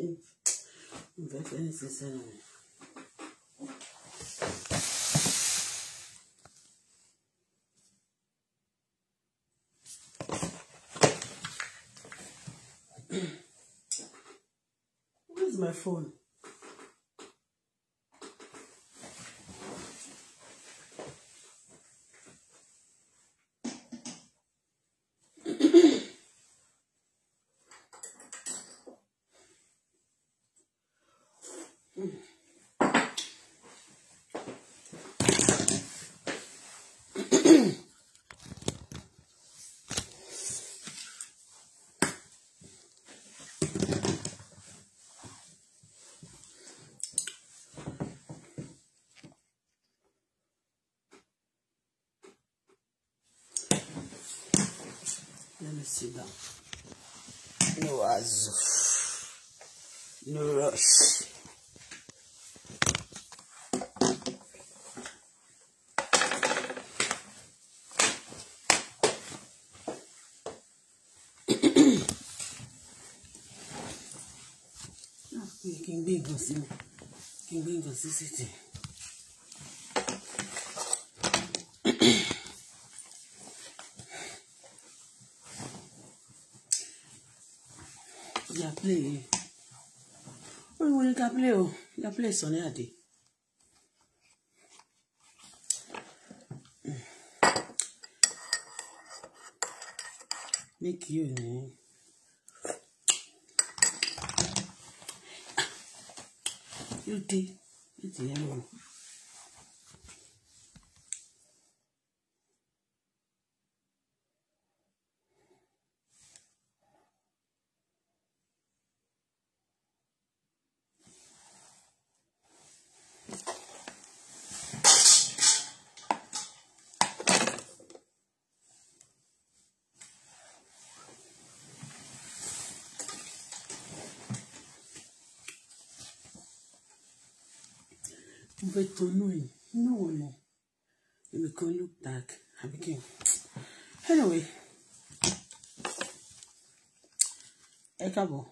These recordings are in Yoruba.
ṣe ìfẹ́ fẹ́ ní my phone? na multidão, no azul, no rush. Ah, quem bem você, quem bem você play yìí ó ní mo ní ká play o ká play Sunny Adé make you ní. you dey you dey help me. káàbọ̀.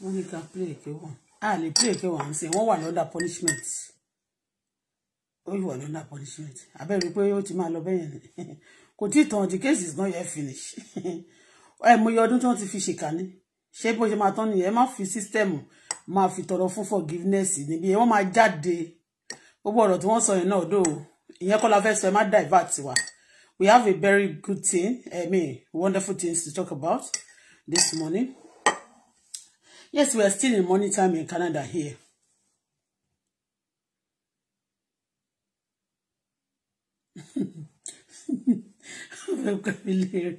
wọ́n ní ká play Ah, wọ̀n a lè play èké wọ̀n ṣe wọ́n wà punishment ó yìí wà ní under punishment abẹ́rẹ́ pé ó ti máa lọ bẹ́yẹn kò tí tàn the case is not yet finished ẹ mo yọ ọdún tí wọ́n ti fi ṣèkà ní ṣé bó ṣe máa tán nìyẹn má fi sísítẹ́ẹ̀mù máa fi tọrọ fún forgiveness níbi wọ́n máa jáde gbogbo ọ̀rọ̀ tí wọ́n sọ yẹn náà dò ìyẹn kọ́ la fẹ́ sọ ẹ má divert wa we have a very good thing I mean wonderful things to talk about this morning yes we are still in morning time in Canada here. ọ̀fẹ́ gbà mí lérè.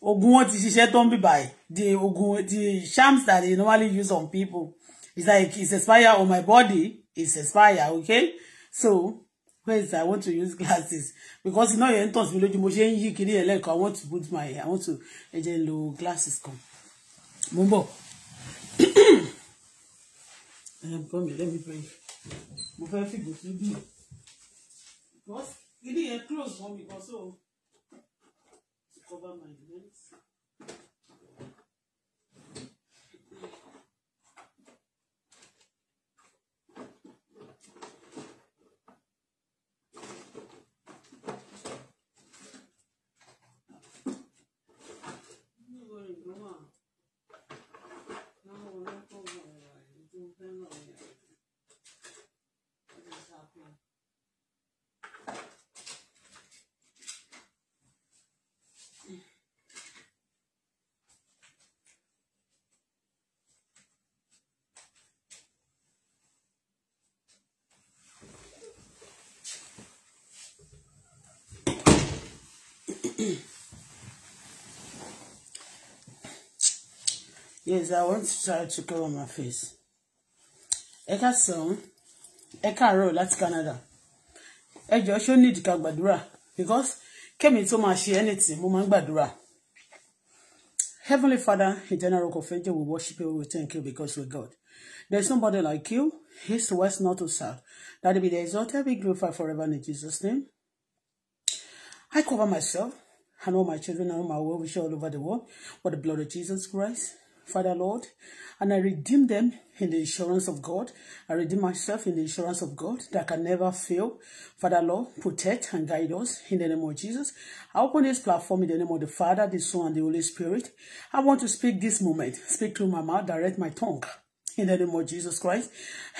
ogun wọn ti ṣiṣẹ́ tó ń bì báyìí the ogun the shams that they normally use on people it's like it's expire on oh, my body it's expire okay so where is I want to use glasses because you know your tàn sí mi lójú mo ṣe ń I want to put my I want to ẹ jẹ́ glasses come. Mumbo. ẹ̀gbọ́n let me pray mo fẹ́ fìgò sí bí because ilé a close for me kan to cover my legs. Yes, I want to try to cover my face. Eka káàsán, Eka roll. That's Canada. Ẹ jọ̀ọ́ ṣó need ká gbàdúrà because came into my ṣe anything mo máa Heavenly Father, eternal rock of ages, we worship you, we thank you because we're God. There's nobody like you, east, west, north, or south. That be the exalted, be glorified forever in Jesus' name. I cover myself and all my children and all my world well wishes all over the world with the blood of Jesus Christ. Father Lord, and I redeem them in the insurance of God. I redeem myself in the insurance of God that can never fail. Father Lord, protect and guide us in the name of Jesus. I open this platform in the name of the Father, the Son, and the Holy Spirit. I want to speak this moment. Speak through my mouth, direct my tongue in the name of Jesus Christ.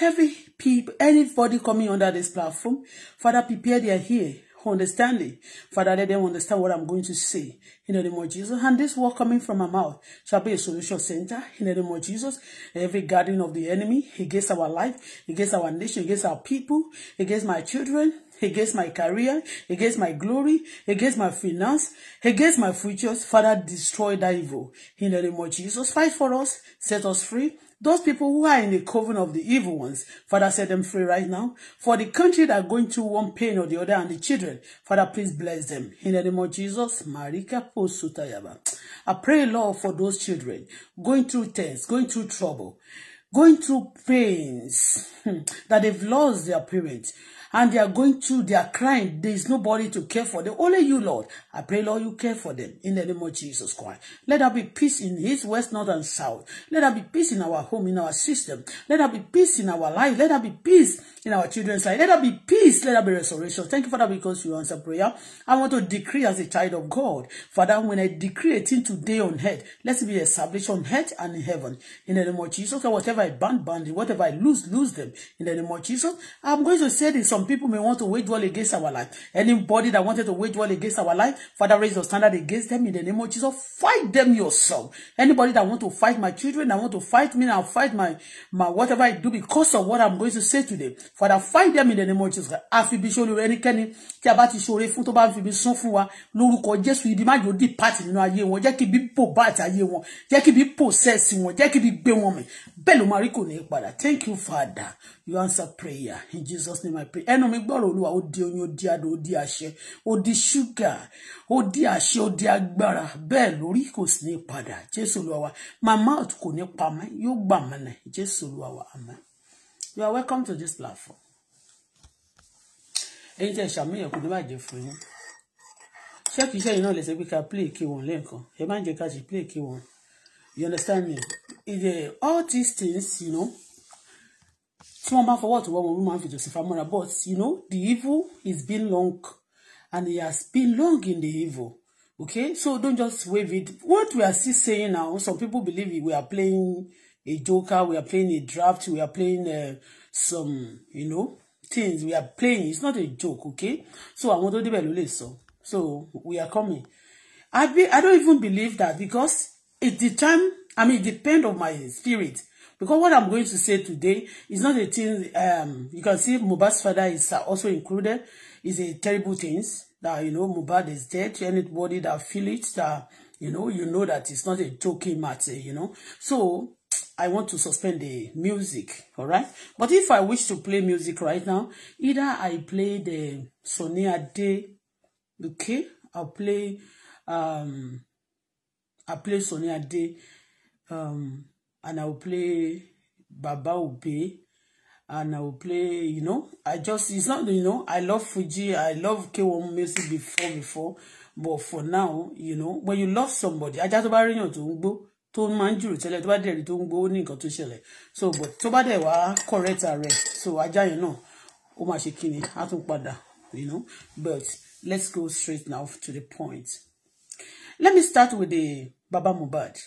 Every people, anybody coming under this platform, Father, prepare their ear understanding. Father, let them understand what I'm going to say in the name of Jesus. And this word coming from my mouth shall be a solution center in the name of Jesus. Every guardian of the enemy against our life, against our nation, against our people, against my children, against my career, against my glory, against my finance, against my futures. Father, destroy that evil in the name of Jesus. Fight for us, set us free Those people who are in the coven of the evil ones, Father, set them free right now. For the country that are going through one pain or the other and the children, Father, please bless them. In the name of Jesus, Marika Posutayaba. I pray, Lord, for those children going through things, going through trouble, going through pains that they've lost their parents. and they are going through, they are crying. There is nobody to care for them. Only you, Lord. I pray, Lord, you care for them in the name of Jesus Christ. Let there be peace in His west, north, and south. Let there be peace in our home, in our system. Let there be peace in our life. Let there be peace in our children's life. Let there be peace. Let there be restoration. Thank you, Father, because you answer prayer. I want to decree as a child of God. Father, when I decree a thing today on earth, let us be established on earth and in heaven. In the name of Jesus, whatever I ban, ban Whatever I lose, lose them. In the name of Jesus, I'm going to say this some people may want to wage war against our life. Anybody that wanted to wage war against our life, Father, raise your standard against them in the name of Jesus. Fight them yourself. Anybody that want to fight my children, that want to fight me, I'll fight my, my whatever I do because of what I'm going to say today. Father, fight them in the name of Jesus. Àfibí ṣoore ẹnikẹ́ni tí a bá ti ṣoore fún tó bá ń fi ibi sún fún wa lórúkọ po ibi má jò dì pàtì nínú ayé wọn jẹ́ kí ibi pò bá àti ayé wọn jẹ́ Thank you, Father. You answer prayer. In Jesus' name I pray ẹnu mi gbọ́rọ̀ olúwa ó di oyin ó di adùn ó di àṣẹ ó di ṣúgà ó di àṣẹ ó di agbára bẹ́ẹ̀ lórí kò sí ní padà jésù olúwa wa my mouth kò ní pa mí yóò gbà mí nà jésù olúwa wa àmín you are welcome to this platform ẹ̀yin tẹ́ ṣàmúyẹ̀ kò ní bàjẹ́ fún yín ṣé kìí ṣe iná lẹsẹ pé play k one lẹ́ẹ̀kan ẹ má jẹ́ ká ṣe play k one you understand me eh, all these things you know tí wọ́n bá fọwọ́ tó wọ́n wọn máa ń fi but you know the evil is been long and he has been long in the evil okay so don't just wave it what we are still saying now some people believe we are playing a joker we are playing a draft we are playing uh, some you know things we are playing it's not a joke okay so I want to ló lè So, so we are coming I be I don't even believe that because it the time I mean it depend on my spirit Because what I'm going to say today is not a thing, um, you can see Mohbad's father is also included, is a terrible thing that, you know, Mohbad is dead, anybody that feel it, that, you know, you know that it's not a joking matter, you know. So, I want to suspend the music, all right? But if I wish to play music right now, either I play the Sunny Ade, okay? I'll play, um, I play Sunny Ade, um, and I will play Baba Obe and I will play, you know, I just, it's not, you know, I love Fuji, I love K1 music before, before, but for now, you know, when you love somebody, I just bá rí èèyàn tó To gbó, tó máa ń jùrù tẹ́lẹ̀ tó bá dẹ̀ rí tó so but tó bá dẹ̀ wá correct rẹ̀, so ajá yẹn náà, ó máa ṣe kíni, á tún padà, you know, but let's go straight now to the point. Let me start with the Baba Mubad.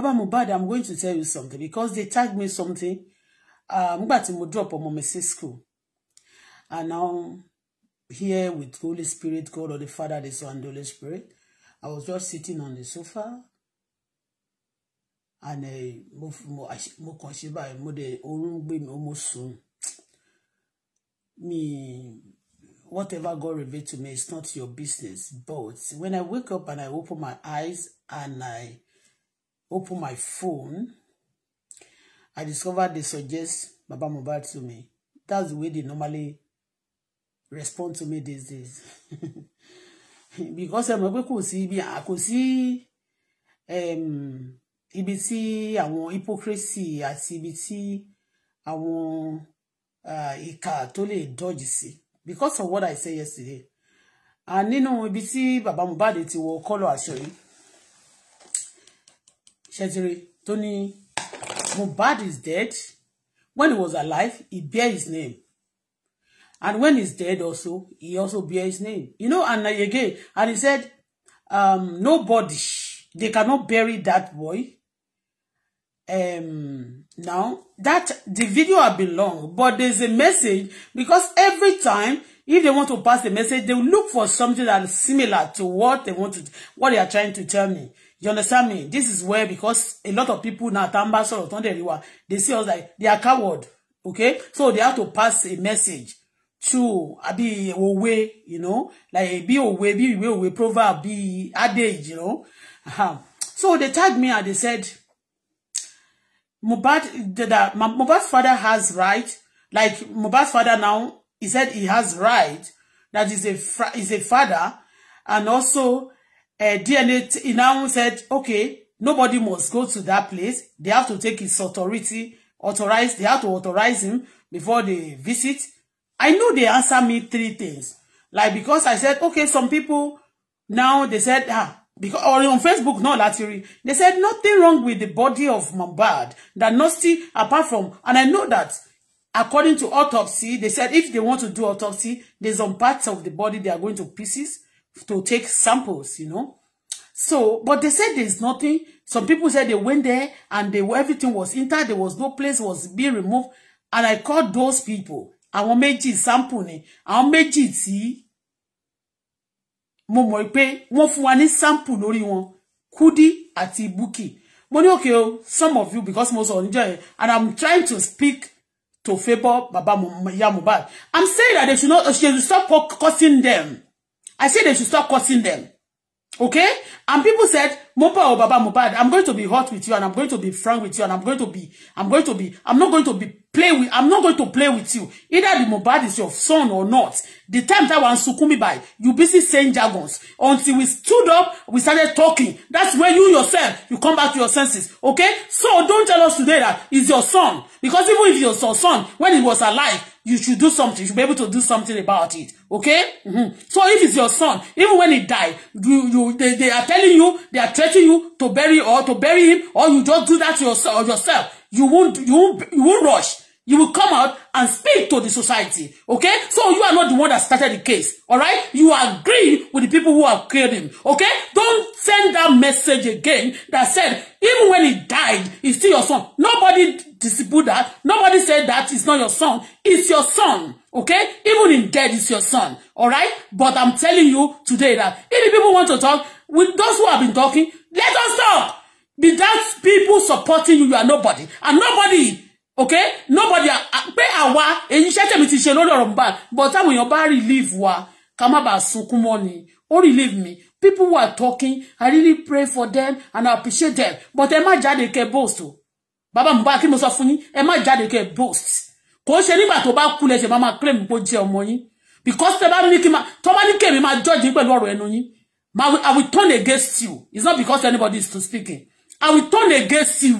Baba Mubad, I'm going to tell you something because they tagged me something. I'm uh, nígbà to drop on mi school. And now, here with Holy Spirit, God or the Father, the Son, the Holy Spirit, I was just sitting on the sofa. And eh, I, mo mo kàn ṣe báyìí mo me whatever God revealed to me it's not your business but when I wake up and I open my eyes and I open my phone i discovered they suggest baba Mohbad to me that's the way they normally respond to me these days because I'm able to see, sí ibi kò sí ibi tí àwọn hypocrisy àti ibi tí uh ìkà tó lè dọ́jì sí because of what i said yesterday and you know, tí baba Mohbad it will call us sorry ṣẹtiri tó ní is dead when he was alive he bear his name and when he's dead also he also bear his name you know and again and he said um, nobody they cannot bury that boy um now that the video have been long but there's a message because every time if they want to pass the message they will look for something that is similar to what they want to what they are trying to tell me You understand me? This is where because a lot of people now tamba sọ̀rọ̀ tán they see us like they are coward okay so they have to pass a message to àbí uh, òwe you know like be òwe be ìwé òwe proverb be adage you know uh-huh. so they tagged me and they said Mohbad that Mohbad's father has right like Mohbad's father now he said he has right that is a is a father and also uh, eh, DNA he now said, okay, nobody must go to that place. They have to take his authority, authorize, they have to authorize him before they visit. I know they answer me three things. Like because I said, okay, some people now they said, ah, because or on Facebook, no latiri. They said nothing wrong with the body of Mohbad. That nasty, apart from, and I know that according to autopsy, they said if they want to do autopsy, there's some parts of the body they are going to pieces to take samples, you know. So, but they said there's nothing. Some people said they went there and they everything was intact. There was no place was being removed. And I called those people. I make méjì sample ni. Àwọn méjì tí mo mọ̀ pé wọ́n fún wa sample lórí wọn. Kudi ati Buki. Money okay o, some of you because most of you and I'm trying to speak to favor Baba Iya I'm saying that they should not, they should stop cursing them. I said they should stop cursing them. Okay? And people said, Mopa or oh, Baba Mopad, I'm going to be hot with you and I'm going to be frank with you and I'm going to be, I'm going to be, I'm not going to be play with i'm not going to play with you either the mobile is your son or not the time that one sukumi by you busy saying jargons until we stood up we started talking that's when you yourself you come back to your senses okay so don't tell us today that it's your son because even if it's your son when he was alive you should do something you should be able to do something about it okay mm-hmm. so if it's your son even when he died you you they, they are telling you they are threatening you to bury or to bury him or you just do that to yourself yourself you won't you won't you won't rush you will come out and speak to the society okay so you are not the one that started the case all right you agree with the people who have killed him okay don't send that message again that said even when he died he's still your son nobody dispute that nobody said that it's not your son it's your son okay even in death it's your son all right but i'm telling you today that if the people want to talk with those who have been talking let us talk without people supporting you you are nobody and nobody okay nobody ah, ah, pé àwa èyí iṣẹ́ tèmi ti ṣe lórí ọ̀rọ̀ mbà but táwọn èèyàn bá relieve wa ká má bàa sunkún mọ́ ni ó relieve me people who are talking i really pray for them and i appreciate them but ẹ má jáde kẹ́ boast o baba Mohbad kí mo sọ fún yín ẹ má jáde kẹ́ boast kò ṣe nígbà tó bá kú lẹ ṣe máa claim pé ó jẹ́ ọmọ yín because tẹ bá ní kí máa tọ́ bá ní kèmí máa judge yín pẹ̀lú ọ̀rọ̀ ẹnu yín i will turn against you it's not because anybody is to speaking I will turn against you.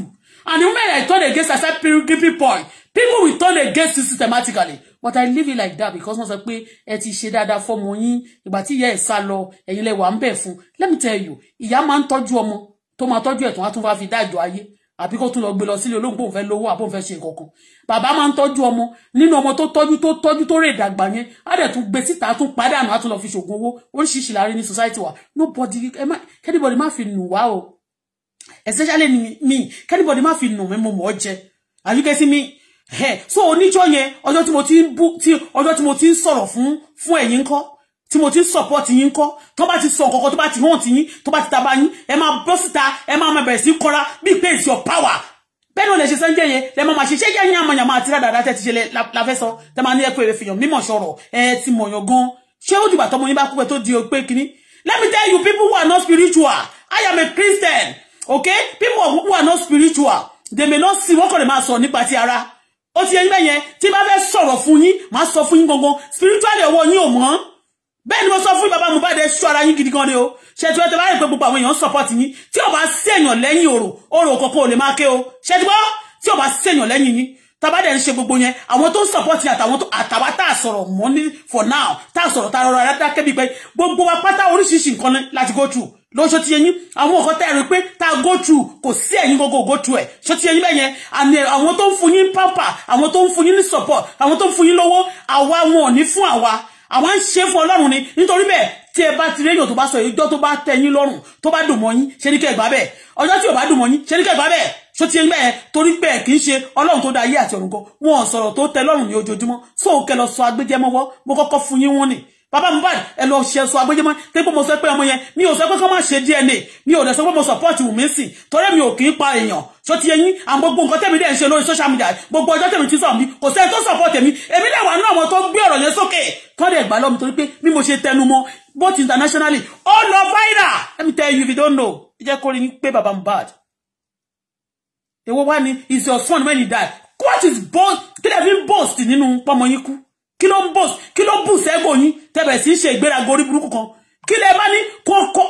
And the moment I turn against, I start giving point. People will turn against you systematically. But I leave it like that because once I pé ẹ ti ṣe dáadáa fọ́mọ yín ìgbà tí ìyá ẹ̀ sá lọ ẹ̀yin lẹ wà ń bẹ̀ Let me tell you, if a man told you a ọmọ tó máa tọ́jú ẹ̀ tó wá to fà fi dájọ́ ayé àbí kó tún lọ gbé lọ sílé olóńgbò òun fẹ́ lówó àbó òun fẹ́ ṣe nǹkankan bàbá máa ń tọ́jú ọmọ nínú ọmọ tó tọ́jú to tọ́jú tó rè dàgbà yẹn á dẹ̀ tún gbé síta tún pàdánù á tún lọ fi ṣògùn owó oríṣiríṣi láàrin ní society wa nobody anybody má fi nù wá o especially me, me. can anybody má fi nù mí mo mọ̀ ọ́ are you getting me hey. so oníjọ́ yẹn ọjọ́ tí mo ti ń bú tí ọjọ́ tí mo ti ń sọ̀rọ̀ fún fún ẹ̀yin ńkọ́ mo ti support yín ńkọ́ tó bá ti sọ nǹkan tó bá ti hàn tiyín tó bá ti taba yín ẹ máa bọ́ síta ẹ máa máa bẹ̀rẹ̀ sí kọ́ra bí pé is your power bẹ́ẹ̀ náà lè ṣe sẹ́ńjẹ́ yẹn lẹ́ máa máa ṣe ṣẹ́jẹ́ yín àmọ̀yàn máa ti rádàá tẹ́ ti ṣe láfẹ́ sọ tẹ́ máa ní ẹ̀kọ́ èrè fìyàn mímọ̀ sọ̀rọ̀ ẹ ti mọ̀yàn gan ṣé ó dìgbà tọmọ yín bá kú pẹ́ tó di pé kínní let me tell you people who are not spiritual I am a Christian okay people who are not spiritual they may not see what kind of máa sọ nípa ti ara ó ti ẹyin bẹ́yẹn tí bá fẹ́ sọ̀rọ̀ fún yín máa sọ fún yín gangan spiritually ọwọ́ yín ò mọ́ bẹ́ẹ̀ ni mo sọ fún bàbá Mohbad ẹ ṣọ́ ara yín gidi gan ni o ṣètò ẹ̀tọ́ báyìí pé gbogbo àwọn èèyàn support yín tí ò bá sí èèyàn lẹ́yìn òrò òrò kankan ò lè máa ké o ṣètò bọ́ tí ò bá sí èèyàn lẹ́yìn yín tàbá dẹ̀ ń ṣe gbogbo yẹn àwọn to. ń support yín àtàwọn àtàwá tá a sọ̀rọ̀ mọ́ for now Ta a sọ̀rọ̀ tá a rọra dákẹ́ bíi pé gbogbo wa pátá oríṣiríṣi nǹkan láti go through lóṣó ti yẹyin àwọn nǹkan tẹ́ rí pé tá go through kò sí ẹ̀yin gbogbo go through e. ṣó ti yẹyin bẹ́yẹn àmì àwọn tó ń fún yín pápá àwọn tó ń support àwọn tó ń fún yín lówó àwa wọn ò ní fún àwa àwa ń ṣe fún ọlọ́run ni nítorí bẹ́ẹ̀ tí ẹ bá ti réyìn tó bá sọ ìjọ tó bá tẹ́ yín lọ́rùn tó bá dùn mọ́ yín ṣe ní kẹgbà bẹ́ẹ̀ ọjọ́ tí ò bá dùn mọ́ yín ṣe ní kẹgbà bẹ́ẹ̀ ṣó ti yẹn bẹ́ẹ̀ torí bẹ́ẹ̀ kì í ṣe ọlọ́run tó dá ayé àti ọ̀run kan wọn sọ̀rọ̀ tó tẹ́ lọ́rùn ní ojoojúmọ́ sóò kẹ lọ sọ agbẹjẹmọwọ mo kọ́kọ́ fún yín wọn ni bàbá Mohbad ẹ lọ ṣe ẹsọ agbẹjẹmọ pé pé mo sọ pé ọmọ yẹn mi ò sọ pé kó má ṣe DNA mi ò dẹ̀ sọ pé mo support Wùmí sí torí mi ò kì í pa èèyàn ṣó ti yẹyìn àwọn gbogbo nǹkan tẹ̀mí dẹ̀ ń ṣe lórí social media gbogbo ọjọ́ tẹ̀mí ti sọ mi kò sẹ́ni tó support èmi èmi dẹ̀ wà nínú àwọn tó gbé ọ̀rọ̀ yẹn sókè tọ́ dẹ̀ gbà lọ́mù torí pé bí mo ṣe tẹnu mọ́ both internationally ó lọ viral let me tell you if you don't know ẹ jẹ́ kó rí ni pé bàbá Mohbad èwo wá ni is your son when he die what is boast kí lè fi boast nínú pọ́mọ yín kú kí ló ń bọ̀ kí ló ń bù sẹ́gbò yín tẹ̀bẹ̀ sí ṣe ìgbéraga orí burúkú kan kí lẹ bá ní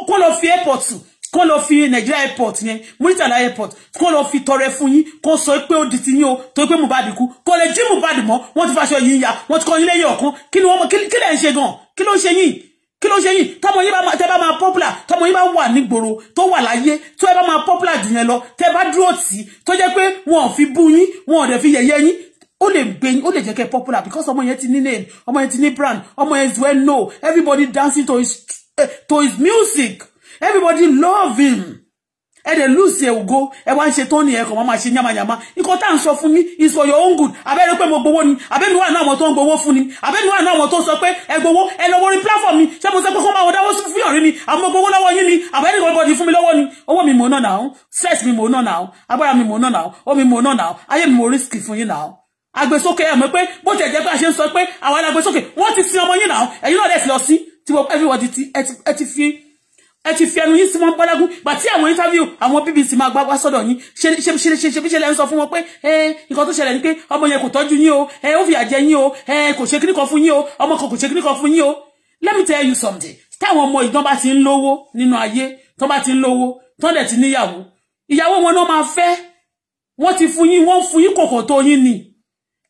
kó lọ fi airport kó lọ fi Nigeria airport yẹn Muritala airport kó lọ fi tọrẹ fún yín kó sọ pé ó di ti yín o tó pé Mohbad kú kó lè jí Mohbad mọ́ wọ́n ti faṣọ yín ya wọ́n ti kọ́ yín lẹ́yìn ọ̀kan kí ni wọ́n kí lẹ̀ ń ṣe gan kí ló ń ṣe yín kí ló ṣe yìí tọmọ yín bá tẹ bá máa popular tọmọ yín bá wà nígboro tó wà láyé tó ẹ bá máa popular jù yẹn lọ tẹ bá dúró tì í tó jẹ́ pé wọn ò fi bú yín wọn ò dẹ̀ fi yẹ̀yẹ́ yín ó lè gbé ó lè jẹ́ kẹ́ popular because ọmọ yẹn ti ní name ọmọ yẹn ti ní brand ọmọ yẹn is well know everybody dancing to his eh, to his music everybody love him ẹ dẹ̀ lose ẹ̀ ògo ẹ wá ń ṣe tán ni ẹ kàn máa ṣe yamayama nǹkan tá à ń sọ mi is for your own good abẹ́rẹ́ pé mo gbowó ni abẹ́mi wà náà àwọn tó ń gbowó fún ni abẹ́mi wà náà àwọn to sọ pé ẹ gbowó ẹ lọ́wọ́ orí platform mi ṣé mo sọ pé kó máa wọ dáwọ́ sí fún ọ̀rẹ́ mi àmọ́ gbowó lọ́wọ́ yín ni abẹ́rẹ́ kan bọ́dì fún mi lọ́wọ́ ni owó mi mò ń nà náà sex mi mò ń nà náà agbára mi mò ń nà náà omi mò ń nà náà ayé mi mò ń risk fún yín náà agbésókè ẹ mọ̀ pé bó ti ẹ̀jẹ̀ pé a ṣe ń sọ pé àwọn alágbésókè wọ́n ti sin ọmọ yín náà ẹ̀yin náà dẹ̀ ti lọ sí tí wọ́n everybody ti ẹ ti fi ẹ ti fi ẹnu yín sí wọn bọ́lágún gbà tí àwọn interview àwọn BBC máa gbá wá sọ́dọ̀ yín ṣe ṣe ṣe ṣe bí ṣe lẹ́ ń sọ fún wọn pé ẹ nǹkan tó ṣẹlẹ̀ ni pé ọmọ yẹn kò tọ́jú yín o ẹ ó fìyà jẹ yín o ẹ kò ṣe kíní kan fún yín o ọmọ kan kò ṣe kíní kan fún yín o let me tell you something táwọn ọmọ ìdán bá ti ń lówó nínú ayé tó bá ti ń lówó tó dẹ̀ ti níyàwó ìyàwó wọn náà máa fẹ́ wọ́n ti fún yín wọ́n fún yín kòkò tó yín ni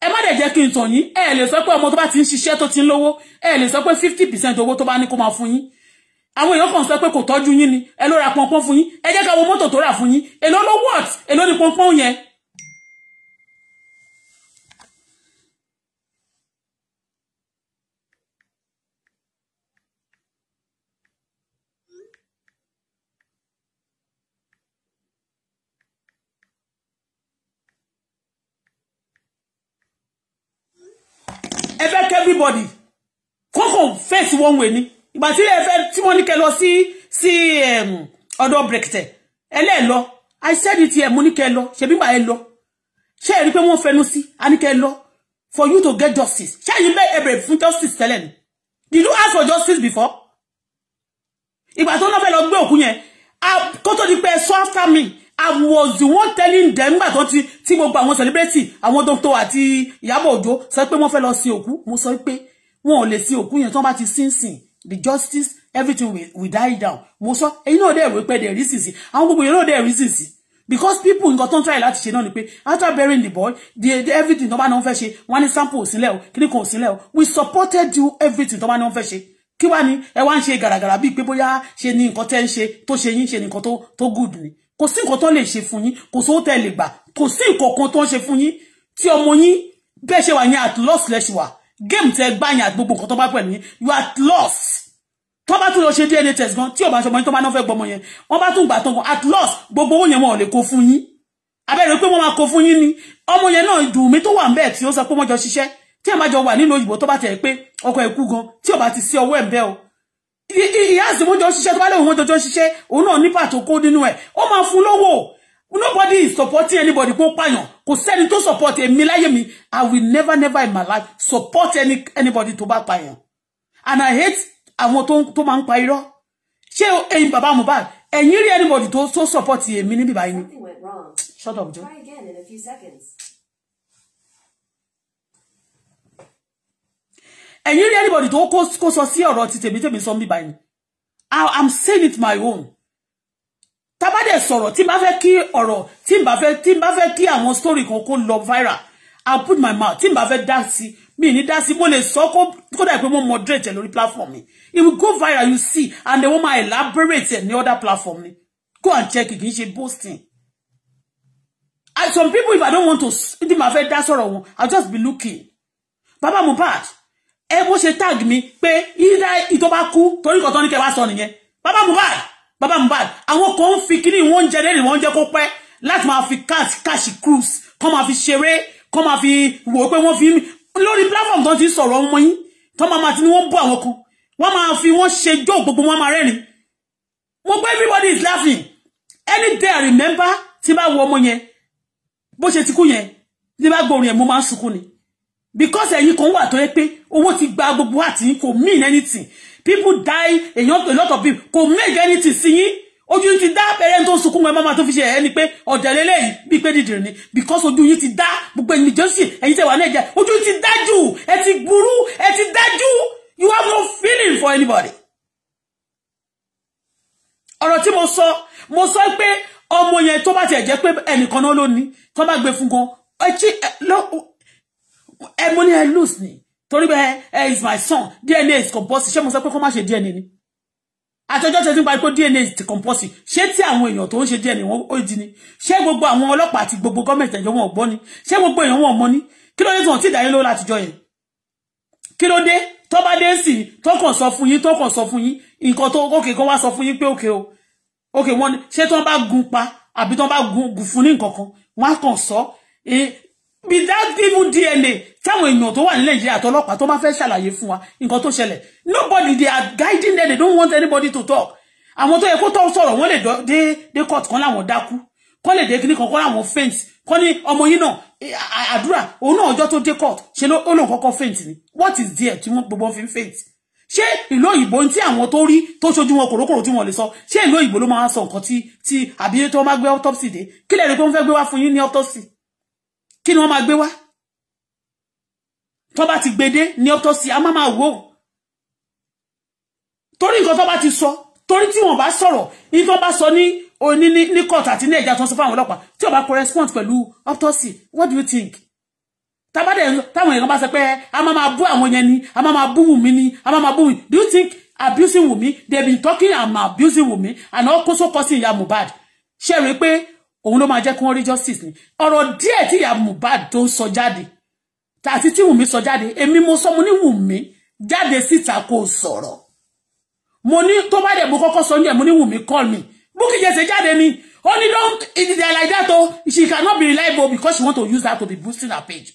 ẹ má dẹ̀ jẹ́ kí n tàn yín ẹ lè sọ pé ọmọ tó bá ti ń ṣiṣẹ́ tó ti ń lówó ẹ lè sọ pé fifty percent owó tó bá ní kó máa fún yín àwọn èèyàn kan sọ pé kò tọ́jú yín ni ẹ ló ra pọnpọ́n fún yín ẹ jẹ́ ká wo mọ́tò tó rà fún yín èló ló wọ́t èló ni pọnpọ́n yẹn everybody kọ́kọ́ fẹ́ẹ̀sì wọ́n wè ní ìgbà tí ẹ fẹ́ tí wọ́n ní kẹ lọ sí sí um, ọ̀dọ̀ brèkìtẹ̀ ẹlẹ́ẹ̀ lọ i said it here mo ní kẹ lọ ṣebí gbà ẹ lọ ṣé ẹ rí pé wọ́n fẹnu sí a ní kẹ for you to get justice ṣé you make every bẹ̀rẹ̀ justice tell ni did you ask for justice before ìgbà tó náà fẹ́ lọ gbé òkú yẹn kó tó di pé ẹ after me I was the one telling them nígbà tó ti tí gbogbo àwọn celebrity àwọn doctor àti Ìyábọ̀ Òjó sọ pé wọ́n fẹ́ lọ sin òkú mo sọ pé wọn ò lè sin òkú yẹn tí wọ́n bá ti sin sin the justice everything will, will die down mo sọ èyí náà dẹ̀ wí pé dẹ̀ rí sìsì àwọn gbogbo yẹn náà dẹ̀ rí sìsì because people nǹkan tó ń try láti ṣe náà ni pé after burying the boy the, the everything tó bá náà fẹ́ ṣe wọ́n ní sample òsínlẹ̀ o kíní kan òsínlẹ̀ o we supported you everything tó bá náà fẹ́ ṣe kí wá ní ẹ wá ń ṣe gàràgàrà bíi pé bóyá ṣe ni nǹkan tẹ́ ń ṣe tó ṣe yín ṣe nǹkan tó good ni kò sí nǹkan tó lè ṣe fún yín kò sówó tẹ́ lè gbà kò sí nǹkan kan tó ń ṣe fún yín tí ọmọ yín bẹ́ẹ̀ ṣe wà yẹn at loss lẹ́ṣẹ̀ wà géèmù tẹ́ gbá yẹn àti gbogbo nǹkan tó bá pẹ̀lú yín you are at loss tó bá tún lọ ṣe DNA test gan tí ọba ṣọmọ yín tó bá náà fẹ́ gbọmọ yẹn wọ́n bá tún gbà tán gan at loss gbogbo owó yẹn wọn ò lè kó fún yín abẹ́rẹ́ pé wọ́n máa kó fún yín ni ọmọ yẹn náà dùn mí tó wà ń bẹ́ẹ̀ tí ó sọ pé wọ́n jọ ṣiṣẹ́ tí ẹ̀ máa jọ wà nínú òyìnbó tó bá tẹ̀ pé ọkọ̀ ẹ̀kú gan tí ọba ti sí ọwọ́ ẹ̀ bẹ́ẹ̀ o ìyá àsìkò jọ ṣiṣẹ́ tó bá lóun jọjọ ṣiṣẹ́ òun náà part pàtó kó nínú ẹ̀ ó máa fún lówó nobody is supporting anybody kó pààyàn kò sẹ́ni to support èmi láyé mi I will never never in my life support any, anybody to bá pààyàn and I hate to to máa ń pa irọ́ ṣé ẹ̀yin bàbá Mohbad ẹ̀yin rí anybody to tó support èmi níbi báyìí shut up Joe. And you need anybody to tó kó sọ sí ọ̀rọ̀ ti tèmi tèmi sọ by me. i'm saying it my own tabade sọ̀rọ̀ tí n bá fẹ́ kí ọ̀rọ̀ tí n bá fẹ́ tí n bá fẹ́ kí àwọn story kan kó lọ viral i'll put my mouth tí n bá fẹ́ Me sí mi ní dá sí mo lè sọ kó kódà pé mo moderate lórí platform mi it will go viral you see and the woman elaborate the other platform ni go and check it. í ṣe boasting I some people if i don't want to ndí màá fẹ́ dá sọ̀rọ̀ wọn i'll just be looking baba Mohbad ẹ bó ṣe tag mi pé ìdá ìtọ́ba kú torí kan tó ní kẹ́ wá sọ nìyẹn bàbá Mohbad bàbá Mohbad àwọn kan ń fi kíní wọn jẹ lẹ́nu wọn jẹ kó pẹ́ láti máa fi cash cash cruise kọ́ máa fi ṣeré kọ́ máa fi wò ó pé wọ́n fi lórí platform tó ti sọ̀rọ̀ ọmọ yín tó máa máa ti ní wọ́n bọ́ àwọn kan wọ́n máa fi wọ́n ṣe jó gbogbo wọn máa rẹ́rìn mo gbé everybody is laughing any day I remember tí bá wo ọmọ yẹn bó ṣe ti kú yẹn tí bá gbọ́ yẹn mo máa ń sunkún ni because ẹ̀yin kan wà tó yẹ pé owó ti gba gbogbo àti kò mean anything people die èèyàn a lot of people kò make anything sí yín ojú ti dá ẹ̀rẹ́ tó ń sunkún ẹ̀ máma tó fi ṣe ẹni pé ọ̀dẹ̀ lélẹ́yìí bíi pé dìdìrín ni because ojú yín ti dá gbogbo ẹni jọ́sìn ẹ̀yin tẹ̀ wà náà jẹ́ ojú ti dá jù ẹ ti burú ẹ ti dá jù you have no feeling for anybody. ọ̀rọ̀ tí mo sọ mo sọ pé ọmọ yẹn tó bá tiẹ̀ jẹ́ pé ẹnìkan náà ló ní tó bá gbé fún gan ẹ mo ní ẹ lose ni torí bẹ ẹ is my son DNA is compulsory ṣé mo sọ pé kó má ṣe DNA ni àtọjọ́ tẹ́tí nípa pé DNA is compulsory ṣé tí àwọn èèyàn tó ń ṣe DNA wọn ó di ni ṣé gbogbo àwọn ọlọ́pàá àti gbogbo gọ́ọ̀mẹ̀ntì ẹ̀jọ̀ wọn ò gbọ́ ni ṣé gbogbo èèyàn wọn ò mọ ni kí ló dé tí wọn ti dàyé lówó látijọ́ yẹn kí ló dé tó bá dé sí tó kàn sọ fún yín tó kàn sọ fún yín nǹkan tó òkè kan wá sọ fún yín pé òkè o òkè wọn ṣé tí wọn gun pa àbí tí wọn bá gun fún ní nǹkan kan wọn á kàn without even DNA táwọn èèyàn tó wà ní Nàìjíríà àtọlọ́pàá tó máa fẹ́ ṣàlàyé fún wa nǹkan tó ṣẹlẹ̀ nobody they are guiding them they don't want anybody to talk àwọn tó yẹ kó tó sọ̀rọ̀ wọ́n lè dé dé court kan láwọn dákú kọ́ lè dé kíní kan kọ́ láwọn faint kọ́ ní ọmọ yìí náà àdúrà òun náà ọjọ́ tó dé court ṣe ló lóun kọ́kọ́ faint ni what is there tí wọ́n gbogbo fi ń faint ṣé ìlú òyìnbó tí àwọn tó rí tó ṣojú wọn kòrókòrò tí wọn lè sọ ṣé ìlú òyìnbó ló máa sọ nǹkan tí tí àbí tó máa gbé autopsy dé kí lè rí pé wọ́n fẹ́ gbé wá fún yín ní autopsy kí ni wọ́n máa gbé wá tó bá ti gbede ní autopsy a máa wò torí nǹkan tó bá ti sọ torí tí wọ́n bá sọ̀rọ̀ ní tó bá sọ ní oní ní court àti ní ẹ̀já tó ń sọ fáwọn ọlọ́pàá tí ò bá correspond pẹ̀lú autopsy what do you think tabade táwọn èèyàn bá sọ pé a máa máa bú àwọn yẹn ni a máa máa bú Wùmí ni a máa bú Wùmí do you think abusing Wùmí they been talking about abusing Wùmí and all. also causing ya bad. ṣe rí pé òun ló máa jẹ́ kí wọ́n rí justice ni ọ̀rọ̀ díẹ̀ tí ìyá Mohbad tó ń sọ jáde àti tí Wùmí sọ jáde èmi mo sọ mo ní Wùmí jáde síta kó sọ̀rọ̀ mo ní tó bá dẹ̀ mo kọ́kọ́ sọ ní mo ní Wùmí call me Bukky Jesse jáde ni ó ní don't it is like that o she cannot be reliable because she want to use that to be boosting her page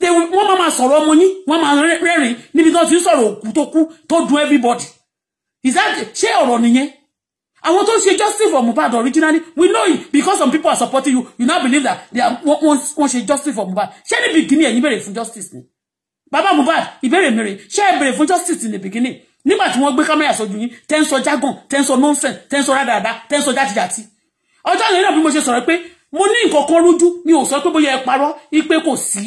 wọ́n máa ma sọ̀rọ̀ ọmọ yín wọ́n máa rẹ́rìn níbi tó ti ń sọ̀rọ̀ òkú tó kú tó dùn everybody is that ṣé ọ̀rọ̀ nìyẹn àwọn tó ń ṣe justice for Mohbad originally we know it because some people are supporting you you now believe that they are wọ́n ṣe justice for Mohbad ṣé ní beginning ẹ̀yin bèrè fún justice ni bàbá Mohbad ìbéèrè mèrè ṣé ẹ bèrè fún justice ní beginning nígbà tí wọ́n gbé kámẹ́rà sójú yín tẹ́ ń sọ jargon tẹ́ ń sọ nonsense tẹ́ ń sọ rádaràda tẹ́ ń sọ játijàti ọjọ́ ìrìn náà bí mo ṣe sọ̀rọ̀ pé mo ní nǹkan kan rújú mi ò sọ pé bóyá ẹ parọ́ ipe kò sí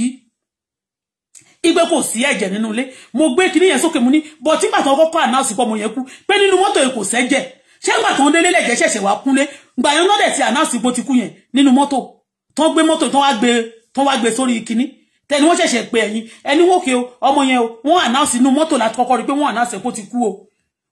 igbe kò sí ẹ̀jẹ̀ nínú ilé mo gbé kinní yẹn sókè mo ní bọ̀ tí bàtà ọkọ̀ kọ́ àná àsìkò ọmọ yẹn kú pé nínú mọ́tò yẹn kò sẹ́jẹ̀ ṣé ń gbà tó ń délé lẹ̀jẹ̀ ṣẹ̀ṣẹ̀ wá kúnlé gbà yẹn lọ́dẹ̀ ti àná àsìkò ti kú yẹn nínú mọ́tò tó ń gbé mọ́tò tó wá gbé tó wá gbé sórí kinní tẹni wọ́n ṣẹ̀ṣẹ̀ pé ẹ̀yin ẹni wókè o ọmọ yẹn o wọ́n ànáàsì inú mọ́tò láti kọ́kọ́ rí pé wọ́n ànáàsì kó ti o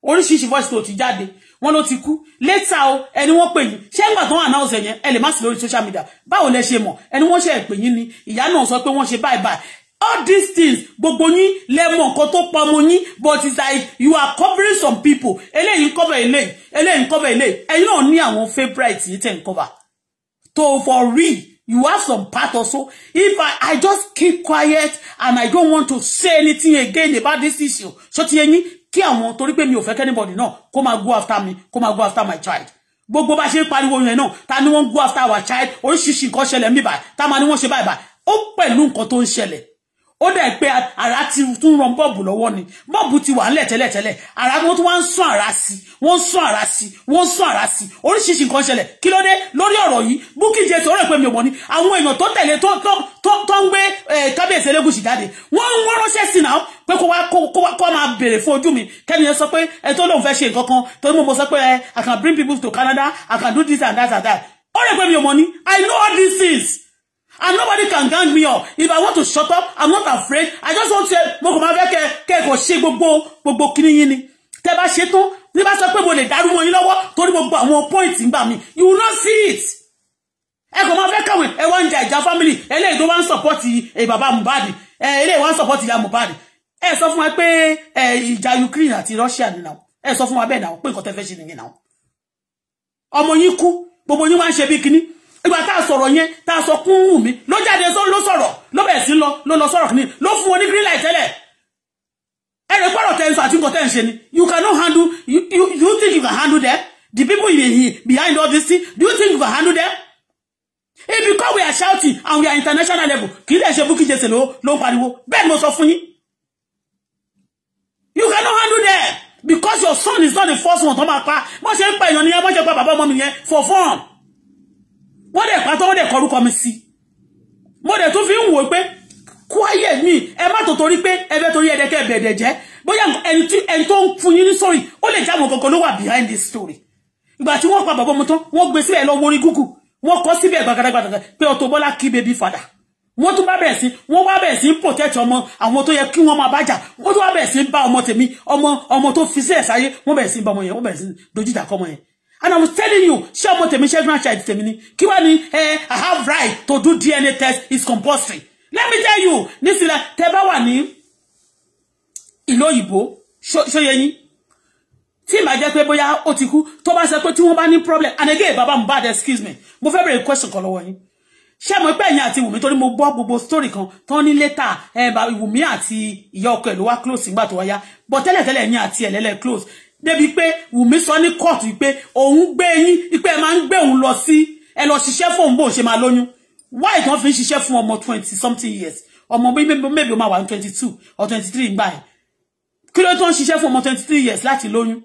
oríṣiríṣi voice tó ti jáde wọ́n ló ti kú létà o ẹni wọ́n pè yín ṣé ńgbà tó wọ́n ànáàsì yẹn ẹ lè má social media báwo o ṣe mọ̀ ẹni wọ́n ṣe pè yín ni ìyá náà sọ pé wọ́n ṣe báyìí báyìí all these things gbogbo yín lẹ mọ nǹkan tó pa ọmọ yín but it's like you are covering some people eléyìí ń cover eléyìí eléyìí ń cover eléyìí ẹ̀yin náà ní àwọn favourite yìí tẹ̀ ń cover to for real you have some part also if I, I just keep quiet and I don't want to say anything again about this issue so ti yẹn kí àwọn torí pé mi ò fẹ́ anybody? náà kó máa go after me kó máa go after my child gbogbo bá ṣe ń pariwo yẹn náà ta ni wọ́n go after our child oríṣiríṣi nǹkan ṣẹlẹ̀ ń bíbà ta ma ni wọ́n ṣe báyìí báyìí ó pẹ̀lú nǹkan tó ń ṣẹlẹ̀ ó dẹ̀ pé ara ti tún ran bọ́ọ̀bù lọ́wọ́ ni bọ́ọ̀bù ti wà ńlẹ̀ tẹ́lẹ̀tẹ́lẹ̀ ara wọn tún wá ń sún ara sí wọ́n ń sún ara sí wọ́n ń sún ara sí oríṣiríṣi nǹkan ṣẹlẹ̀ kí ló dé lórí ọ̀rọ̀ yìí Bukky Jease ọ̀rọ̀ ìpè mi ò mọ̀ ni àwọn èèyàn tó tẹ̀lé tó ń gbé kábíyèsí Elégùṣì jáde wọ́n ń wọ́n ránṣẹ́ sí náà pé kó wá kó máa béèrè fún ojú mi kẹ́ni sọ pé ẹ tó lóun fẹ́ ṣe nǹkan kan tó ní I can bring people to Canada I can do this and that and that ọ̀rọ̀ ìpè mi ò mọ̀ I know all these things and nobody can gang me up if i want to shut up i'm not afraid i just want to mo kò máa fẹ́ kẹ kẹ́kọ̀ọ́ ṣe gbogbo gbogbo kíní yín ni tẹ́ bá ṣe tán ní bá sọ pé mo lè dárú wọn yín lọ́wọ́ torí gbogbo àwọn point ń gbà you will not see it ẹ kò máa fẹ́ kàwé ẹ wá ń ja ìjà family eléyìí tó wá ń support bàbá Mohbad eléyìí wá ń support ìyá Mohbad ẹ sọ fún wa pé ìjà Ukraine àti Russia nìyà ẹ sọ fún wa bẹ́ẹ̀ náà pé nǹkan tẹ́ fẹ́ ṣe nìyẹn náà ọmọ yín kú gbogbo yín wá ń ṣe bí ìgbà tá a sọ̀rọ̀ yẹn tá a sọ kún wù mí ló jáde sọ ló sọ̀rọ̀ ló bẹ̀rẹ̀ sí lọ ló lọ sọ̀rọ̀ kìíní ló fún wọn ní green light tẹ́lẹ̀ ẹ̀rẹ̀ pọ̀rọ̀ tẹ́ ń àti nǹkan tẹ́ ni you cannot handle you, you, you think you can handle them the people you behind all this thing do you think you can handle them e because we are shouting and we are international level kì í lè ṣe Bukky Jesse ló ló ń pariwo bẹ́ẹ̀ ni mo sọ fún yín you cannot handle them because your son is not the first one tó máa pa bó ṣe ń pa èèyàn nìyẹn bó ṣe pa bàbá ọmọ mi yẹn for fun wọ́n dẹ̀ pátá wọ́n dẹ̀ kọ orúkọ mi sí mo dẹ̀ tún fi ń wò pé quiet mi ẹ má tó torí pé ẹbẹ torí ẹdẹkẹ bẹ̀dẹ̀ jẹ́ bóyá ẹni tí ẹni tó ń fún yín ní sọ́rí ó lè jáwọn kankan ló wà behind this story ìgbà tí wọ́n pa bàbá ọmọ tán wọ́n gbé síbẹ̀ lọ worí gúgù wọ́n kọ́ síbẹ̀ gbàgàdàgbàdàgbà pé Auto Bola kí baby father wọ́n tún bá bẹ̀rẹ̀ sí wọ́n wá bẹ̀rẹ̀ sí protect ọmọ àwọn tó yẹ kí wọ́n máa bá jà wọ́n tún wá bẹ̀rẹ̀ sí bá ọmọ tèmi ọmọ ọmọ tó fi sí ẹ̀ sáyé wọ́n bẹ̀rẹ̀ sí bá ọmọ yẹn wọ́n bẹ̀rẹ̀ sí dojú ìjà ọmọ yẹn and I was telling you ṣé ọmọ tèmi ṣe ẹgbẹ́ àṣà tèmi ni kí wàá ní I have right to do DNA test It's compulsory let me tell you this is a wà ní ìlú òyìnbó ṣó yẹ yín tí màá jẹ́ pé bóyá ó ti kú tó bá problem and again bàbá Mohbad excuse me mo fẹ́ bèrè question kan lọ́wọ́ yín ṣé mo pẹ́ ẹ̀yìn àti Wùmí torí mo gbọ́ gbogbo story kan tán ní lẹ́tà eh, Wùmí àti ìyá ọkọ ẹ̀ ló wá close nígbà tó wáyá but tẹ́lẹ̀tẹ́lẹ̀ ẹ̀yìn àti ẹ̀lẹ́lẹ̀ close débi pé Wùmí sọ ní kóòtù pé òun gbé yín pé ẹ máa ń gbé òun lọ sí ẹ lọ ṣiṣẹ́ fóun bóun ṣe máa lóyún why tí wọ́n fi ń ṣiṣẹ́ fún ọmọ twenty something years ọmọ maybe ó máa wà ní twenty two or twenty three gbà ẹ̀ kí ló tó ń ṣiṣẹ́ fún ọmọ twenty three years láti lóyún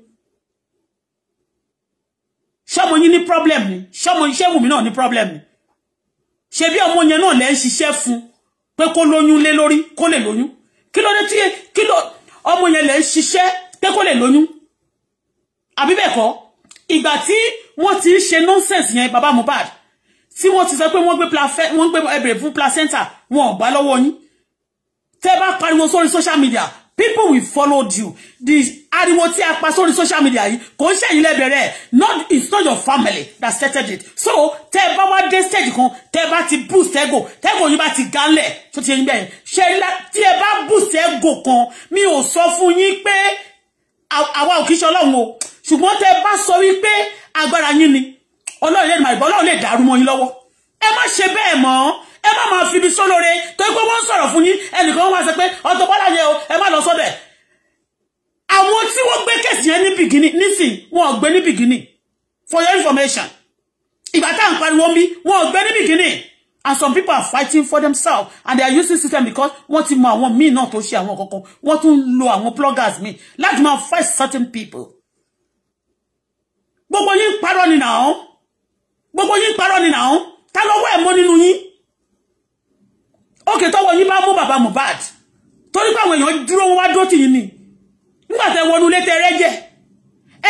ṣọ́mọ yín ní problem ni ṣọ́mọ iṣẹ́ Wùmí náà ní problem ni ṣe bí ọmọ yẹn náà lẹ́ ń ṣiṣẹ́ fún pé kó lóyún lé lórí kó lè lóyún kí ló dé tí kí ló ọmọ yẹn lẹ́ ń ṣiṣẹ́ pé kó lè lóyún àbí bẹ́ẹ̀ kọ́ ìgbà tí wọ́n ti ń ṣe nonsense yẹn baba Mohbad tí wọ́n ti sọ pé wọ́n gbé wọ́n gbé ẹbẹ̀rẹ̀ fún placenta wọn ò bá lọ́wọ́ yín tẹ́ bá pariwo sórí social media people will follow you the ariwo tí a pa sórí social media yìí kò ń ṣẹ̀yìn lẹ́bẹ̀rẹ̀ not it's not your family that started it so tẹ́ bá wá dé stage kan tẹ́ bá ti boost ego tẹ́gò yín bá ti gánlẹ̀ tó ti yẹn bẹ́ẹ̀ ṣe tí ẹ bá boost ego kan mi ò sọ fún yín pé àwa ò ọlọ́run o ṣùgbọ́n tẹ bá sọ wípé agbára yín ni ọlọ́run lè máa ìbọn ọlọ́run lè dàrú mọ́ yín lọ́wọ́ ẹ má ṣe bẹ́ẹ̀ mọ́ ẹ má máa fi ibi sólóore tó pé wọ́n ń sọ̀rọ̀ fún yín ẹnìkan wá sọ pé Auto Bola yẹn o ẹ má lọ sọ́bẹ̀ àwọn tí wọ́n gbé kẹ̀sì yẹn ní bìgínì nísìn wọn ò gbé ní bìgínì for your information ìgbà tá à ń pariwo mi wọn ò gbé ní bìgínì and some people are fighting for themselves and they are using system because wọ́n ti mọ àwọn míì náà tó ṣe àwọn kankan wọ́n tún lo àwọn bloggers míì láti máa fight certain people gbogbo yín parọ́ ni nàá gbogbo yín parọ́ ni nàá ta lọ́wọ́ ẹ̀ mọ́ nínú yín òkè tọ́wọ́ yín bá mú bàbá Mohbad torí pé àwọn èèyàn dúró wọn wá dúró tì yín ni nígbà tẹ́ wọnú ilé tẹ́ rẹ́jẹ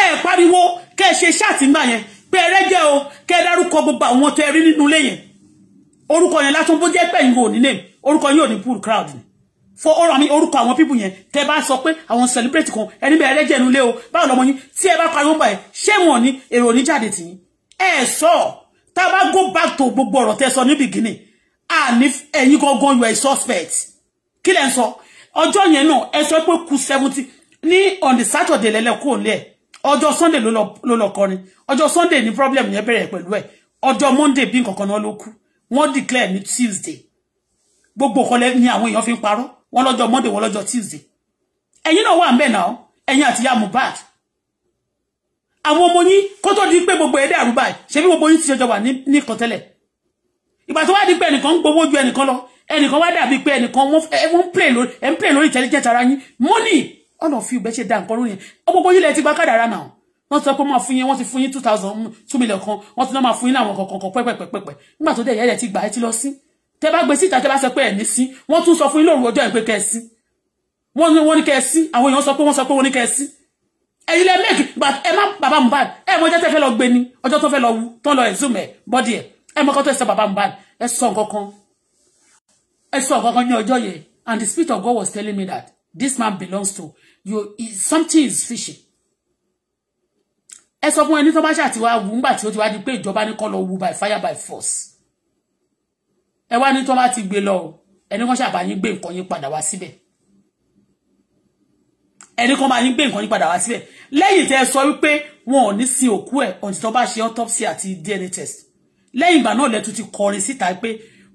ẹ pariwo kẹ́ ṣe ṣáàtì yẹn pé o kẹ́ dárúkọ gbogbo àwọn rí nínú ilé yẹn orúkọ yẹn bó pẹ̀yìn orúkọ yín ò ní pool crowd ni for ọ̀rọ̀ àmì orúkọ àwọn pípù yẹn tẹ bá sọ pé àwọn celebrate kan ẹni bẹ́ẹ̀ ẹlẹ́jẹ̀ inú ilé o báwo lọmọ yín tí ẹ bá pariwo báyìí ṣé wọn ní èrò oníjáde tì yín ẹ sọ tá a bá go back to gbogbo ọ̀rọ̀ tẹ sọ ní beginning àní ẹ̀yin gangan you are a suspect kí lẹ́ ń sọ ọjọ́ yẹn náà ẹ sọ pé kú seventy on the Saturday lẹ́lẹ́ kó lẹ̀ ọjọ́ Sunday ló lọ kọrin ọjọ́ Sunday ní problem yẹn bẹ̀rẹ̀ pẹ̀lú ẹ̀ ọjọ́ Monday bí nǹkan kan náà ló kú wọ́n declare ní Tuesday gbogbo ọkọ ni àwọn èèyàn fi ń parọ́ wọ́n lọ́jọ́ monday wọ́n lọ́jọ́ tuesday And you wà ń bẹ̀ náà ẹ̀yin àti ìyá Mohbad àwọn ọmọ yín kó tó di pé gbogbo ẹ̀dẹ́ àrùbá ṣe bí gbogbo yín ti ṣọjọ́ wà ní kọ́tẹ́lẹ̀ ìgbà tó wá di pé ẹnìkan ń gbowó ju ẹnìkan lọ ẹnìkan wá dàbí pé ẹnìkan wọ́n ń play play lórí intelligence ara yín money all of you bẹ́ẹ̀ ṣe dá nǹkan lórí yẹn ọgbogbo yín lẹ ti gba kádàrá náà wọ́n sọ pé máa fún yín wọ́n ti fún yín two thousand two million kan wọ́n ti náà máa fún yín láwọn kankan pẹ́pẹ́pẹ́pẹ́ nígbà tó dẹ̀ yẹ́ ẹ̀ ti gbà ẹ́ ti lọ sí tẹ bá gbé síta tẹ bá sọ pé ẹ̀ ní sí wọ́n tún sọ fún ilé òru ọjọ́ ìpè kẹ́sí wọ́n ní wọ́n ní kẹ́sí àwọn èèyàn sọ pé wọ́n sọ pé wọ́n ní kẹ́sí ẹ̀yin lẹ mẹ́ẹ̀kì ẹ má bàbá bad. ẹ mọ ọjọ́ tẹ fẹ́ lọ gbé ni ọjọ́ tó fẹ́ lọ wu tó lọ ẹ̀zùm ẹ̀ bọ́dì ẹ̀ ẹ mọ kọ́tọ́ ẹ sọ bàbá Mohbad ẹ sọ nǹkankan ẹ so nǹkankan ní ọjọ́ yẹn and the spirit of God was telling me that this man belongs to you something is fishy ẹ so fún ẹni tó bá ṣàtiwá wù ńgbà tí ó ti wá di pé ìjọba ní kọ́ lọ wù by fire by force ẹ wá ní tó bá ti gbé lọ ẹni kan ṣàbá yín gbé nǹkan yín padà wá síbẹ̀ ẹni kan máa yín gbé nǹkan yín padà wá síbẹ̀ lẹ́yìn tẹ́ ẹ sọ wípé wọn ò ní sin òkú ẹ̀ ọ̀nì tó bá ṣe autopsy àti DNA test lẹ́yìn ìgbà náà lẹ́tù ti kọrin síta pé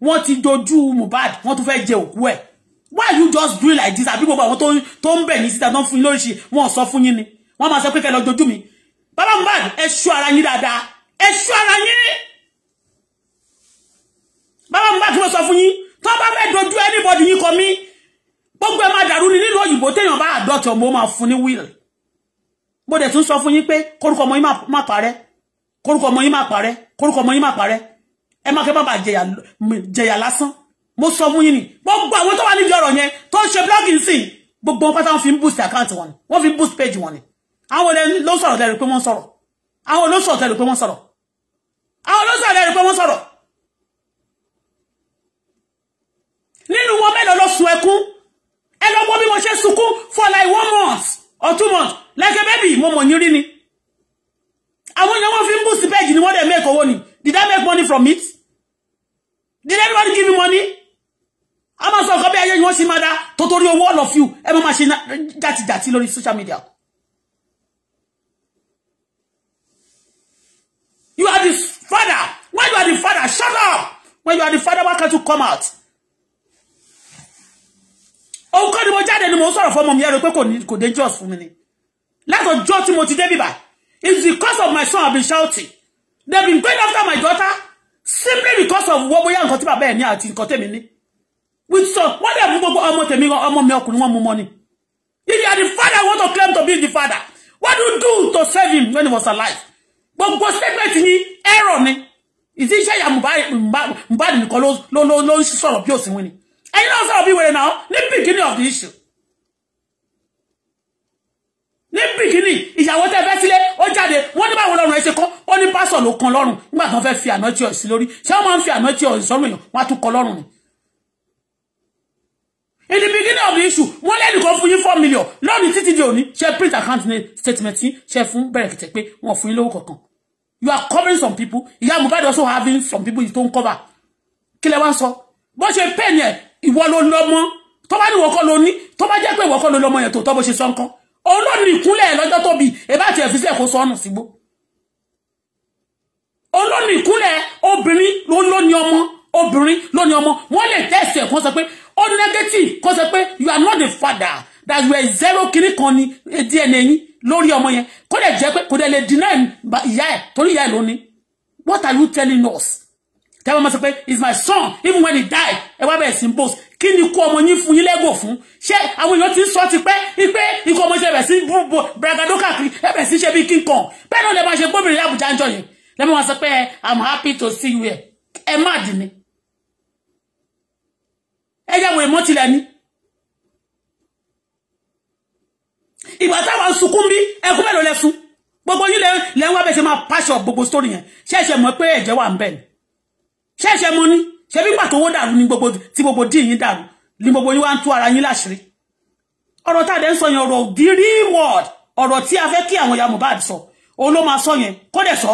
wọ́n ti dojú Mohbad wọ́n tún fẹ́ jẹ òkú ẹ̀ why you just do it like this àbí gbogbo àwọn tó ń bẹ̀ ní síta tó ń fún yín lóríṣi wọn ò sọ fún yín ni wọ́n máa sọ pé kẹ́ lọ dojú mi bàbá Mohbad ẹ ṣú ara yín dáadáa ẹ ṣú ara yín bàbá mi bá tí mo sọ fún yín tó bá fẹ́ dojú anybody yín kọ mí gbogbo ẹ máa dàrú ni nílùú òyìnbó téèyàn bá àdọ́tì ọmọ máa fún ní wíìlì mo dẹ̀ tún sọ fún yín pé kórúkọ ọmọ yín má parẹ́ kórúkọ ọmọ yín má parẹ́ kórúkọ ọmọ yín má parẹ́ ẹ má kẹ́ má bàa jẹ̀yà lásán mo sọ fún yín ni gbogbo àwọn tó wà níbi ọ̀rọ̀ yẹn tó ń ṣe blogging sí gbogbo wọn pátá fi boost account wọn ni wọn fi ń boost page wọn ni àwọn olè ló sọ̀rọ̀ tẹ̀lé pé wọ́n sọ̀rọ̀ àwọn olóṣọ̀rọ̀ tẹ̀lé pé wọ́n sọ̀rọ̀ àwọn olóṣọ̀rọ̀ tẹ̀lé pé wọ́n sọ̀rọ̀ nínú wọn mélòó ló sun ẹkún ẹ lọ wọ bí mo ṣe sunkún for like one month or two months like a baby mo mọ̀ ní rí ni àwọn èèyàn wọn fi ń bù sí péjì ni wọ́n dẹ̀ make owó ni did I make money from it did anybody give me money a máa sọ ọ̀kan bí ayé yìí wọ́n ṣe máa dá tó owó all of you ẹ máa ṣe jàtijàti lórí social media. You are the father. When you are the father, shut up. When you are the father, why can't you come out? òun kọ́ ni mo jáde ni mo ń sọ̀rọ̀ mi ẹ̀rọ pé kò dangerous fún mi ni látọjọ́ tí mo ti dé bíbá it's because of my son I've been shouting they've been going after my daughter simply because of wọ́n bóyá nǹkan tí bàbá ẹ̀ ní àti nǹkan tèmi ní with so wọ́n dẹ̀ mú gbogbo ọmọ tèmi ọmọ mi ọkùnrin wọn mú mọ́ if you are the father want to claim to be the father what do you do to save him when he was alive gbogbo statement yín error ni ìdíṣẹ́ ìyá Mohbad nìkan ló ń sọ̀rọ̀ bí òsínwó ni ẹ̀yin náà sọ̀rọ̀ bí wèrè náà ní beginning of the issue ní bìkínì ìyàwó tẹ́ fẹ́ sílé ó jáde wọ́n ní báwo lọ́rùn ẹ ṣe kọ́ ó ní pásọ̀ ló kan lọ́rùn nígbà tó fẹ́ fi ànátí ọ̀ sí lórí ṣé wọ́n máa ń fi ànátí ọ̀ sọ́rùn in the beginning of the issue wọ́n lẹ́nu kan fún you. four million lónìí títí di òní She print account ní statement yín ṣe fún bẹ̀rẹ̀ take pé wọ́n fún yín local kankan you are covering some people ìyá Mohbad also having some people tó ń cover Kill lẹ wá sọ bó ṣe pay ni ẹ ìwọ ló lọ́mọ tó bá ní ìwọ kọ́ ló ní tó bá jẹ́ pé ìwọ kọ́ ló lọ́mọ yẹn tó tọ́ bó ṣe sọ nǹkan òun ló ní ìkúnlẹ̀ lọ́jọ́ tó bí ẹ̀bá àti ẹ̀fíṣẹ́ kó sọ ọ̀nà sígbó òun ló ní ìkúnlẹ̀ obìnrin ló ló ní ọmọ obìnrin ló ní ọmọ wọ́n lè tẹ̀sẹ̀ kó sọ pé ó negative kó sọ pé you are not the father that you are zero kiri kan ni eh, DNA yín lórí ọmọ yẹn kó dẹ̀ jẹ́ pé kò dẹ̀ lè deny ìyá ẹ̀ torí ìyá ẹ̀ ló ní what are you telling us Tell me sọ pé it's my son even when he died ẹ wá bẹ̀rẹ̀ sí post kí ni ikú ọmọ yín fún yín lẹ́gò fún ṣé àwọn èèyàn ti sọ ti pẹ́ ipé ikú ọmọ ṣe bẹ̀rẹ̀ sí bragado káàkiri ẹ bẹ̀rẹ̀ sí ṣe bí king kong bẹ́ẹ̀ náà lè máa ṣe gbóbìnrin lábùjá ń jọ yẹn lẹ́mọ̀ wọn sọ i'm happy to see you here ẹ má dì ní ẹ jẹ́ wòye mọ́ tilẹ̀ ní. ìgbà táwọn sunkún bí ẹkún mẹ́lòó lẹ́sùn gbogbo yín lẹ́wọ́n bẹ́ẹ̀ ṣe máa pàṣọ gbogbo story yẹn ṣẹ́ẹ̀ṣẹ̀ mọ̀ pé ẹ̀jẹ̀ wà ń bẹ̀ ni ṣẹ́ṣẹ́ mo ní ṣe bí gbà tó wó dàrú ní gbogbo tí gbogbo dì yín dàrú ní gbogbo yín wá ń tú ara yín láṣìírí ọ̀rọ̀ tá a dẹ̀ ń sọ yẹn ọ̀rọ̀ the real world ọ̀rọ̀ tí a fẹ́ kí àwọn ìyá Mohbad sọ òun ló máa sọ yẹn kó dẹ̀ sọ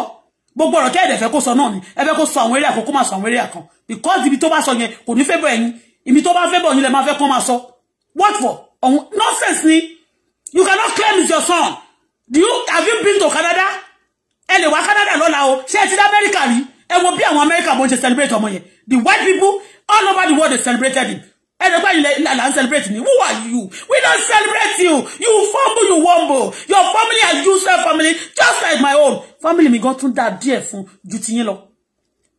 gbogbo ọ̀rọ̀ tẹ́ẹ̀dẹ̀ fẹ́ kó sọ náà ni ẹ fẹ́ kó sọ àwọn eré àkókò máa sọ àwọn eré àkàn because ibi tó bá sọ yẹn kò ní fẹ́ bọ̀ ẹ̀yin ibi tó bá fẹ́ bọ̀ yín lẹ máa fẹ́ kó máa sọ what for ọ̀hún nonsense ni you cannot claim it's your son do you have you been to Canada ẹ lè wá Canada lọ́la o ṣé ẹ ti dá Amẹ́ríkà rí ẹ wo bí àwọn America, bó ń celebrate ọmọ yẹn the white people all over the world they celebrated him ẹ̀dọ́gbà yìí là ń celebrate me. who are you we don't celebrate you you fumble you wumble your family and you self family just like my own family mi gan tún dá díẹ̀ fún ju ti yín lọ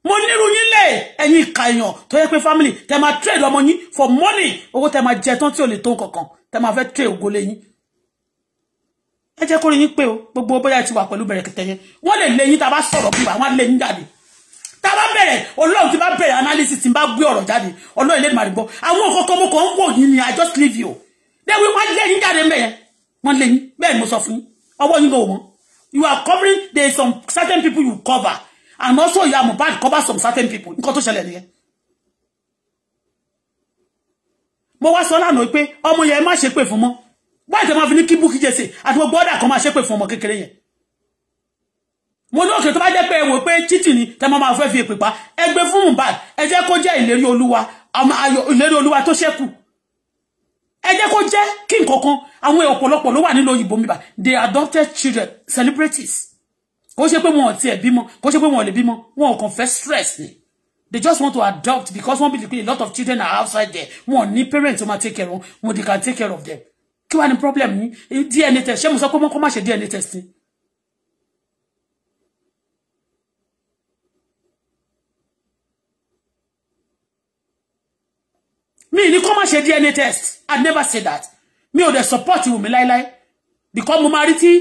mo nírú yín lè ẹ̀yin ìka èèyàn tó yẹ pé family tẹ máa trade ọmọ yín for money owó tẹ máa jẹ tán tí ò lè tó kankan tẹ máa fẹ́ trade ògo lé yín ẹ jẹ́ kó rí yín pé o gbogbo bóyá ti wà pẹ̀lú bẹ̀rẹ̀ kẹtẹ yẹn wọ́n lè lé yín tá a bá sọ̀rọ̀ bí wà wọ́n á lé yín jáde tá a bá bẹ̀rẹ̀ ti bá bẹ̀rẹ̀ analysis ti bá gbé ọ̀rọ̀ jáde ọlọ́run ilé ìmàrí gbọ́ àwọn kọ̀ọ̀kan mo kàn ń wò yín ni i just leave you then we wọ́n lé yín jáde mẹ́yẹn wọ́n lé yín bẹ́ẹ̀ mo sọ fún ọwọ́ yín gbòòmọ́ you are covering there is some certain people you cover and also you are bad cover some certain people nǹkan to ṣẹlẹ̀ nìyẹn. mo wá sọ lánàá pé ọmọ yẹn má ṣe pé fún mọ́ wáyé tẹ máa fi ní kí Bukky Jesse àti gbogbo ọ̀dà kan máa ṣe pé fún ọmọ kékeré yẹn mo lókè tó bá jẹ́ pé ẹ pé títì ni tẹ́ máa máa fẹ́ fi èpè pa ẹ fún Mohbad ẹ kó jẹ́ ìlérí olúwa ìlérí olúwa tó ṣẹ́kù ẹ kó jẹ́ kí nǹkan kan àwọn ọ̀pọ̀lọpọ̀ ló wà nínú òyìnbó mi bá they adopted children celebrities kò ṣe pé wọn ò tiẹ̀ bímọ kò ṣe pé wọn ò lè bímọ wọn ò kàn fẹ́ stress ni they just want to adopt because one believe a lot of children are outside there wọn ní parents wọn máa take care of wọn they can take care of them kí wàá ní problem yìí DNA test ṣé mo sọ pé wọn kọ́ má ṣe DNA test ni Me, ní come má ṣe DNA test I never say that Me, ò dẹ̀ support Wùmí láíláí because mo máa rí tí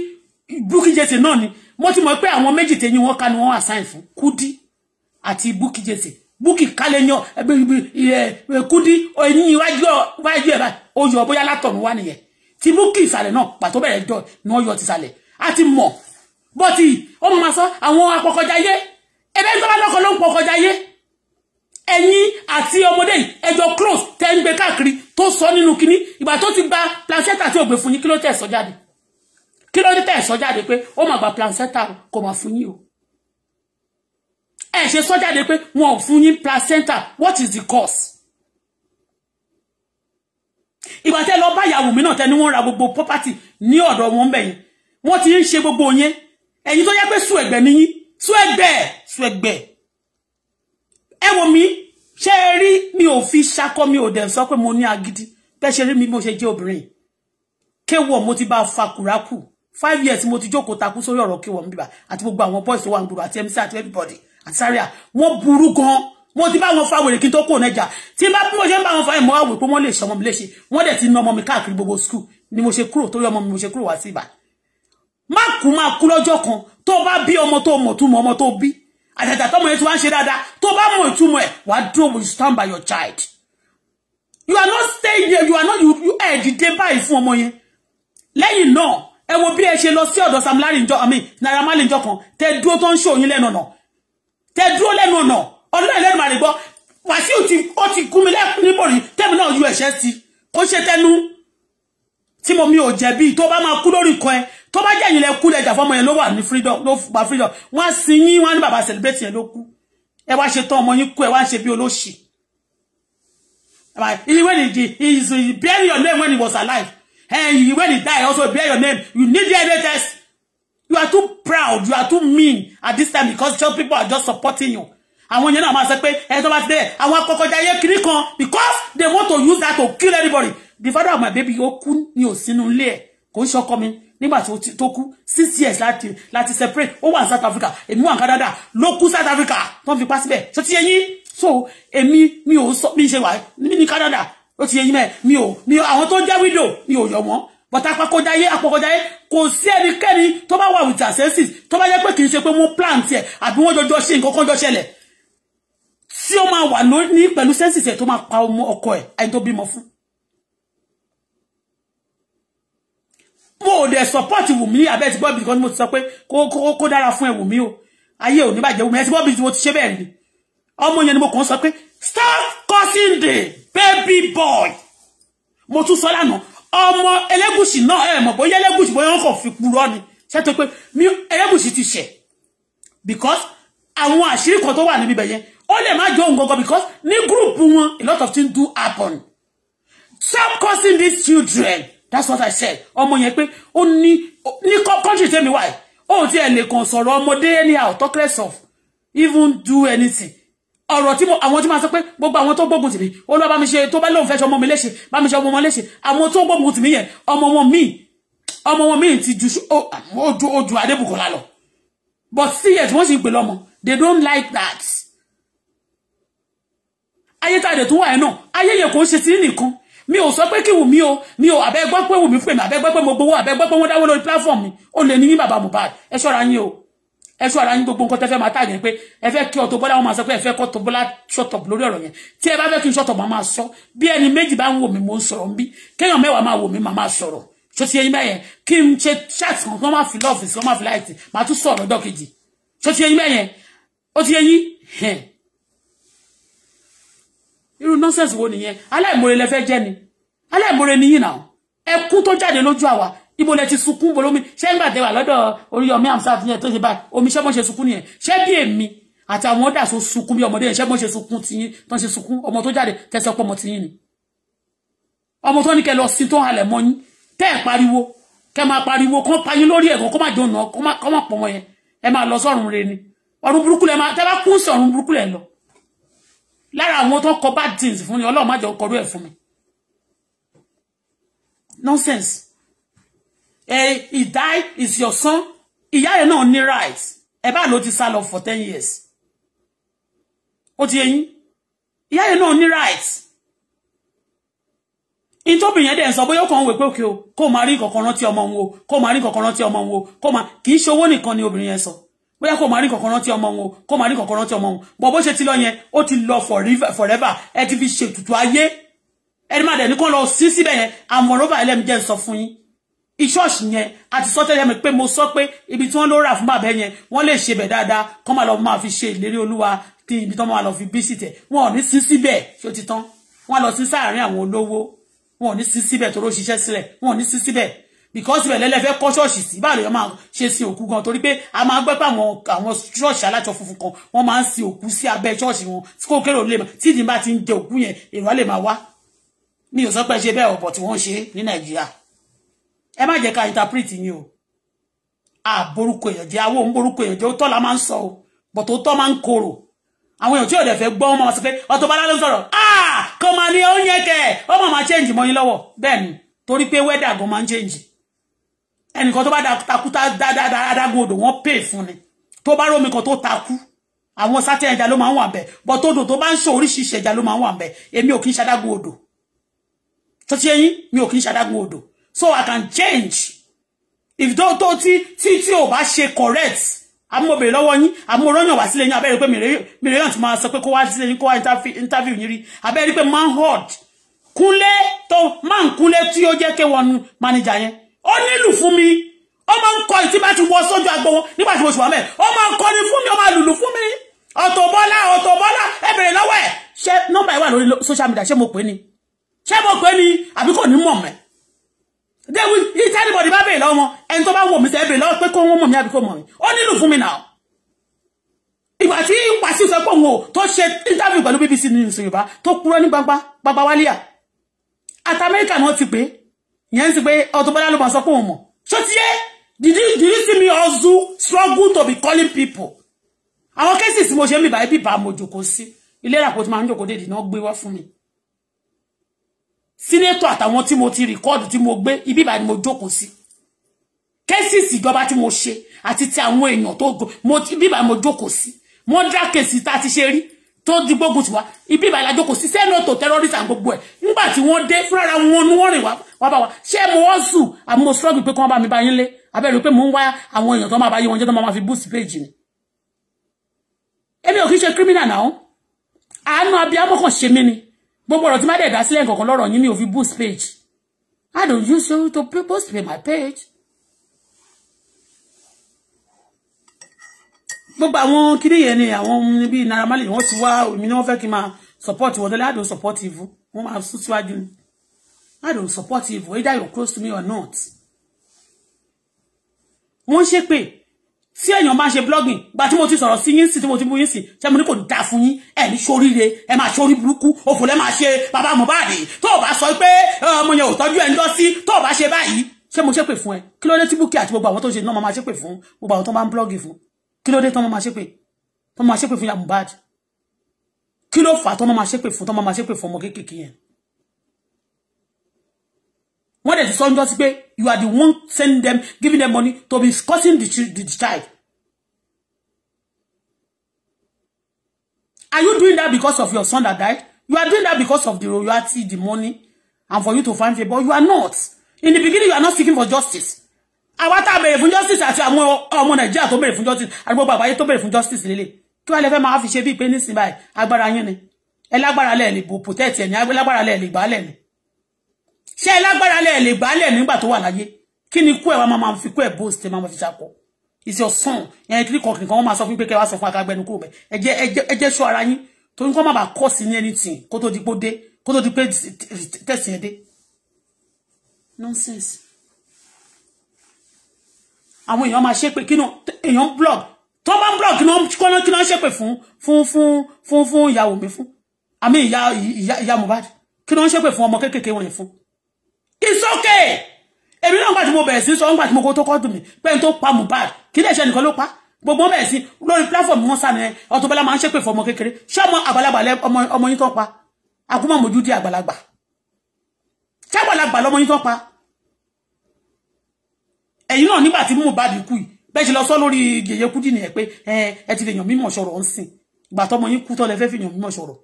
Bukky Jesse náà ni mo ti mọ̀ pé àwọn méjì tẹ̀yìn wọn ká ni wọ́n assign fún Kudi àti Bukky Jesse Bukky kálẹ̀ yan eh, eh, Kudi ẹ̀yìn iwájú ẹ̀ báyìí ó yọ bóyá látọ̀run wá nìyẹn ti Bukky ìsàlẹ̀ no. pàtó bẹ̀rẹ̀ jọ ni wọ́n yọ ti ìsàlẹ̀ a ti mọ̀ bọ́tì ó máa sọ àwọn apọkọjáyé ẹ̀rẹ́ ìjọba lọ́kọ̀ ló ń pọkọjáyé ẹ̀yin àti ọmọdé yìí ẹjọ́ close tẹ́ ń gbé káàkiri tó sọ nínú kinní ìgbà tó ti gba placenta tí ò gbé fún yín kí ló tẹ̀ sọ jáde kí ló tẹ̀ sọ jáde pé ó máa gba placenta kò máa fún yín o ẹ ṣe sọ jáde pé wọn ò fún yín placenta what is the cause ìgbà tẹ́ lọ bá ìyàwó mi náà tẹ́ ni wọ́n ra gbogbo property ní ọ̀dọ̀ wọn bẹ̀yìn wọ́n ti ń ṣe gbogbo yẹn ẹ̀yin tó yẹ pé sùn ẹ̀gbẹ́ níyín sùn ẹ̀gbẹ́ sùn ẹ̀gbẹ́ ẹ wò ṣé rí mi ò fi ṣakọ mi ò dẹ̀ sọ pé mo ní agídí bẹ́ẹ̀ ṣe rí mi mo ṣe jẹ́ obìnrin kéwọ̀ mo ti bá fakùrákù five years mo ti jókòó takú sórí ọ̀rọ̀ kéwọ̀ níbà àti gbogbo àwọn boys tó wà ń gbòòrò àti mc àti everybody àti sáríà wọ́n burú gan-an mo ti bá wọn fa wèrè kí n tó kó nẹjà tí bá bí mo ṣe ń bá wọn fa ìmọ̀ àwòrán pé wọ́n lè ṣe ọmọ mi léṣe wọ́n dẹ̀ ti na ọmọ mi káàkiri gbogbo skul ni mo ṣe kúrò torí ọmọ mi mo ṣe kúrò wá sí ibà má kú má kú lọ́jọ́ kan tó bá bí ọmọ tó mọ̀ tó mọ ọmọ tó bí àtàtà tọmọ yẹn tí wàá ń ṣe dáadáa tó bá mọ ìtumọ̀ ẹ̀ wàá dúró mo stand by your child you are not staying there you are not you you ẹ dìde báyìí fún ọmọ yẹn lẹ́yìn náà ẹ wo bí ẹ ṣe lọ sí ọ̀dọ̀ Sam Larry njọ àmì Naira Marley njọ kan tẹ dúró tó ń ṣòyìn lẹ́nu ọ̀nà tẹ dúró lẹ́nu ọ̀nà ọdún ẹlẹ́nu màlẹ gbọ́ Wàsíù ti ó ti kún mi lẹ́kùn níbò rí tẹ́mi náà ju ẹ̀ṣẹ́ sí kó ṣe tẹnu tí mo mi ò jẹ̀bi tó bá máa kú lórí kan ẹ tó bá jẹ́ ìyìnlẹ̀ kú lẹ́jà fọ́mọ yẹn ló wà ní freedom ló gba freedom wọ́n á sin yín wọ́n á celebrate yẹn ló kú ẹ wá ṣe tán ọmọ yín kú ẹ wá ṣe bí olóṣì when he did he is he bury your name when he was alive and he, when he die also bury your name you need DNA test you are too proud you are too mean at this time because some people are just supporting you àwọn yẹn náà máa sọ pé ẹ tó bá ti dé àwọn akọkọjà ayé kiri kan because they want to use that to kill anybody the father of my baby ó kú ní òsínú ilé ẹ kò ń ṣọkọ nígbà tó kú six years láti láti separate ó wà South Africa èmi wà Canada ló kú South Africa tó ń fi pa síbẹ̀ tó ti yẹ yín so èmi mi ò sọ mi ṣe wà ní Canada ó ti yẹ yín mẹ́ mi ò mi ò àwọn tó jẹ́ widow mi ò yọ wọ́n but apakọjáyé apakọjáyé kò sí ẹnikẹ́ni tó bá wà with accesses tó bá jẹ́ pé kì í ṣe pé wọ́n plant ẹ̀ àbí wọ́n jọjọ ṣe nǹkan kan jọ ṣẹlẹ̀ tí ó máa wà ní pẹ̀lú senses ẹ̀ tó máa pa ọkọ ẹ̀ ẹni fún mo dẹ̀ support Wùmí abẹ́ ti gbọ́ bí kan ni mo ti sọ pé kó dára fún ẹ Wùmí o ayé ò ní bàjẹ́ Wùmí ẹ ti gbọ́ bí mo ti ṣe bẹ́ẹ̀ ni ọmọ yẹn ni mo kàn sọ pé stop causing the baby boy mo tún sọ lánàá ọmọ Ẹlẹ́gùṣì náà ẹ mọ̀ bóyá Ẹlẹ́gùṣì bóyá wọn kàn fi purọ́ ni ṣe tó pé mi Ẹlẹ́gùṣì ti ṣẹ̀ because àwọn àṣírí kan wa wà níbi bẹ̀yẹn ó lè má jọ òǹgọ́gọ́ because ni group wọn a lot of things do happen stop causing these children that's what i said ọmọ yẹn pé ó ní ní country Tell me why. ó ti ẹ̀ lè kàn sọ̀rọ̀ ọmọdé anyhow talk less of even do anything ọ̀rọ̀ tí àwọn tí máa sọ pé gbogbo àwọn tó gbógun tìmí olúwa bá mi ṣe tó bá lóun fẹ́ ṣe ọmọ mi léṣe bá mi ṣe ọmọ wọn léṣe àwọn tó gbógun tìmí yẹn ọmọ wọn míì ọmọ wọn míì ti ju ojú ojú adébùkọ́lá lọ but still yet wọ́n sì ń pè lọ́mọ they don't like that ayé tá a dẹ̀ tún wà yẹn náà ayé yẹn kò ń ṣe sí nìkan mi ò sọ pé kí Wùmí o mi ò abe pé Wùmí fún mi àbẹ́gbọ́ pé mo gbowó àbẹ́gbọ́ pé wọ́n dáwó lórí platform mi ó lè ní ní bàbá Mohbad ẹ ṣọ́ra yín o ẹ ṣọ́ra yín gbogbo nǹkan tẹ́ fẹ́ máa tàgé pé ẹ fẹ́ kí Auto Bola wọn máa sọ pé ẹ fẹ́ kí Auto Bola shut up lórí ọ̀rọ̀ yẹn tí ẹ bá fẹ́ kí n up máa sọ bí ẹni méjì bá ń wò mí mo ń sọ̀rọ̀ ń bí kéèyàn mẹ́wàá máa wò mí máa máa ti yẹn mẹ́yẹn kí n ṣe chat kan kí wọ́n máa fi lọ́ọ̀fì sí wọ́n máa fi láìsí máa tún sọ̀rọ̀ ọjọ́ kejì ti yẹn mẹ́yẹn ó ti yẹn yín irú nonsense wo nìyẹn aláìmoore lẹ fẹ́ jẹ́ ni aláìmoore ni yìí náà ẹkún tó jáde lójú àwa ibo lẹ ti sunkún bolomi ṣé ń gbàdé wà lọ́dọ̀ Oríyọmí Hamzat yẹn tó ṣe báyìí omi ṣé mo ṣe sunkún nìyẹn ṣé bí èmi àti àwọn ọdà tó sunkún bí ọmọdé yẹn ṣé mo ṣe sunkún tiyín tó ṣe sunkún ọmọ tó jáde tẹsán pọmọ tiyín ni ọmọ tó ní kẹ lọ sí tó halẹ̀ mọ́ yín tẹ́ ẹ̀ pariwo kẹ máa pariwo kọ́ payín lórí ẹ̀gàn kọ́ máa jọ nà kọ́ máa pọ̀ mọ́ yẹn ẹ máa lọ sọ́run rẹ ni ọ̀run burúkú lẹ máa tẹ́ bá kú sọ̀run burúkú lẹ lọ lára àwọn tó kọ bad things fún ni ọlọ́run má jẹ́ kọrú ẹ̀ fún mi nonsense eh, he died is your son ìyá rẹ̀ náà ní right ẹ bá ló ti sá lọ for ten years ó ti yẹyin ìyá rẹ̀ náà ní right ìtòbí yẹn dẹ̀ ń sọ bóyá kàn ń wè pé òkè o kó máa rí kankan rántí ọmọ òun o kó máa rí kankan rántí ọmọ òun o kó máa kì í ṣe owó nìkan ni obìnrin yẹn sọ. So bóyá kò máa rí kankan rántí ọmọ wọn kò máa rí kankan rántí ọmọ wọn bọ̀ bó ṣe ti lọ yẹn ó ti lọ forever ẹ ti fi ṣètùtù ayé ẹni máa dẹ̀ ní kó lọ sí síbẹ̀ yẹn àmọ̀rọ́bà ẹlẹ́mi jẹ́ sọ fún yín ìṣọ́ọ̀ṣì yẹn àti sọ́tẹ́lẹ̀ mi pé mo sọ pé ibi tí wọ́n ló rà fún bàbá yẹn wọ́n lè ṣe bẹ̀ dáadáa kọ́ máa lọ máa fi ṣe ìlérí olúwa tí ibi tó máa lọ fi bí sìtẹ̀ wọn ò ní sí síbẹ̀ ṣó ti tán wọn lọ sí sáàárín àwọn olówó wọn ò ní sí síbẹ̀ tó ló ṣiṣẹ́ sílẹ̀ wọn ò ní sí síbẹ̀ because we ìbẹ̀lẹ̀ lẹ́fẹ́ kọ́ ṣọ́ọ̀ṣì sí báà lè máa ṣe sin òkú gan torí pé a máa gbẹ́ pé àwọn àwọn ṣọ́ọ̀ṣì aláṣọ funfun kan wọ́n máa ń sin òkú sí abẹ́ ṣọ́ọ̀ṣì wọn tí kò kérò lè tí ìdí bá ti ń jẹ òkú yẹn èrò á lè máa wá mi ò sọ pé ṣe bẹ́ẹ̀ ọ̀pọ̀ tí wọ́n ṣe ní nàìjíríà ẹ má jẹ́ ká interpret yín o àborúkọ èèyàn jẹ́ awó ń borúkọ èèyàn jẹ́ ó tọ́ la máa ń sọ o but ó tọ́ máa ń korò àwọn èèyàn tí ò dẹ̀ fẹ́ gbọ́ wọn máa sọ pé Auto Bala ló sọ̀rọ̀ ah kò máa ní oúnjẹ kẹ̀ ó máa máa change mọ́ yín lọ́wọ́ bẹ́ẹ̀ ni torí pé weather gan máa ń change ẹnìkan tó bá takú dáadáadáadáadáagun odò wọ́n pè fún ni tó bá rómi kan tó takú àwọn sátẹ ẹja ló máa ń wà bẹ bọ tó odò tó bá ń sọ oríṣiríṣi ẹja ló máa ń wà bẹ èmi ò kí ń ṣadágun odò tó ti ẹyin mi ò kí ń ṣadágun odò so I can change if tó tó tí tí tí ò bá ṣe correct amóbèrè lọ́wọ́ yín amóròyìn wá sílẹ̀ yín abẹ́rẹ́ pé mìíràn ti máa sọ pé kó wá sílẹ̀ yín kó wá interview yín rí abẹ́rẹ́ pé man hot kúnlé tó máa ń kúnlé tí ó jẹ́ kéwọnú manager yẹn ó nílù fún mi ó máa ń kọ ìtí bá ti wọ sójú agbo wọn nígbà tí mo sì wà mẹ́ẹ̀ ó máa ń kọrin fún mi ó máa lùlù fún mi Auto Bola Auto Bola ẹ bèrè lọ́wọ́ ẹ̀ ṣé nọ́mbà ìwà lórí social media ṣé mo pè ní ṣé mo pè ní àbí kò ní mọ̀ mẹ́ they will eat anybody bá bèrè lọ́wọ́ wọn ẹni tó bá wọ̀ mí sẹ́ bèrè lọ́wọ́ pé kó wọ́n mọ̀ mí àbí kò mọ̀ mí ó nílù fún mi náà ìgbà tí Wàsíù sọ pé òun ò tó ṣe interview pẹ̀lú BBC News Yorùbá tó kúrò ní gbangba gbagba wálíà àti Amẹ́ríkà náà ti pè é ìyẹn sì pé Auto Bola ló máa sọ pé òun mọ̀ ṣó ti yé did you did you see me also struggle to be calling people àwọn cases tí mo ṣe ń bìbà ibi bá mo jòkó sí ilé ìràpò tí máa ń jòkó dédì náà gbé wá fún mi sínétọ̀ àtàwọn tí mo ti rìkọ́ọ̀dù tí mo gbé ibi bá ni mo jókòó sí cases ìjọba tí mo ṣe àti ti àwọn èèyàn tó go mo ti ibi bá mo jókòó sí mọ́dá kèsì tá a ti ṣe rí tó di gbógun tiwa ibi ìbá ìlàjò kò sí sẹ́nu tó terrorist and gbogbo ẹ̀ nígbà tí wọ́n dé fúnra wọn ni wọ́n rìn wá bá wa ṣé mo wọ́n sùn àmọ́ mo struggle pé kí wọ́n bá mi bá yín lé abẹ́rẹ́ pé mo ń wá àwọn èèyàn tó máa bá yé wọn jẹ́ tó máa fi boost page ni. èmi ò kì í ṣe criminal náà àánú abiyamọ kan ṣe mí ni gbogbo ọ̀rọ̀ tí má dẹ̀ dá sílẹ̀ kankan lọ́rọ̀ yín mi ò fi boost page I don't use you to post my page gbogbo àwọn kíní yẹn ni àwọn bíi Naira Marley wọ́n ti wá èmi ni wọ́n fẹ́ kí n máa support wọn lọ́lẹ́ àdó support ìfún wọ́n máa sún síwájú ni àdó support ìfún either you're close to me or not. wọ́n ṣe pé tí èèyàn máa ṣe blogging gba tí mo ti sọ̀rọ̀ sí yín sí tí mo ti bú yín sí ṣé mo ní kò dáa fún yín ẹ̀ ní ṣoríire ẹ máa ṣorí burúkú òfò lẹ́ máa ṣe bàbá Mohbad tó o bá sọ pé ọmọ yẹn ò tọ́jú ẹ̀ ń lọ sí tó o bá ṣe báyìí ṣé mo ṣépè fún ẹ kí ló dé tí Bukky àti gbogbo àwọn tó ń ṣe náà máa ṣépè fún gbogbo àwọn tó máa ń blọ́ọ̀gì fún kí ló dé tọ́mọ máa ṣépè tọ́mọ máa ṣépè fún ya Mohbad kí ló fà tọ́mọ máa ṣépè fún tọ́mọ máa ṣépè fún ọmọ kéékèèké yẹn wọ́n dẹ̀ ti sọ ọjọ́ sí pé you are the one send them giving them money to be causing the, the, child are you doing that because of your son that died you are doing that because of the royalty the money and for you to find favour. you are not in the beginning you are not seeking for justice àwa tá a béèrè fún justice àti àwọn ọmọ nàìjíríà tó béèrè fún justice àti gbogbo àgbáyé tó béèrè fún justice lélẹ̀ kí wọ́n lè fẹ́ máa fi ṣe bíi pé nísìnyí báyìí agbára yín ni ẹ lágbára lẹ̀ lè bò protect ẹ̀ ní lágbára lẹ̀ lè gbálẹ̀ ni ṣé ẹ lágbára lẹ̀ lè gbálẹ̀ nígbà tó wà láyé kí ni kú ẹ̀ wá máa fi kú ẹ̀ boost máa fi ṣàkó ìṣe ọ̀sán ẹni tí kọ̀ọ̀kan kan wọ́n máa sọ fún pé kẹ́ wá sọ fún akagbẹnu kúrò bẹ́ẹ̀ ẹ jẹ́ ẹ jẹ́ ṣọ́ ara yín torí kọ́ má bàa kọ́ sí ní anything kó kó tó di pé tẹ̀sí ẹ dé nonsense àwọn èèyàn máa ṣépè kí èèyàn blog tó bá ń blog kí wọ́n kí wọ́n ṣépè fún fún fún fún fún ìyàwó mi fún àmì ìyá ìyá ìyá Mohbad kí wọ́n ṣépè fún ọmọ kéékèèké wọn fún. it's okay èmi náà gbà tí mo bẹ̀rẹ̀ sí sọ nígbà tí mo kó tó kọ́ dùn mí pẹ́ẹ́n tó pa Mohbad kí lè ṣe nìkan ló pa gbogbo bẹ̀rẹ̀ sí lórí platform wọn sàmì Auto Bola máa ń ṣépè fún ọmọ kékeré ṣé ọmọ àgbàlagbà ọmọ yín tó pa àkúmọ̀ mojú di àgbàlagbà ṣé àgbàlagbà lọmọ yín tó pa ẹ̀yin náà nígbà tí Mohbad kú yìí bẹ́ẹ̀ ṣe lọ sọ lórí yèyé kúdì nìyẹn pé ẹ ti fèèyàn mímọ̀ sọ̀rọ̀ ń sìn ìgbà tọmọ yín kú tọ́lẹ̀ fẹ́ fèèyàn mímọ̀ sọ̀rọ̀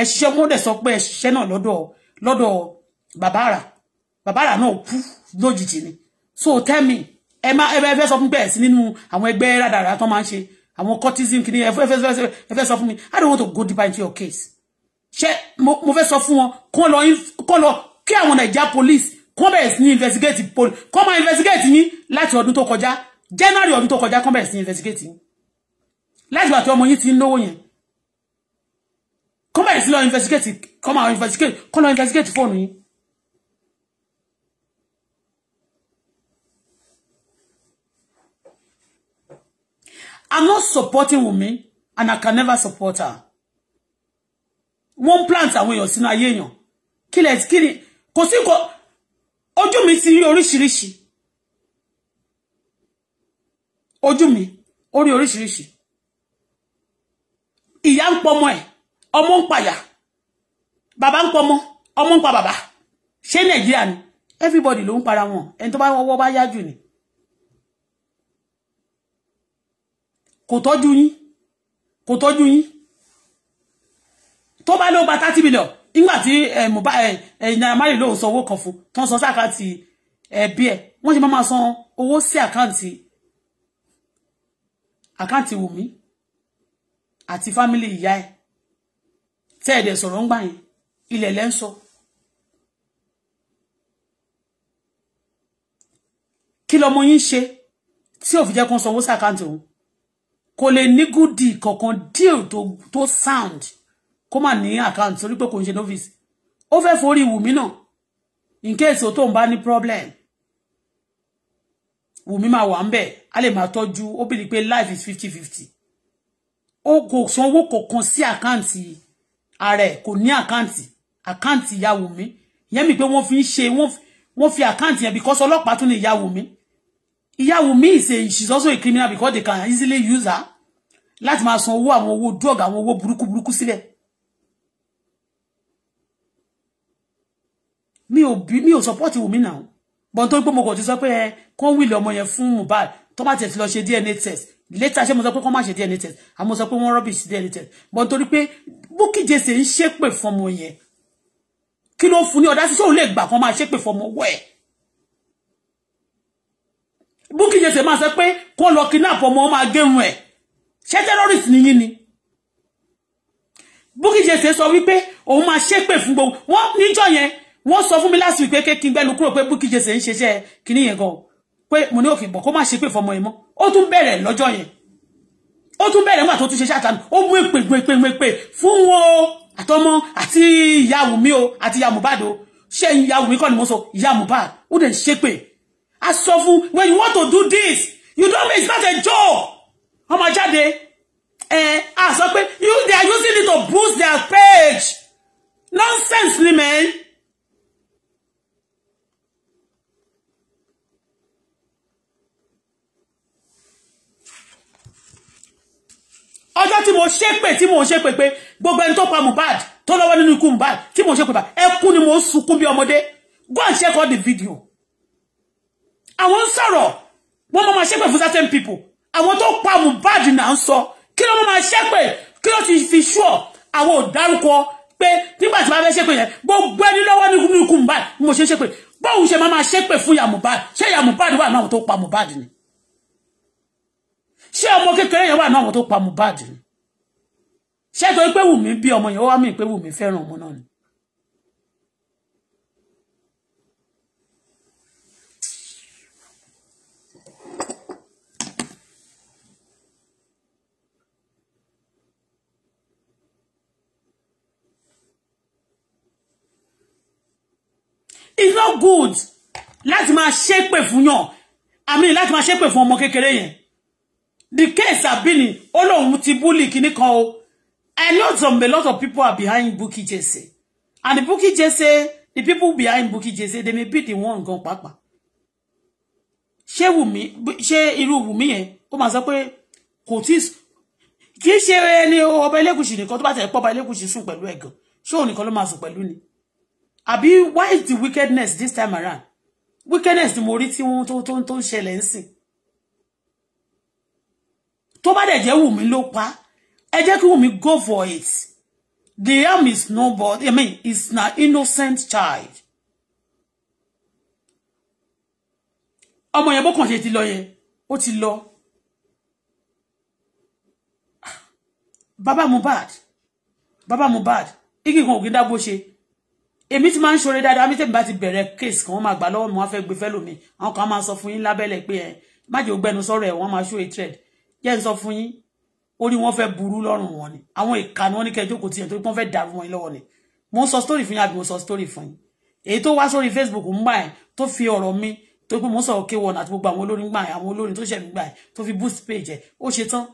ẹ ṣiṣẹ́ mọ́dẹ̀ sọ pé ẹ ṣiṣẹ́ náà Lodo. Lodo, bàbára bàbára náà kú lójijì ni so tell me ẹ má ẹ fẹ́ sọ fún bẹ́ẹ̀ sí nínú àwọn ẹgbẹ́ rádàrá tó máa ń ṣe àwọn cortism kìíní ẹ fẹ́ sọ fún mi I don't want to go deeper into your case ṣé mo fẹ́ sọ fún wọn kó lọ kí àwọn Naija police kán bẹ̀rẹ̀ sí ní investigate poli kán máa investigate yín láti ọdún tó kọjá january ọdún tó kọjá kán bẹ̀rẹ̀ sí ní investigate yín láti gbà tí ti ń lówó yẹn kán bẹ̀rẹ̀ sí lọ investigate kán investigate kán investigate fóònù yín. I'm not supporting Wunmi and I can never support her. One plant àwọn èèyàn sínú ayé èèyàn. Kí lẹ̀ kí ni kò sí ojú mi ti rí oríṣiríṣi ojú mi ó rí oríṣiríṣi ìyá ń pọmọ ẹ ọmọ ń pàyà bàbá ń pọmọ ọmọ ń pa bàbá ṣé nàìjíríà ni everybody ló ń para wọn ẹni tó bá wọ́wọ́ bá yájú ni kò tọ́jú yín kò tọ́jú yín tó bá ló gba thirty million nígbà tí eh, eh, eh, Naira Marley lóun san owó kan fún tó ń san sí àkáǹtì ẹbí ẹ̀ wọ́n ṣe máa máa san owó sí àkáǹtì àkáǹtì Wùmí àti fámílì ìyá ẹ̀ tẹ́ ẹ̀dẹ̀ sọ̀rọ̀ ń gbà yẹn ilẹ̀ lẹ́ ń sọ kí lọmọ yín ṣe tí ò fi jẹ́ kó sanwó sí àkáǹtì òun kò lè ní gúdì kankan díẹ̀ tó sound kó mà ní account torí pé kò ń ṣe novice ó fẹ́ forí wùmí náà in case tó ń bá ní problem wùmí máa wà ń bẹ̀ a lè máa tọ́jú ó bìlí pé life is fifty fifty ó kò sanwó kọ̀ọ̀kan sí àkáǹtì ààrẹ kò ní àkáǹtì àkáǹtì ìyá wùmí ìyẹn mi pé wọ́n fi ń ṣe wọ́n fi àkáǹtì yẹn because ọlọ́pàá tún ní ìyá wùmí ìyá wùmí is a she is also a criminal because they can easily use her láti máa san owó àwọn owó drug àwọn owó burúkú burúkú sílẹ̀. mi ò bí mi ò support Wùmí mi now. tó ń pé mo kàn ti sọ pé ẹ eh, kán wíìlì ọmọ yẹn fún Mohbad tó bá tiẹ̀ ti lọ ṣe DNA test later ṣé mo sọ pé kán má ṣe DNA test àmọ́ sọ pé wọ́n rubbish DNA test bọ́n torí pé Bukky Jesse ń ṣépè fọmọ yẹn kí ló fún ní ọ̀dá sí sóun lè se kán máa ṣépè fọmọ wọ́ ẹ̀ Bukky Jesse máa sọ pé kán lọ kidnap ọmọ máa gẹrun ẹ̀ ṣé terrorist nìyí ni Bukky Jesse sọ wípé òun máa ṣépè fún gbogbo wọn níjọ yẹn wọ́n sọ fún mi last week pé ké kí n gbẹ́nu kúrò pé Bukky Jesse ń ṣeṣẹ́ kíní gan pé mo ní òkè bọ̀ kó má ṣe pé fọmọ yẹn mọ́ ó tún bẹ̀rẹ̀ lọ́jọ́ yẹn ó tún bẹ̀rẹ̀ nígbà tó tún ṣe ṣàtàlù ó mú èpè gbé èpè mú èpè fún wọn o àtọmọ àti ìyàwó mi o àti ìyá Mohbad o ṣé mi kọ́ ni mo sọ ìyá Mohbad ó dẹ̀ ṣépè a sọ fún when you want to do this you don't make it a joke ọmọ jáde ẹ a sọ pé you they are using it to boost their page nonsense ni man. ọjọ́ tí mo ṣépè tí mo ṣépè pé gbogbo ẹni tó pa Mohbad tó lọ́wọ́ nínú ikú Mohbad tí mo ṣépè bá ẹkún ni mo sunkún bí ọmọdé go and check all the video àwọn ń sọ̀rọ̀ wọ́n máa ṣépè fún certain people àwọn tó pa Mohbad náà ń sọ kí ló máa ṣépè kí ló ti fi ṣùọ́ àwọn ò dárúkọ pé nígbà tí wọ́n fẹ́ ṣépè yẹn gbogbo ẹni lọ́wọ́ nínú ikú Mohbad mo ṣe ṣépè bóun ṣe máa ṣépè fún ìyá Mohbad ṣé ìyá Mohbad wà náà tó pa Mohbad ni ṣé ọmọ kékeré yẹn wà náà àwọn tó pa Mohbad ni ṣé torí pé Wùmí bí ọmọ yẹn ó wá mí pé Wùmí fẹ́ràn ọmọ náà ni. it's not good láti máa ṣépè fún yàn àmì láti máa ṣépè fún ọmọ kékeré yẹn the case abini ó lóun ti bully kini kan o a lot of a lot of people are behind Bukky Jesse and the Bukky Jesse the people behind Bukky Jesse they may be the one gan pàápàá ṣé wùmí ṣé irú wùmí yẹn ó máa sọ pé kò tí kì í ṣe ẹni ọba Ẹlẹ́gùṣì nìkan tó bá tẹ̀ pọ́ ọba Ẹlẹ́gùṣì sùn pẹ̀lú ẹ̀ gan ṣé òun nìkan ló máa sùn pẹ̀lú ni àbí why is the wickedness this time around wickedness ni mo rí tí wọ́n tó tó ń ṣẹlẹ̀ ń tó bá dẹ̀ jẹ́ Wùmí ló pa ẹ jẹ́ kí Wùmí go for it the harm is nobody i mean it's na innocent child ọmọ yẹn bó kàn ṣe ti lọ yẹn ó ti lọ bàbá Baba bàbá Mohbad igi kan ògidá bó ṣe èmi ti máa ń ṣoore dáadáa mi tèmi bá ti bẹ̀rẹ̀ kéèsì kan wọ́n máa gbà lọ́wọ́ mi wọ́n fẹ́ gbé fẹ́lòmíì àwọn kan máa sọ fún yín lábẹ́lẹ̀ pé ẹ má jẹ́ ògbẹ́nu sọ̀rọ̀ ẹ̀ wọ́n máa ṣó a trade jẹ́ n sọ fún yín orí wọn fẹ́ burú lọ́rùn wọn ni àwọn ìka ni wọ́n ní kẹjọ́ kò tiẹ̀ torí pé wọ́n dàrú wọn lọ́wọ́ ni mo sọ story fún yín àbí mo sọ story fún yín èyí tó wá sórí Facebook ń gbà yẹn tó fi ọ̀rọ̀ mi tó pé mo ń sọ̀rọ̀ kéwọ́n àti gbogbo àwọn olórin gbà yẹn àwọn olórin tó ṣẹ̀mí gbà yẹn tó fi boost page yẹn ó ṣe tán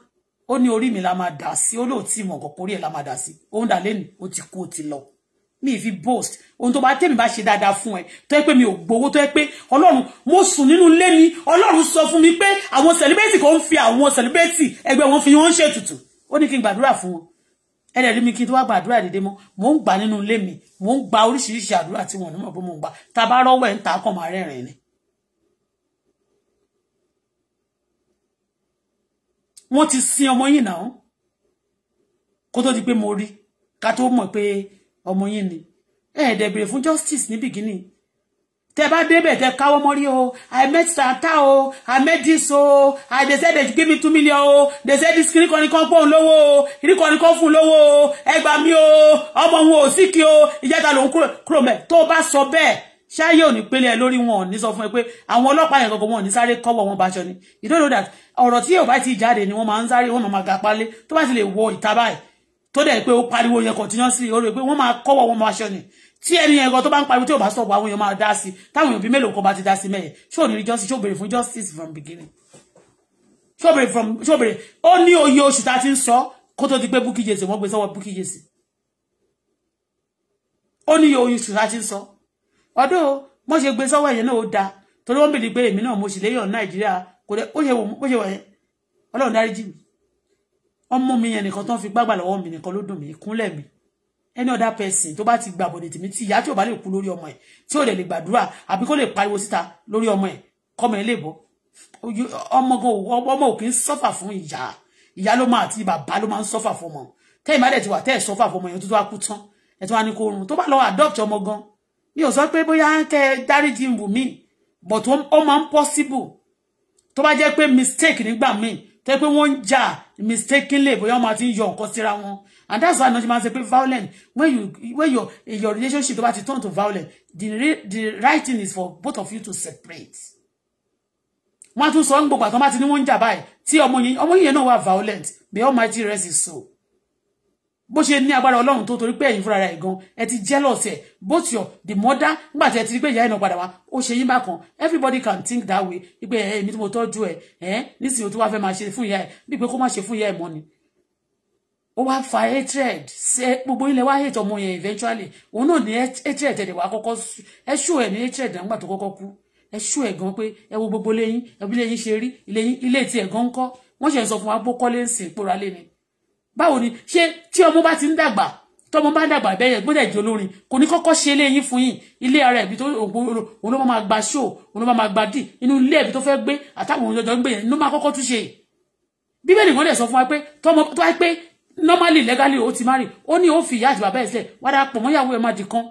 ó ní orí mi la máa dà sí ó lóòótì mọ̀ kọ̀ọ̀kan orí ẹ̀ la máa dà sí ó ń dà lẹ́nu ó ti kú ó ti lọ mi fi boast ohun tó bá tèmi bá ṣe dáadáa fún ẹ tó yẹ pé mi ò gbowó tó yẹ pé ọlọ́run mo sùn nínú ilé mi ọlọ́run sọ fún mi pé àwọn celebrity kan ń fi àwọn celebrity ẹgbẹ́ wọn fi wọ́n ṣètùtù ó ní kí n gbàdúrà fún wọn ẹ̀rẹ̀ rí mi kí n tó wá gbàdúrà dédé mọ́ mò ń gbà nínú ilé mi mò ń gba oríṣiríṣi àdúrà tí wọn ò ní mọ̀ bó mo ń gbà tá a bá rọ́wọ́ ẹ̀ ń ta kàn máa rẹ́rìn-ín ni. wọ́n ti sin ọmọ yìí náà kó tó di pé mo rí ká tó mọ̀ pé ọmọ yẹn ni ẹ ẹ dẹ̀ bèrè fún justice ní bìgínì tẹ́ bá débẹ̀ tẹ́ káwọ́ mọ́rí o i met santa o i met this o i dey say they give me two million o they say this kiri kan kan pọ́n lówó o kiri kan kan fún lówó o ẹ gbà mí o ọmọ wọn ò sí kí o ìjẹta lòun kúrò mẹ tó bá sọ bẹ́ẹ̀ ṣáyé ò ní pélé ẹ lórí wọn ò ní sọ fún ẹ pé àwọn ọlọ́pàá yẹn gbogbo wọn ò ní sáré kọ́wọ́ wọn báṣọ ni you don't know that ọ̀rọ̀ tí yóò bá ti jáde ni wọ́n máa ń sáré wọ́n máa gapá lé tó bá ti lè wọ ìta báyìí tó dẹ̀ pé ó pariwo yẹn continuously ó rè pé wọ́n máa kọ́wọ́ wọn máa ṣọ́ni tí ẹni yẹn gan tó bá ń pariwo tí ò bá sọ̀bù àwọn èèyàn máa dá sí táwọn èèyàn bíi mélòó kan bá ti dá sí mẹ́yẹ ṣé òní rí justice ṣé ó fún justice from beginning ṣé ó from ṣé ó béèrè ó ní oyè oṣù tá a ti ń sọ kó tó di pé Bukky Jesse wọ́n gbé sọ́wọ́ Bukky Jesse ó ní oyè oṣù tá a ti ń sọ ọdún wọ́n ṣe gbé sọ́wọ́ ẹ̀yẹ náà ó da torí wọ́n bèèrè pé èmi náà mo sì léyàn Nàìjíríà kò dé ó ṣe wọ̀ yẹn Ọlọ́run dáríjì mi wọ́n mú mi yẹn nìkan tó ń fi gbàgbà lọ́wọ́ mi nìkan ló dùn mí ìkúnlẹ̀ mi any other person tó bá ti gbà bọ̀dẹ̀ tèmi tí ìyá tí ò bá lè kú lórí ọmọ ẹ̀ tí ò dẹ̀ lè gbàdúrà àbí kó lè pariwo síta lórí ọmọ ẹ̀ kọ́mọ ẹ̀ lè bọ́ ọmọ ọmọ ò kì í sọ́fà fún ìyá ìyá ló máa àti bàbá ló máa ń sọ́fà fún ọmọ tẹ́ ìmá dẹ̀ ti wà tẹ́ ẹ̀ sọ́fà fún ọmọ yẹn tó tó wá kú tán ẹ̀ tó wá ní kó run tó bá lọ adopt ọmọ gan mi ò sọ pé bóyá kẹ́ dáríjì wù mí but ó máa possible tó bá jẹ́ pé mistake nígbà míì tẹ́ pé wọ́n ń jà mistakenly bóyá wọ́n máa ti ń yọ nǹkan síra wọn and that's why nothing man say pé violent when you when your your relationship tó bá ti turn to violent the the right thing is for both of you to separate wọ́n tún sọ ń gbogbo àtọ́ bá ti ní wọ́n ń jà báyìí tí ọmọ yẹn ọmọ yẹn náà wà violent may almighty rest his soul bó ṣe ní agbára ọlọ́run tó torí pé ẹ̀yin fúnra rẹ̀ gan ẹ ti jealous ẹ̀ both your the mother nígbà tí ẹ ti rí pé ìyá ẹ̀ náà padà wá ó ṣe yín bákan everybody can think that way wípé ẹ èmi tí mo tọ́jú ẹ ẹ nísìnyí o tí wàá fẹ́ máa ṣe fún ìyá ẹ̀ bíi pé kó má ṣe fún ìyá ẹ̀ mọ́ ni. ó wá fa hatred ṣe gbogbo ilẹ̀ wá hate ọmọ yẹn eventually òun náà ní hatred ẹ̀ wá kọ́kọ́ ẹ ṣú ẹ̀ ní hatred nígbà tó kọ́kọ́ kú ẹ ṣú ẹ̀ gan pé ẹ wo gbogbo lẹ́yìn ẹbí lẹ́yìn ṣe rí ilé tí ẹ̀ gan ń kọ́ wọ́n ṣe ń sọ fún wa pé kọ́lé ń sìn ìpòrálé ni báwo ni ṣé tí ọmọ bá ti ń dàgbà tọmọ bá ń dàgbà bẹ́ẹ̀ yẹn gbọ́dọ̀ jẹ́ olórin kò ní kọ́kọ́ ṣe ilé yín fún yín ilé ara ẹ̀bí tó òun ló máa gba ṣó òun ló máa gba dì inú ilé ẹ̀bí tó fẹ́ gbé àtàwọn òun jọjọ ń gbé yẹn ló máa kọ́kọ́ tún ṣe bíbélì wọn dẹ̀ sọ fún wa pé tọmọ tó wáyé pé normally legally ó ti marry ó ní ó fi ìyá àti bàbá ẹ̀ sílẹ̀ wàdà pọ̀ mọ́yàwó ẹ̀ máa dì kan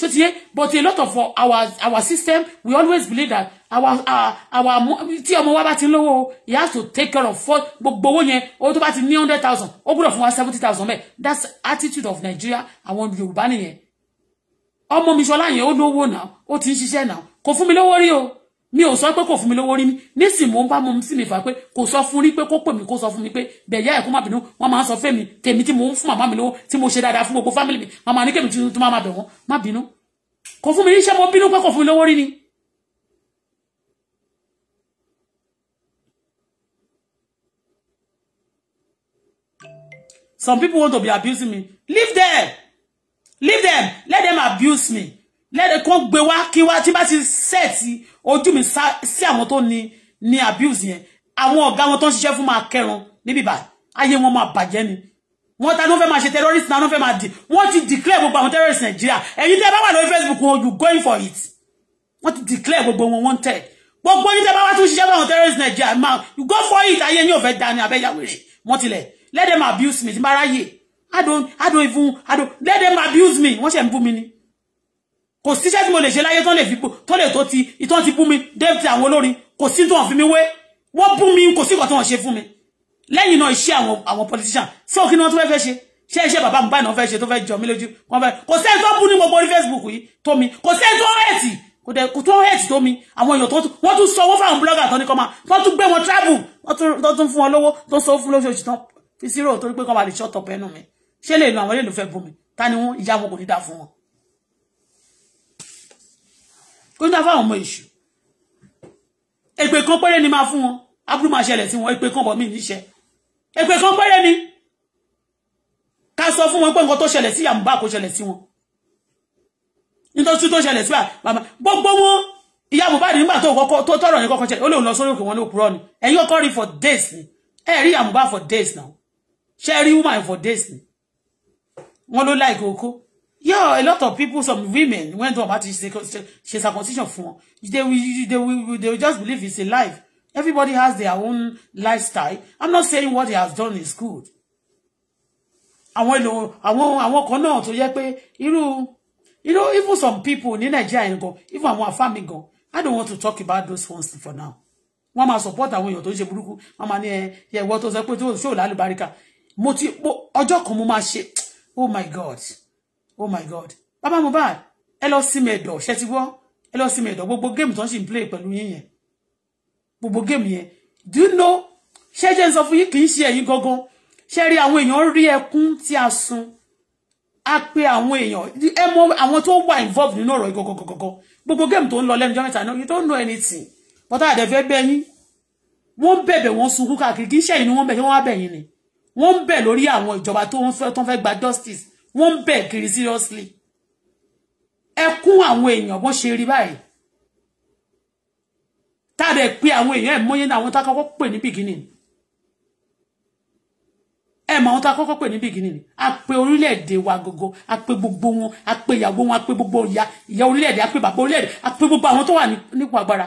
so tiye but a lot of our our system we always believe that our our our. ọmọ wa bá he has to take care of four But but when owó tó bá ti hundred thousand ó gbọ́dọ̀ fún wa seventy thousand bẹ́ẹ̀ that's attitude of Nigeria I àwọn Yorùbá nìyẹn it. Oh Ṣọlá yẹn ó lówó know now. ti things she náà now? fún me no worry oh mi ò sọ pé kò fún mi lówó rí mi nísìn mò ń mo sí mi fà pé kò sọ fún rí pé kó pè mí kó sọ fún mi pé bẹ̀yà ẹ̀kú má bínú wọ́n máa ń sọ fẹ́mi tèmi tí mò ń fún màmá mi lówó tí mo ṣe dáadáa fún gbogbo fámìlì mi wọ́n máa ní kèmí tuntun máa bẹ̀ wọ́n má bínú kò fún mi níṣẹ́ mo bínú pé kò fún mi lówó ni. some people want to be abusing me leave them leave them let them abuse me lẹ́dẹ̀ kan gbé wá kí wá tí bá ti sẹ́ẹ̀tì ojú mi sí àwọn tó ní ní abuse yẹn àwọn ọ̀gá wọn tó ń ṣiṣẹ́ fún máa kẹrun níbí báyìí ayé wọn máa bàjẹ́ ni wọ́n ta ló fẹ́ máa ṣe terrorist náà ló fẹ́ máa dì wọ́n ti declare gbogbo àwọn terrorist Nàìjíríà ẹ̀yin tẹ́ bá wà lórí Facebook wọn you going for it wọ́n ti declare gbogbo wọn wanted gbogbo yín tẹ́ bá wá tún ṣiṣẹ́ fún àwọn terrorist Nàìjíríà máa you go for it ayé yín ò fẹ́ dání abẹ́yàwèrè wọ́n tilẹ̀ let them abuse me ti bá ráyè I don't I don't even I don't let them abuse me wọ́n ṣe ń bú mi ni kò síṣẹ́ tí mo lè ṣe láyé tán lè fi tán lè tó ti ìtàn ti bú mi débìtì àwọn olórin kò sí tó hàn fi mi wé wọ́n bú mi kò sí nǹkan tó hàn ṣe fún mi lẹ́yìn náà iṣẹ́ àwọn àwọn politician ṣé òkè ni wọ́n tó fẹ́ ṣe ṣé iṣẹ́ bàbá mi báyìí náà fẹ́ ṣe tó fẹ́ jọ mí lójú wọ́n fẹ́ kò sẹ́ni tó bú ní gbogbo orí Facebook yìí tó mi kò sẹ́ni tó hẹ̀tì kò dẹ̀ kò tó hẹ̀tì tó mi àwọn èèyàn tó wọ́n tún sanwó fáwọn blogger tó ní kọ́ máa wọ́n tún gbé wọn travel wọ́n tún fún wọn lówó tó sanwó fún lóṣooṣù tán fi sírò torí pé kọ́ máa lè ṣọ́tọ̀ pẹ́nu mi ṣé lè lo àwọn ilé ìlú fẹ́ bomi ta ni wọ́n ìyá wọn kò ní dá fún wọn kó ní afáwọn ọmọ èṣù èpè kan péré ni máa fún wọn aburú máa ṣẹlẹ̀ sí wọn èpè kan bọ̀ mí níṣẹ́ èpè kan péré ni ká sọ fún wọn pé nǹkan tó ṣẹlẹ̀ sí yàmùbá kò ṣẹlẹ̀ sí wọn nítorí tó ṣẹlẹ̀ sí bàbá gbogbo wọn ìyá Mohbad nígbà tó kọ́kọ́ tó tọrọ yẹn kọ́kọ́ ṣẹlẹ̀ ó lòun lọ sórí òkè wọn ló purọ́ ni ẹ̀yin ọkọ rí for days ni ẹ rí ìyá Mohbad for days now ṣe woman for days ni wọn ló láì kókó yeah a lot of people some women when talk tó bá ti ṣe circumcision fún wọn they will they will they will just believe it's a life everybody has their own lifestyle i'm not saying what he has done is good àwọn èlò àwọn àwọn kan náà tó yẹ pé irú you know even some people ní Nigeria yẹn gan even àwọn afámi gan i don't want to talk about those ones for now wọ́n máa support àwọn èèyàn tó ń ṣe burúkú wọ́n máa ní ẹ eh, yẹ ìwọ tó sọ pé tó ṣòwò lálùbáríkà mo ti ọjọ́ kan mo máa ṣe oh my god oh my god bàbá Mohbad ẹ lọ sí mi ẹ̀dọ̀ ṣe ti gbọ́ ẹ lọ sí mi ẹ̀dọ̀ gbogbo géèmù tó ń play pẹ̀lú yín yẹn gbogbo game, yẹn do you know ṣé jẹ́ ń sọ fún yín kì í ṣe ẹ̀yin gangan ṣe rí àwọn èèyàn rí ẹkún tí a sun a pe àwọn èèyàn ẹ mọ àwọn tó wà involved nínú ọ̀rọ̀ gọ́gọ́gọ́gọ́ gbogbo géèmù tó ń lọ lẹ́nu jọ́mẹ́ta you don't know anything but àdẹ̀fẹ́ bẹ́ yín wọ́n bẹ̀bẹ̀ wọ́n sunkún káàkiri kì í ṣẹ̀yìn ni wọ́n bẹ̀ ṣé wọ́n wá bẹ̀yìn ni wọ́n bẹ̀ lórí àwọn ìjọba tó ń fẹ́ tó ń gba justice wọ́n beg bẹ̀ kiri seriously ẹkún àwọn èèyàn bọ́n ṣe rí báyìí táàdẹ̀ pé àwọn èèyàn ẹ̀ mọ́yé ní àwọn koko kọ́kọ́ pè ní bìgínì ẹ̀ mọ àwọn tá kọ́kọ́ pè ní a pe orílẹ̀-èdè wa gogo a pe gbogbo wọn a pe ìyàwó wọn a pe gbogbo ya. ìyá orílẹ̀-èdè a pe bàbá orílẹ̀-èdè a pe gbogbo àwọn tó wà nípò agbára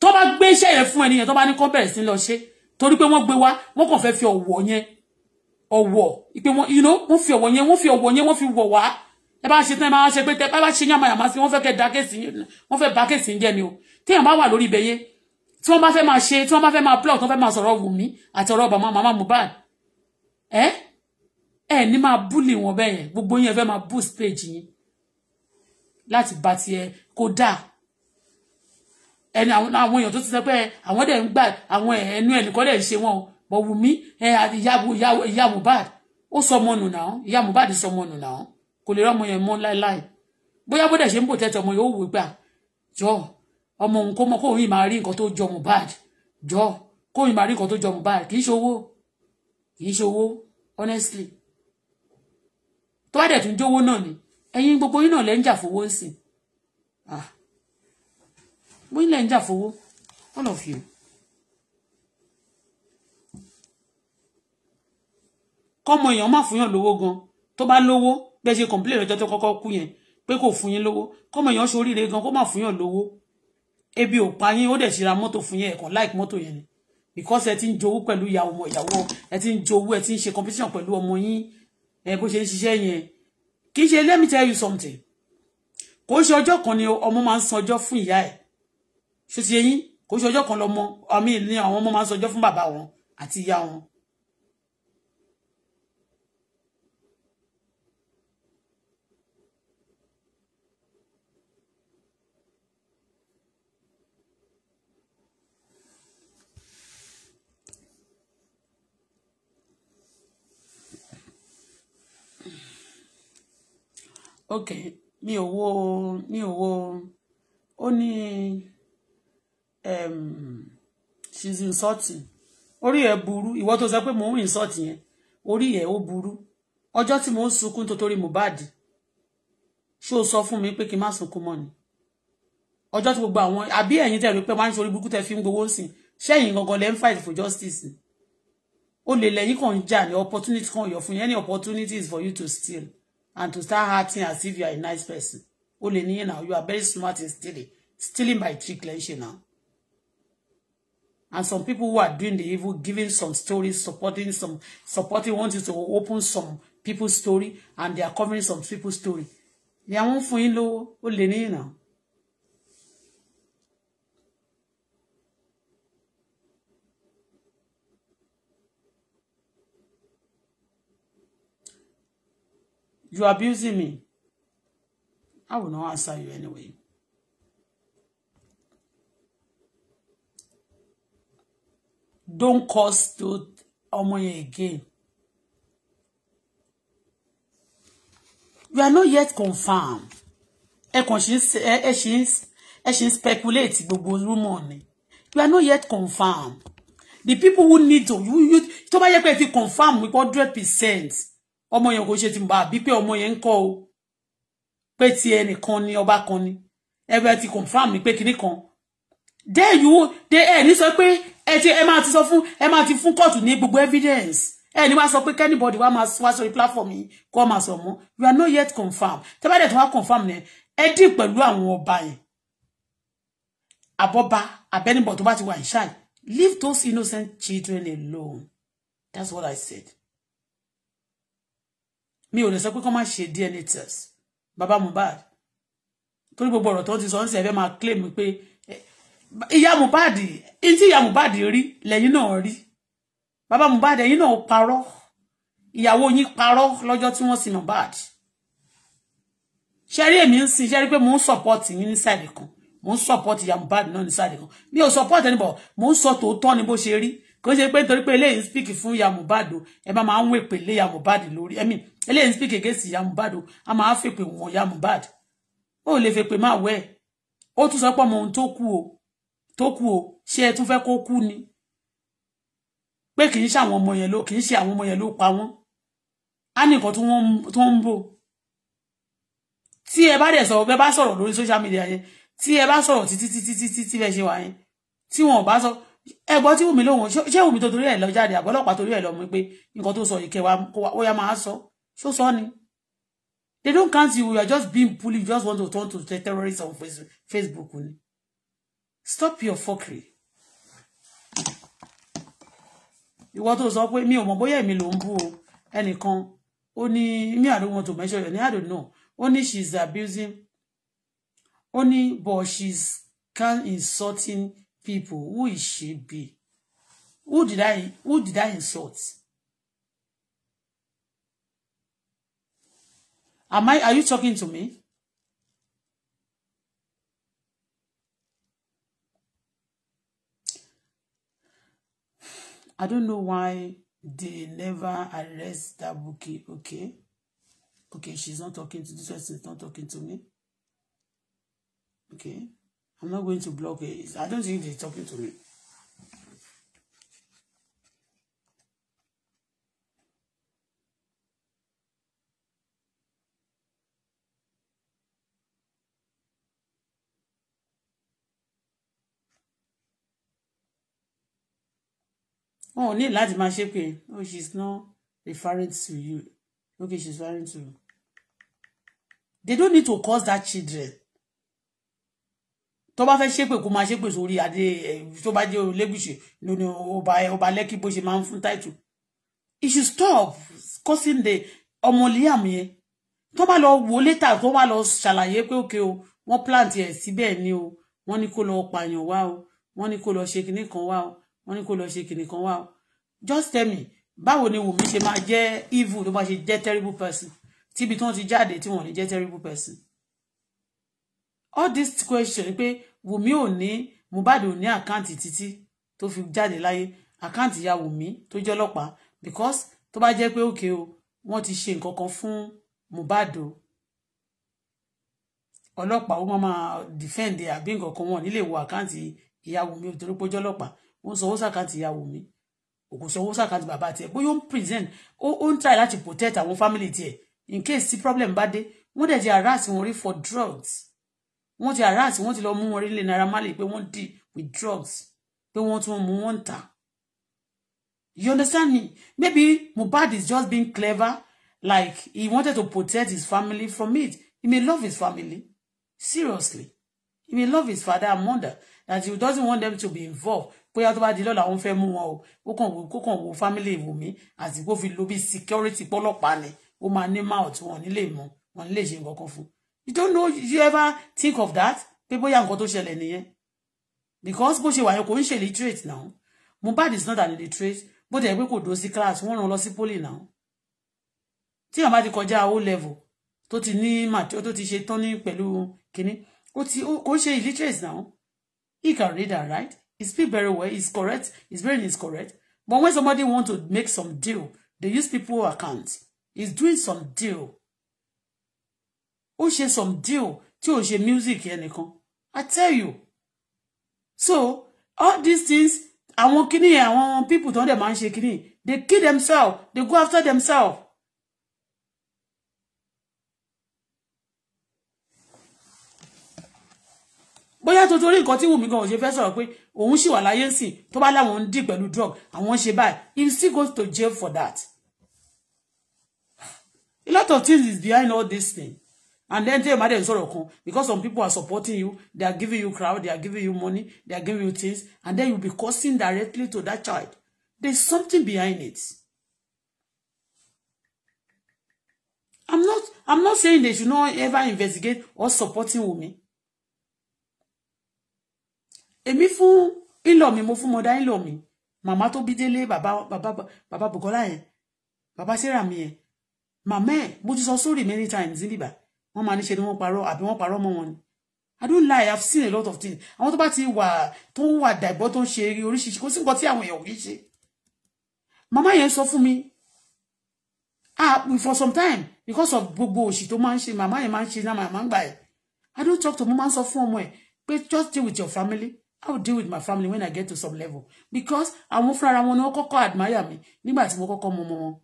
tó bá gbé iṣẹ́ yẹn fún ẹnìyẹn tó bá ní kọ́ bẹ̀rẹ̀ sí lọ ṣe torí pé wọ́n gbé wá wọ́n kàn fẹ́ fi ọ̀wọ̀ yẹn ọ̀wọ̀ ìpè wọn you know wọ́n fi ọ̀wọ̀ yẹn wọ́n fi ọ̀wọ̀ yẹn wọ́n fi wọ̀ wá ẹ bá ṣe tán ẹ bá ṣe pé tẹ bá ṣe yàmà yàmà sí wọ́n fẹ́ kẹ́ da kéèsì wọ́n fẹ́ ba kéèsì jẹ́ ni o téèyàn bá wà lórí ibẹ̀ yẹn tí wọ́n bá fẹ́ máa ṣe tí wọ́n bá fẹ́ máa plot tí wọ́n fẹ́ máa sọ̀rọ̀ Wùmí àti ọ̀rọ̀ bàmá màmá Mohbad ẹ ẹ ní máa búlì wọn bẹ́ẹ̀ yẹn gbogbo yẹn fẹ́ máa boost page yín láti bá tiẹ̀ kó dáa ẹni àwọn èèyàn tó ti sọ pé àwọn dẹ̀ ń gbà àwọn ẹnu ẹnìkan dẹ̀ ń ṣe wọn o but with me, Wùmí ìyá Mohbad ó sọ ọmọ nù náà ìyá Mohbad sọ ọmọ nù náà kò lè rọmọ yẹn mọ́ láéláé bóyá bó dẹ̀ ṣe ń bò tẹ́tẹ́ ọmọ yẹn ó wò gbà jọ ọmọ òun kó mọ kó òun máa rí nǹkan tó jọ Mohbad jọ kó òun máa rí nǹkan tó jọ Mohbad kì í ṣe owó kì í ṣe owó honestly tó bá dẹ̀ tún jówó náà ni ẹ̀yin gbogbo yín náà lẹ́ ń jà fowó ń sìn ah bóyá lẹ́ ń jà fowó all of you. kọ́mọ èèyàn má fún yàn lówó gan tó bá lówó bẹ́ẹ̀ ṣe kọ̀ǹpilẹ̀ lọ́jọ́ tó kọ́kọ́ kú yẹn pé kò fún yín lówó kọ́mọ èèyàn ṣoríire gan kó má fún yàn lówó ebi ò pa yín ó dẹ̀ ṣe ra mọ́tò fún yín ẹ̀kan láìpẹ́ mọ́tò yẹn ni because ẹ ti ń jowú pẹ̀lú ìyàwó ọmọ ìyàwó ẹ ti ń jowú ẹ ti ń ṣe competition pẹ̀lú ọmọ yín ẹ bó ṣe ń ṣiṣẹ́ yẹn kì í ṣe let me tell you something kò ṣe ọjọ́ kan ni ọmọ máa ń sanjọ́ fún ìyá ẹ̀ ṣó ti yẹ yín kò ṣe ọjọ́ kan lọmọ àmì ni àwọn ọmọ máa ń sanjọ́ fún bàbá wọn àti ìyá wọn ok mi ò wo mi ò wo ó ní she's insulting orí ẹ̀ burú ìwọ tó sọ pé mò ń insult yẹn orí ẹ̀ ó burú ọjọ́ tí mò ń sunkún tó Mohbad ṣé o sọ fún mi pé kí n má sunkún mọ́ ni ọjọ́ tí gbogbo àwọn àbí ẹ̀yin tẹ̀ rí pé máa ń ṣorí burúkú tẹ̀ fi ń gbowó sìn ṣẹ́yìn gangan lẹ́ ń fight for justice O ó lè lẹ́yìn kan jà ní opportunity kan yọ fún yẹn any opportunity is for you to steal and to start hurting, as if you are a nice person ó lè níyẹn you are very smart in stealing stealing by trick lẹ́ńṣẹ̀ náà and some people who are doing the evil giving some stories supporting some supporting want you to open some people's story and they are covering some people's story ni àwọn fún yín lówó ó lè níyẹn náà. You are abusing me. I will not answer you anyway. Don't cause to ọmọ yẹn again. You are not yet confirmed. Ẹ kàn ṣì ń ẹ ṣì ń speculate gbogbo rumor ni. You are not yet confirmed. The people who need to you you tó bá yẹ pé ẹ ti confirm with hundred percent ọmọ yẹn kò ṣe ti bá àbí pé ọmọ yẹn ń kọ́ o pé ti ẹnìkan ni ọba kan ni ẹgbẹ́ ti confam mi pé kinní kan there you de ẹ ní sọ pé ẹ ti ẹ máa ti sọ fún ẹ máa ti fún kóòtù ní gbogbo evidence ẹ ní wá sọ pé kẹ́nìbọ̀dì wá máa wá sórí platform yìí kó máa sọ mọ́ you are not yet confirmed tẹ́bàdẹ̀ tó wá confirm yẹn ẹ dì pẹ̀lú àwọn ọba yẹn abọ́ba abẹ́nibọ̀ tó bá ti wà ìṣáì leave those innocent children alone that's what I said mi ò lè sọ pé kọ́ má ṣe DNA test bàbá Mohbad torí gbogbo ọ̀rọ̀ tó ti sọ ń sẹ́ fẹ́ máa claim pé eh, ìyá Mohbad in tí ìyá Mohbad rí lẹ́yìn náà rí bàbá Mohbad ẹ̀yìn náà parọ́ ìyàwó yín parọ́ lọ́jọ́ tí wọ́n sin Mohbad ṣe rí èmi ń sin ṣe rí pé mò ń support yín ní side kan mò ń support ìyá Mohbad náà ní side kan mi ò support ẹni bọ̀ mò ń sọ tòótọ́ ni bó ṣe rí kò ṣe pé nítorí pé eléyìí ń speak fún yamubado, Mohbad o ẹ bá máa ń wè pé lé ìyá lórí ẹ̀mí eléyìí ń speak against yamubado, Mohbad o a máa fè pé wọn ìyá Mohbad ó lè fè pé máa wẹ̀ ó tún sọ pé ọmọ òun tó kú o tó kú o ṣé ẹ tún fẹ́ kó kú ni pé kì í ṣe àwọn ọmọ yẹn ló kì í ṣe àwọn ọmọ yẹn ló pa wọ́n á ní nǹkan tó ń bò tí ẹ bá dẹ̀ sọ̀rọ̀ bẹ́ẹ̀ bá sọ̀rọ̀ lórí social media yẹn tí ẹ bá sọ̀rọ̀ títí títí títí tí bẹ́ẹ̀ ṣe wà yẹn tí wọn ò bá sọ̀rọ̀ ẹgbọ́n tí Wùmí lòun ṣé Wùmí tó torí ẹ̀ lọ jáde àbọ́lọ́pàá torí ẹ̀ lọ mú pé nǹkan tó sọ yìí kẹwàá ó yá máa sọ ṣó sọ ni they don't count you you are just being bullied you just want to turn to the terrorists on Facebook ni stop your fuckery ìwọ tó sọ pé mi ò mọ̀ bóyá èmi ló ń bú o ẹnìkan ó ní mi I don't want to mention your name I don't know ó ní she is abusing ó ní but she is can insulting people who is she be who did I who did I insult am I are you talking to me I don't know why they never arrest that Bukky okay okay she's not talking to this person not talking to me okay. I'm not going to block it. I don't think they're talking to me. Oh, need large láti shape. ṣe oh she's not referring to you okay she's referring to they don't need to cause that children tó bá fẹ́ ṣépè kó máa ṣépè sórí adé eh, tó bá jẹ́ olébùsì lónìí ọba ọba lẹ́kì bó ṣe máa ń fún táìtù it should stop causing the ọmọ liam yẹn tó bá lọ wò létà tó bá lọ ṣàlàyé pé òkè o wọ́n plant ẹ̀ síbẹ̀ ni o wọ́n ní kó lọ pààyàn wá o wọ́n ní kó lọ ṣe kinní kan wá o wọ́n ní kó lọ ṣe kinní kan wá o just tell me báwo ni Wùmí ṣe máa jẹ́ evil tó bá ṣe jẹ́ terrible person tíbi tí wọ́n ti jáde tí wọ́n lè jẹ́ terrible person all these questions, pé wùmí ò ní mohbad ò ní àkáǹtì títí tó fi jáde láyé àkáǹtì ya wùmí tó jẹ́ ọlọ́pàá because tó bá jẹ́ pé òkè o wọ́n ti ṣe nǹkan kan fún mohbad o ọlọ́pàá ó máa defend àbí nǹkan kan wọn nílé wo àkáǹtì ìyá wùmí torí pé ó jẹ́ ọlọ́pàá wọ́n sanwó sàkáǹtì ìyá wùmí òkú sanwó sàkáǹtì bàbá tiẹ̀ bóyá ó ń present ó ń try láti protect àwọn family tiẹ̀ in case tí problem bá dé wọ́n dẹ̀ ti harass wọn rí for drugs wọ́n ti arrest? wọ́n ti lọ mú wọn rílé Naira Marley pé wọ́n dì with drugs pé wọ́n tún mú wọn ta you understand me maybe Mohbad is just being clever like he wanted to protect his family from it he may love his family seriously he may love his father and mother that he doesn't want them to be involved bóyá tó bá di lọ́la òun fẹ́ mú wọn o kó kàn wo kó kàn wo family Wùmí àti kó fi lo bí security pọ́lọ́pàá ni ó máa ní mouth wọn nílé mọ wọn nílé ṣe nǹkan kan fún un you don't know you ever think of that People bóyá nǹkan to ṣẹlẹ̀ nìyẹn because bó wa yoko yẹn kò literate now Mohbad is not an literate, but they pé kò to sí class wọ́n ràn lọ poly now tí àwọn bá ti kọjá o level tó ni ní màtí tó ti ṣe tán ní pẹ̀lú ti kò ń ṣe illiterate now he can read and write he speak very well He's correct his brain is correct but when somebody want to make some deal they use people account he is doing some deal ó ṣe some deal tí ò ṣe music ẹnìkan i tell you so all these things àwọn kíní yẹn àwọn people tó ń dẹ̀ máa ń ṣe kíní they kill themselves they go after themselves. bóyá tó torí nǹkan tí wùmí gan ṣe fẹ́ sọ̀rọ̀ pé òun ṣì wà láyé sí tó bá láwọn ń dì pẹ̀lú drug àwọn ṣe báyìí he still goes to jail for that. a lot of things is behind all this thing and then tell mother sọ̀rọ̀ kan because some people are supporting you they are giving you crowd they are giving you money they are giving you things and then you be causing directly to that child there is something behind it I'm not I'm not saying they should not ever investigate or supporting women. Emi fún in-law mi mo fún mọ̀dá in-law mi màmá tó bí délé baba bàbá bàbá Bùkọ́lá yẹn bàbá Sarah mi yẹn màmá ẹ̀ mo ti sọ sórí many times níbàá wọ́n máa níṣe ni wọ́n parọ́ àbí wọ́n parọ́ mọ́ wọn ni I don't lie I have seen a lot of things àwọn tó bá ti wà tó ń wà dàgbọ́ tó ń ṣe oríṣiríṣi kò sí nǹkan tí àwọn èèyàn ò ní ṣe màmá yẹn sọ fún mi ah for some time because of gbogbo òṣì tó máa ń ṣe màmá yẹn máa ń ṣe náà màmá ń gbà ẹ̀ I don't talk to mo máa ń sọ fún ọmọ ẹ̀ pé just deal with your family I will deal with my family when I get to some level because àwọn fúnra wọn ni wọ́n kọ́kọ́ admire mi nígbà tí mo kọ́kọ́ mọ ọmọ wọn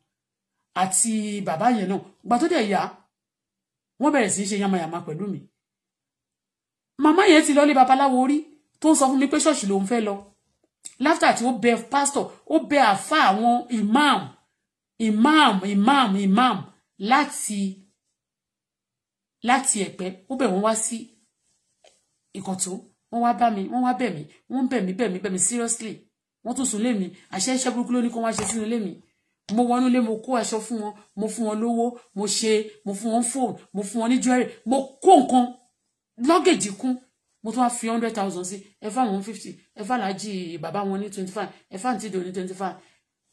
àti bàbá yẹn náà gbà dẹ̀ yá wọ́n bẹ̀rẹ̀ sí í ṣe yamayama pẹ̀lú mi màmá yẹn ti lọlé babaláwo rí tó ń sọ fún mi pé ṣọ́ọ̀ṣì lòun fẹ́ lọ láfíà tí ó bẹ pásítọ̀ ó bẹ àfa àwọn imam imam imam imam láti láti ẹ̀pẹ́ ó bẹ̀ wọ́n wá sí ìkọ̀tún wọ́n wá bá mi wọ́n wá bẹ̀ mí wọ́n bẹ̀ mí bẹ̀ mí bẹ̀ mí seriously wọ́n tún sùn lé mi àṣẹ iṣẹ́ burúkú ló ní kó wá ṣe sínú lé mi mo wọnú ilé mo kó aṣọ fún wọn mo fún wọn lówó mo ṣe mo fún wọn fóònù mo fún wọn ní jewelry mo kó nǹkan lọ́gẹ̀jì kún mo tún wá fi hundred thousand sí ẹ one fifty ẹ fàlájì bàbá wọn ní twenty five ẹ fáwọn tíì ní twenty five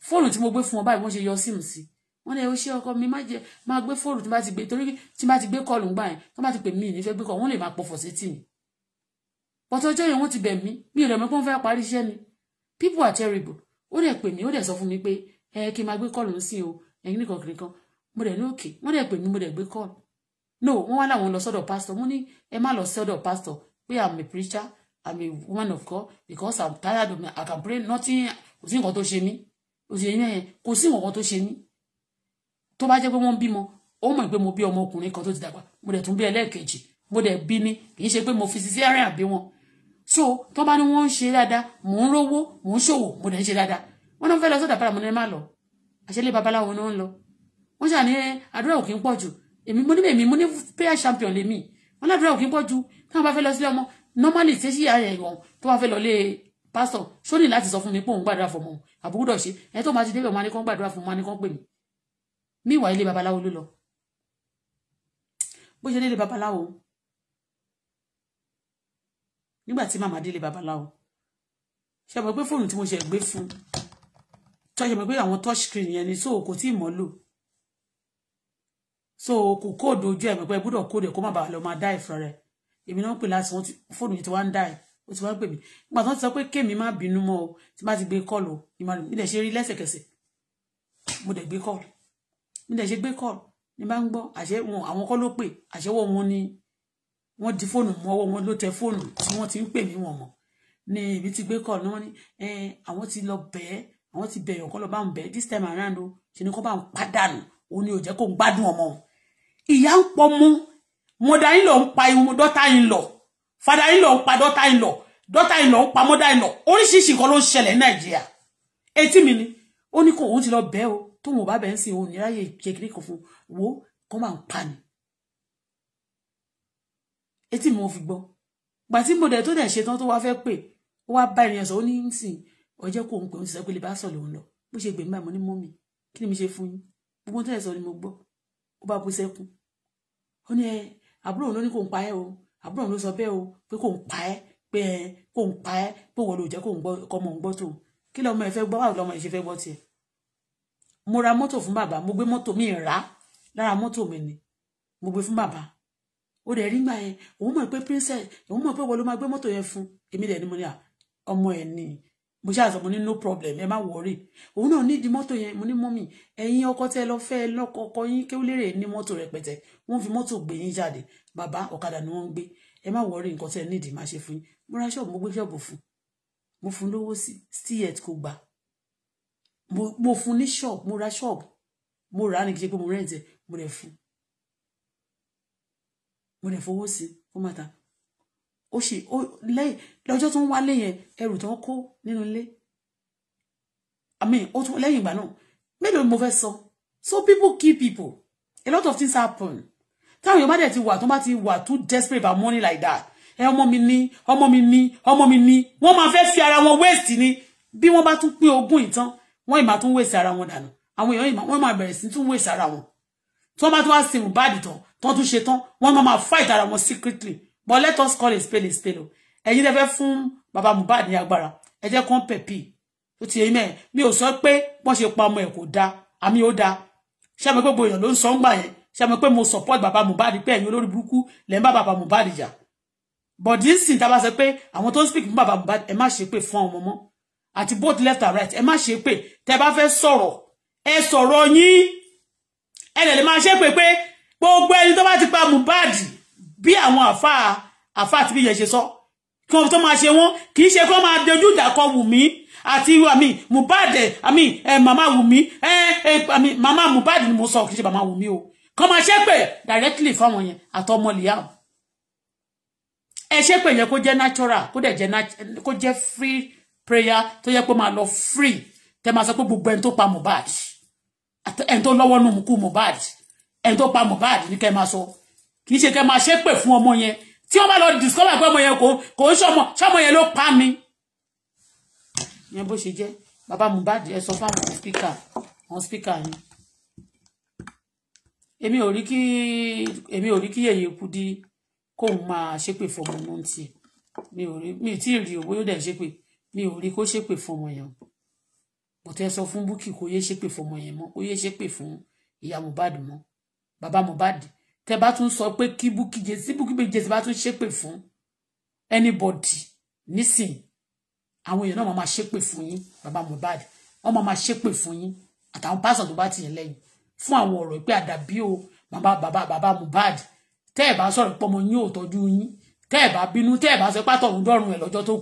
fóònù tí mo gbé fún wọn báyìí wọ́n ṣe yọ sim sí wọ́n ní ẹ ó ṣe ọkọ mi má jẹ máa gbé fóònù tí bá ti gbé torí tí bá ti gbé kọlù ńgbà yẹn tó bá ti pè mí ní fẹ́ gbé kọ wọ́n lè máa pọ̀fọ̀ sí ti bẹ̀ mí mi ò lè mọ̀ pé wọ́n fẹ́ people are terrible ó dẹ̀ pè mí ó dẹ̀ sọ mi pé ẹ kí n máa gbé kọ́ọ̀lù ń sìn o ẹ̀yin nìkan kiri kan mo dẹ̀ ní òkè wọ́n dẹ̀ pè mí mo dẹ̀ gbé kọ́ọ̀lù no wọ́n wá láwọn lọ sọ́dọ̀ pásítọ̀ mo ní ẹ má lọ sọ́dọ̀ pásítọ̀ pé i'm a preacher i'm a woman of God because i'm tired of my i can pray nothing kò sí nǹkan tó ṣe mí kò sí yẹn kò sí nǹkan tó ṣe mí tó bá jẹ́ pé wọ́n bímọ ó mọ̀ pé mo bí ọmọkùnrin kan tó ti dàgbà mo dẹ̀ tún bí ẹlẹ́ẹ̀kejì mo dẹ̀ bí ní kì í ṣe pé mo fi sisi ẹ̀rìn àbí wọn so tó bá ní wọ́n ń ṣe dáadáa mò ń rówó mò ń ṣòwò mo dẹ̀ ń ṣe dáadáa wọ́n náà fẹ́ lọ sọ́dà paramọ̀ ní ẹ má lọ àṣẹlẹ̀ babaláwo náà ń lọ wọ́n ṣàní àdúrà òkè ń pọ̀ jù èmi mo ní èmi mo ní prayer champion lèmi wọ́n ládùúrà òkè ń pọ̀ jù táwọn bá fẹ́ lọ sílé ọmọ normally ṣe ṣì yà ẹ̀wọ̀n tó bá fẹ́ lọ lé pásítọ̀ ṣó ní láti sọ fún mi pé òun gbàdúrà fún ọmọ àbúrúdọ̀ ṣe ẹ tó máa ti débẹ̀ wọn ni kàn gbàdúrà fún wọn ni kàn pè mí mí ìwà ilé babaláwo ló lọ bó ṣe délé babaláwo nígbà tí màmá délé babaláwo ṣe mọ̀ pé fóònù tí mo ṣe gbé fún tọ́jú mọ̀ pé àwọn touch screen yẹn ni so kò tí ì mọ́ lò so kò kóòdù ojú ẹ̀ mọ̀ pé gbọ́dọ̀ kóòdù ẹ̀ kó má bàa lọ máa dá ìfura rẹ̀ èmi náà ń pè láti fóònù yìí tí wọ́n ń dá ẹ̀ ó ti wá ń pè mí nígbà tó ń sọ pé kémi má bínú mọ́ o tí bá ti gbé kọ́ọ̀lù ni mi dẹ̀ ṣe rí lẹ́sẹ̀kẹsẹ̀ mo dẹ̀ gbé kọ́ọ̀lù mi dẹ̀ ṣe gbé kọ́ọ̀lù ni bá ń gbọ́ àṣẹ wọn àwọn kọ́ ló pè àṣẹ wọn wọn ni wọ́n di fóònù mọ́ ọwọ́ wọn ló tẹ fóònù tí wọ́n ti ń pè mí wọn mọ̀ ni èmi ti gbé kọ́ọ̀lù ni wọ́n ní àwọn ti lọ bẹ̀ẹ́ àwọn ti bẹ̀yàn kọ́ lọ bá ń bẹ̀ this time around o ṣe ni kọ́ bá ń pàdánù òun ni ò jẹ́ kó ń gbádùn ọmọ ìyá ń pọ mú mọ̀dà yín lọ ń pa dọ́tà yín lọ fàdà yín lọ ń pa dọ́tà yín lọ dọ́tà yín lọ ń pa mọ́dà yín lọ oríṣiríṣi nǹkan ló ń ṣẹlẹ̀ ní nàìjíríà etí mi ni ó ní kò òun ti lọ bẹ́ o tóun ò bá bẹ̀ ń sìn òun ní ráyè kékeré kan fún wo kọ́ máa ń pa ni etí mi ò fi gbọ́ gbàtí mo tó dẹ̀ ṣetán tó wá fẹ́ pè ó wá bá ènìyàn sọ ó ní ń sìn ọjọ́ kò ń pè ń sọ pé lè bá sọ lòun lọ bó ṣe gbèmí báyìí ní mú kí ni mo ṣe fún yín gbogbo tó yẹ sọ ni mo gbọ́ ó bá bú sẹ́kún ó ní ẹ àbúrò òun ló ní kò ń pa ẹ́ o àbúrò òun ló sọ bẹ́ẹ̀ o pé kò ń pa ẹ́ pé ẹ kò ń pa ẹ́ pé wọ́n ló jẹ́ kò ń gbọ́ ọmọ òun gbọ́ tó kí lọ́mọ ẹ fẹ́ gbọ́ báwo lọ́mọ ẹ ṣe fẹ́ gbọ́ tiẹ̀ mo ra mọ́tò fún bàbá mo gbé mọ́tò mi rà lára mọ́tò mi ni mo gbé fún bàbá ó dẹ̀ rí gbà yẹn òun mọ̀ pé princess òun mọ̀ pé wọ́n ló máa gbé mọ́tò yẹn fún èmi dẹ̀ ni mo ní à ọmọ ẹ̀ ni mo ṣáà sọ mo ní no problem ẹ má wọrí òun náà nídìí mọ́tò yẹn mo ní mọ́mì ẹ̀yin ọkọ tẹ́ lọ fẹ́ lọ́kọ̀ọ́kọ́ yín kí ó lérè ní mọ́tò rẹpẹtẹ wọ́n fi mọ́tò gbé yín jáde bàbá ọ̀kadà ni wọ́n ń gbé ẹ má wọrí nǹkan tẹ́ nídìí má ṣe fún yín mo ra ṣọ́ọ̀bù mo gbé ṣọ́ọ̀bù fún mo fún lówó sí stiet kò gbà mo fún ní ṣọ́ọ̀bù mo ra ṣọ́ọ̀bù mo rà ní kí pé mo rẹ́ǹtẹ̀ mo rẹ̀ fún mo rẹ̀ fowó sí fún màtá ó sì ó lẹ́yìn lọ́jọ́ tó ń wálé yẹn ẹrù tó ń kó nínú ilé àmì ó tún lẹ́yìn ìgbà náà mélòó ni mo fẹ́ sọ so people kill people a lot of things happen táwọn èèyàn bá dẹ̀ ti wà tó bá ti wà too desperate about money like that ẹ ọmọ mi ní ọmọ mi ní ọmọ mi ní wọ́n máa fẹ́ fi ara wọn waste ni bí wọ́n bá tún pín ogún ìtàn wọ́n ìmà tún waste ara wọn dànù àwọn èèyàn ìmà wọ́n máa bẹ̀rẹ̀ sí tún waste ara wọn tí wọ́n bá tún wá sinmi báàdì tán tí wọ́n tún ṣe tán wọ́n máa fight ara wọn secretly but let us call a spade a spade o ẹ̀yin tẹ́ fẹ́ fún baba Mubad ní And ẹ come kán pẹ̀pì ó ti Me also pay. ò sọ pé wọ́n ṣe pa ọmọ ẹ̀ kò dáa àmì ó dáa ṣé àmọ́ pé gbogbo èèyàn ló ń support baba Mubad. Pay ẹ̀yin olórí burúkú lẹ́ ń baba Mohbad but this thing tá a bá sọ pé àwọn tó speak fún baba Mubad. ẹ má ṣe pé fún ọmọ mọ́ àti both left and right ẹ má ṣe pé tẹ́ bá fẹ́ sorrow. ẹ sọ̀rọ̀ yín ẹ lè lè máa ṣe pé pé gbogbo ẹni tó bá bí àwọn àfáà àfáà tí bí yẹn ṣe sọ kí wọn tó máa ṣe wọn kì í ṣe kí wọn máa dojú ìjà kọ Wùmí àti irú àmì Mohbad àmì màmá Wùmí àmì màmá Mohbad ni mo sọ kì í ṣe màmá Wùmí o kọ́ máa ṣépè directly fáwọn yẹn àtọmọ lìyàwó ẹ ṣépè yẹn kó jẹ́ natural kó dẹ̀ jẹ́ kó jẹ́ free prayer tó yẹ kó máa lọ free tẹ máa sọ pé gbogbo ẹni tó pa Mohbad ẹni tó lọ́wọ́ nù mú kú Mohbad ẹni tó pa Mohbad ni kẹ́ máa sọ. So kì í ṣe kẹ́ máa ṣépè fún ọmọ yẹn tí wọ́n bá lọ discover pé ọmọ yẹn kò kò ń ṣọmọ ṣọmọ yẹn ló pa mi. ìyẹn bó ṣe jẹ́ bàbá Mohbad ẹ sọ fáwọn spíkà àwọn spíkà yẹn èmi ò rí kí èmi ò rí kí yèyé kú dí kóun máa ṣépè fún ọmọ náà tiẹ̀ mi ò rí mi ò tí ì rí owó yóò dẹ̀ ṣépè mi ò rí kó ṣépè fún ọmọ yẹn kò tẹ́ sọ fún Bukky kó yé ṣépè fún ọmọ yẹn mọ́ kó yé ṣépè fún ìyá Mohbad mọ́ bàbá Mohbad tẹ bá tún sọ pé kí Bukky Jesse Bukky Jesse bá tún ṣépè fún anybody nísìn àwọn èèyàn náà máa máa ṣépè fún yín bàbá Mohbad wọn máa máa ṣépè fún yín àtàwọn pásítọ̀ tó bá tìyẹn lẹ́yìn fún àwọn ọ̀rọ̀ pé àdàbí o bàbá bàbá bàbá Mohbad tẹ́ ẹ̀ bá sọ̀rọ̀ pọ́mọ yín ò tọ́jú yín tẹ́ ẹ̀ bá bínú tẹ́ ẹ̀ bá sọ pátọ̀ ọ̀run dọ́rùn ẹ̀ lọ́jọ́ tó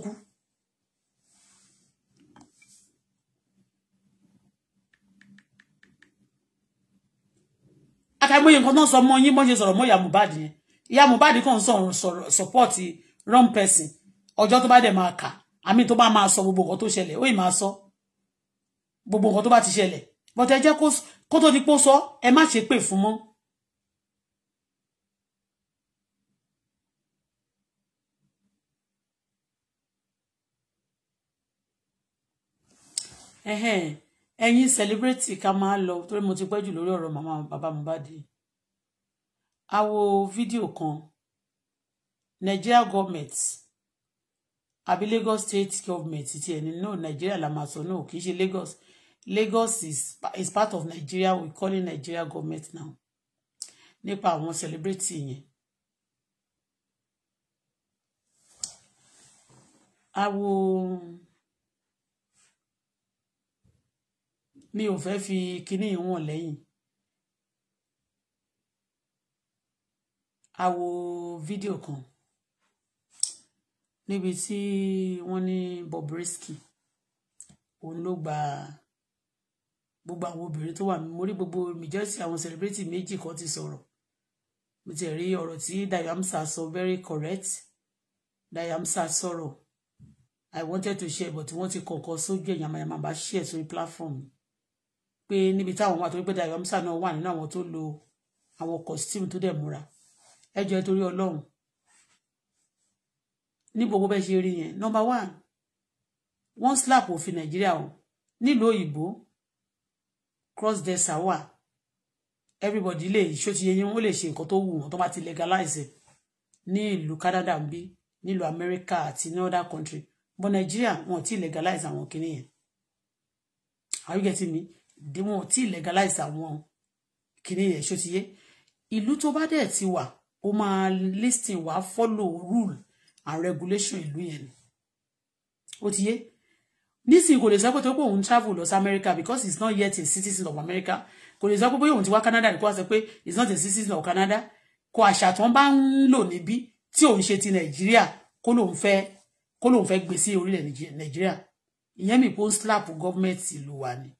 àtàgbóyè nǹkan náà sọ mọ yín bọ́n ṣe sọ̀rọ̀ mọ́ ìyá Mohbad yẹn ìyá Mohbad kàn sọ̀rọ̀ sọ̀rọ̀ support wrong person ọjọ́ tó bá dẹ̀ máa kà àmì tó bá máa sọ gbogbo nǹkan tó ṣẹlẹ̀ ó ì máa sọ gbogbo nǹkan tó bá ti ṣẹlẹ̀ but ẹ jẹ́ kó tó di pó sọ ẹ má ṣe pè fún mọ́. ẹ̀hẹ́n ẹ̀yin celebrate ká máa lọ torí mo ti pẹ́ jù lórí ọ̀rọ̀ màmá bàbá Mohbad a wo fídíò kan Nigeria government àbí Lagos state government ti ẹni no Nigeria la máa sọ no kì í ṣe Lagos Lagos is, is part of Nigeria we call it Nigeria government now nípa àwọn celebrate yẹn. a Awo... mi ò fẹ́ fi kinní wọn lẹ́yìn a wo fídíò kan níbi tí wọ́n ní Bobrisky òun ló gba gbogbo àwọn obìnrin tó wà mo rí gbogbo mìjọ́sí àwọn celebrity méjì kan ti sọ̀rọ̀ mo ti rí ọ̀rọ̀ tí Dayamsa sọ very correct Dayamsa sọ̀rọ̀ I wanted to share but wọ́n ti kọ̀ọ̀kan sójú ẹ̀yàmáyàmá bá share sórí platform mi pé níbi táwọn wà torí pé Dayọ̀ Amúsà náà wà nínú àwọn tó lo àwọn costume tó dẹ̀ múra ẹ jọ̀ọ́ ẹ torí Ọlọ́run ní gbogbo bẹ́ẹ̀ ṣe rí yẹn nọ́mbà one wọ́n slap òfin Nàìjíríà o nílùú òyìnbó cross desert wà everybody lè ṣótiyẹ yín wọ́n lè ṣe nǹkan tó wù wọ́n tó bá ti legalize ní ìlú Canada ń bí nílùú America àti ní other country but Nàìjíríà wọn ò tí legalize àwọn kìnìyàn are you getting me dé wọn ò tí ì legalize àwọn kìnìún yẹn ṣó ti yé ìlú tó bá dẹ̀ ti wà ó máa listing wá follow rule and regulation ìlú yẹn ni ó ti yé nísìnyí kò lè sọ pé travel lọ America because it's not yet a citizen of America kò lè sọ pé bóyá òun ti wá Canada kó wá sọ pé not a citizen of Canada kò àṣà tó ń bá ń lò níbí tí òun ti Nàìjíríà kó lòun fẹ́ kó lòun fẹ́ gbé sí orílẹ̀ Nàìjíríà ìyẹn mi pon slap government ìlú wa ni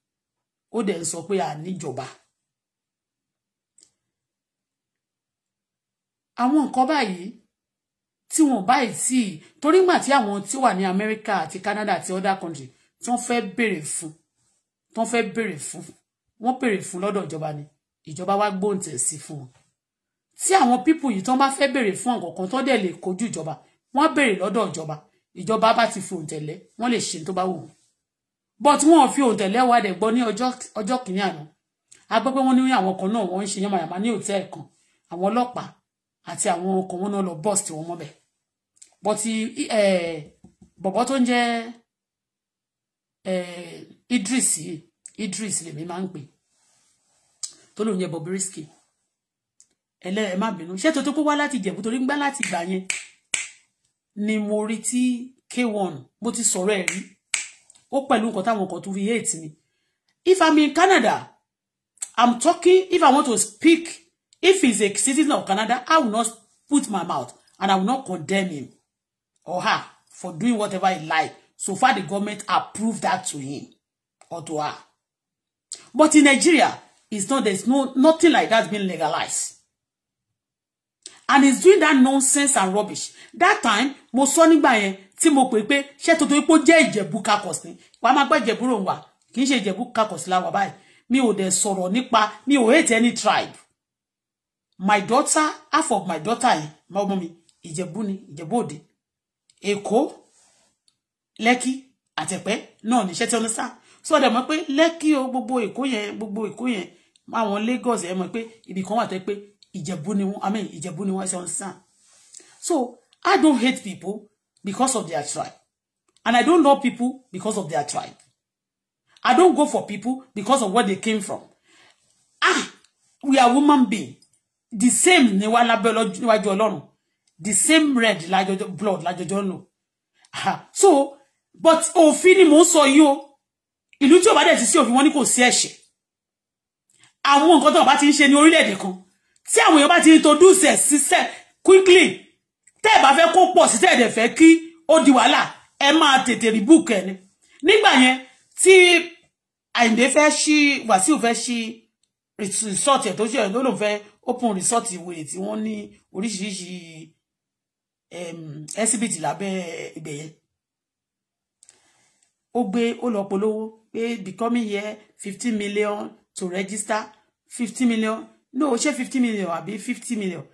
ó dẹ̀ ń sọ pé a níjọba. àwọn nǹkan báyìí tí wọ́n báyìí tí torí ngbà tí àwọn tí wà ní Amẹ́ríkà àti Canada àti other country tí wọ́n fẹ́ béèrè fún tí wọ́n fẹ́ béèrè fún wọ́n béèrè fún lọ́dọ̀ ìjọba ni ìjọba wá gbóǹtẹ̀ sí fún wọn tí àwọn pípù yìí tí wọ́n bá fẹ́ béèrè fún ọ̀kọ̀ọ̀kan tó dẹ̀ lè kojú ìjọba wọ́n béèrè lọ́dọ̀ ìjọba ìjọba bá ti fòǹtẹ̀lẹ́ wọ́n lè ṣe tó bá wù wọ́n but wọn fi òun tẹ̀lé wa dẹ̀ gbọ́ ní ọjọ́ kìíní àná a gbọ́ pé wọ́n ní àwọn kan náà wọ́n ń ṣe yánmayàmá ní òtẹ́ẹ̀lì kan àwọn ọlọ́pàá àti àwọn ọkọ̀ wọn náà lọ bọ́ọ̀sì tí wọ́n mọ́ bẹ̀ but bọ̀bọ́ tó ń jẹ́ Idris yìí Idris lèmi máa ń pè tó lóun jẹ́ Bobrisky ẹlẹ́rẹ̀ má bínú ṣé tuntun kó wá láti Ìjẹ̀bú torí ń gbá láti ìgbà yẹn ni mo rí tí K1 mo ti sọ̀rọ̀ ẹ̀ rí ó pẹ̀lú nǹkan táwọn kan tún fi hate mi if i'm in canada i'm talking if i want to speak if he's a citizen of canada i will not put my mouth and i will not condemn him or her for doing whatever he like so far the government approve that to him or to her but in nigeria it's not there's no nothing like that being legalized and he's doing that nonsense and rubbish that time mo sọ nígbà yẹn tí mo pè pé ṣé tuntun pé ó jẹ́ ìjẹ̀bú kakọ̀s ni wàá máa gbọ́ ìjẹ̀bú ròhùn wa kì í ṣe ìjẹ̀bú kakọ̀s la wà báyìí mi ò dẹ̀ sọ̀rọ̀ nípa mi ò hate any tribe my daughter half of my daughter yẹn máa ọmọ mi ìjẹ̀bú ni ìjẹ̀bú òde èkó lẹ́kì àtẹ̀pẹ́ náà níṣẹ́ tí wọ́n sá so ọ̀dẹ̀ mọ̀ pé lẹ́kì o gbogbo èkó yẹn gbogbo èkó yẹn máwọn Lagos yẹn mọ̀ pé ibì kan wà tẹ́ pé ìjẹ̀bú ni wọ́n i mean ìjẹ̀bú ni wọ́n ṣe ń sàn so i don't hate people because of their tribe and i don't love people because of their tribe i don't go for people because of where they came from ah we are woman being the same ni wá lábẹ́ níwájú the same red lájọjọ blood lájọjọ ń Ah, so but òfin ni mò ń sọ yìí o ìlú tí ò bá dẹ̀ ti sí òfin wọn ni kò sí ẹ̀ṣẹ̀ àwọn nǹkan tó bá ti ń ṣe ní orílẹ̀-èdè kan tí àwọn èèyàn bá ti introduce ẹ̀ síṣẹ́ quickly tẹ́ ẹ̀ bá fẹ́ kó pọ̀ sí tẹ́ ẹ̀ dẹ̀ fẹ́ kí ó di wàhálà ẹ máa tètè rí book ẹ̀ ni nígbà yẹn tí Àyìndé fẹ́ ṣí Wàsíù fẹ́ ṣí resort ẹ̀ tó ṣe ẹ̀ lóun fẹ́ open resort ìwé tí wọ́n ní oríṣiríṣi exhibit lábẹ́ ibẹ̀ yẹn ó gbé ó lọ polówó pé becoming here fifteen million to register fifteen million no ṣé fifty million Abi. fifty million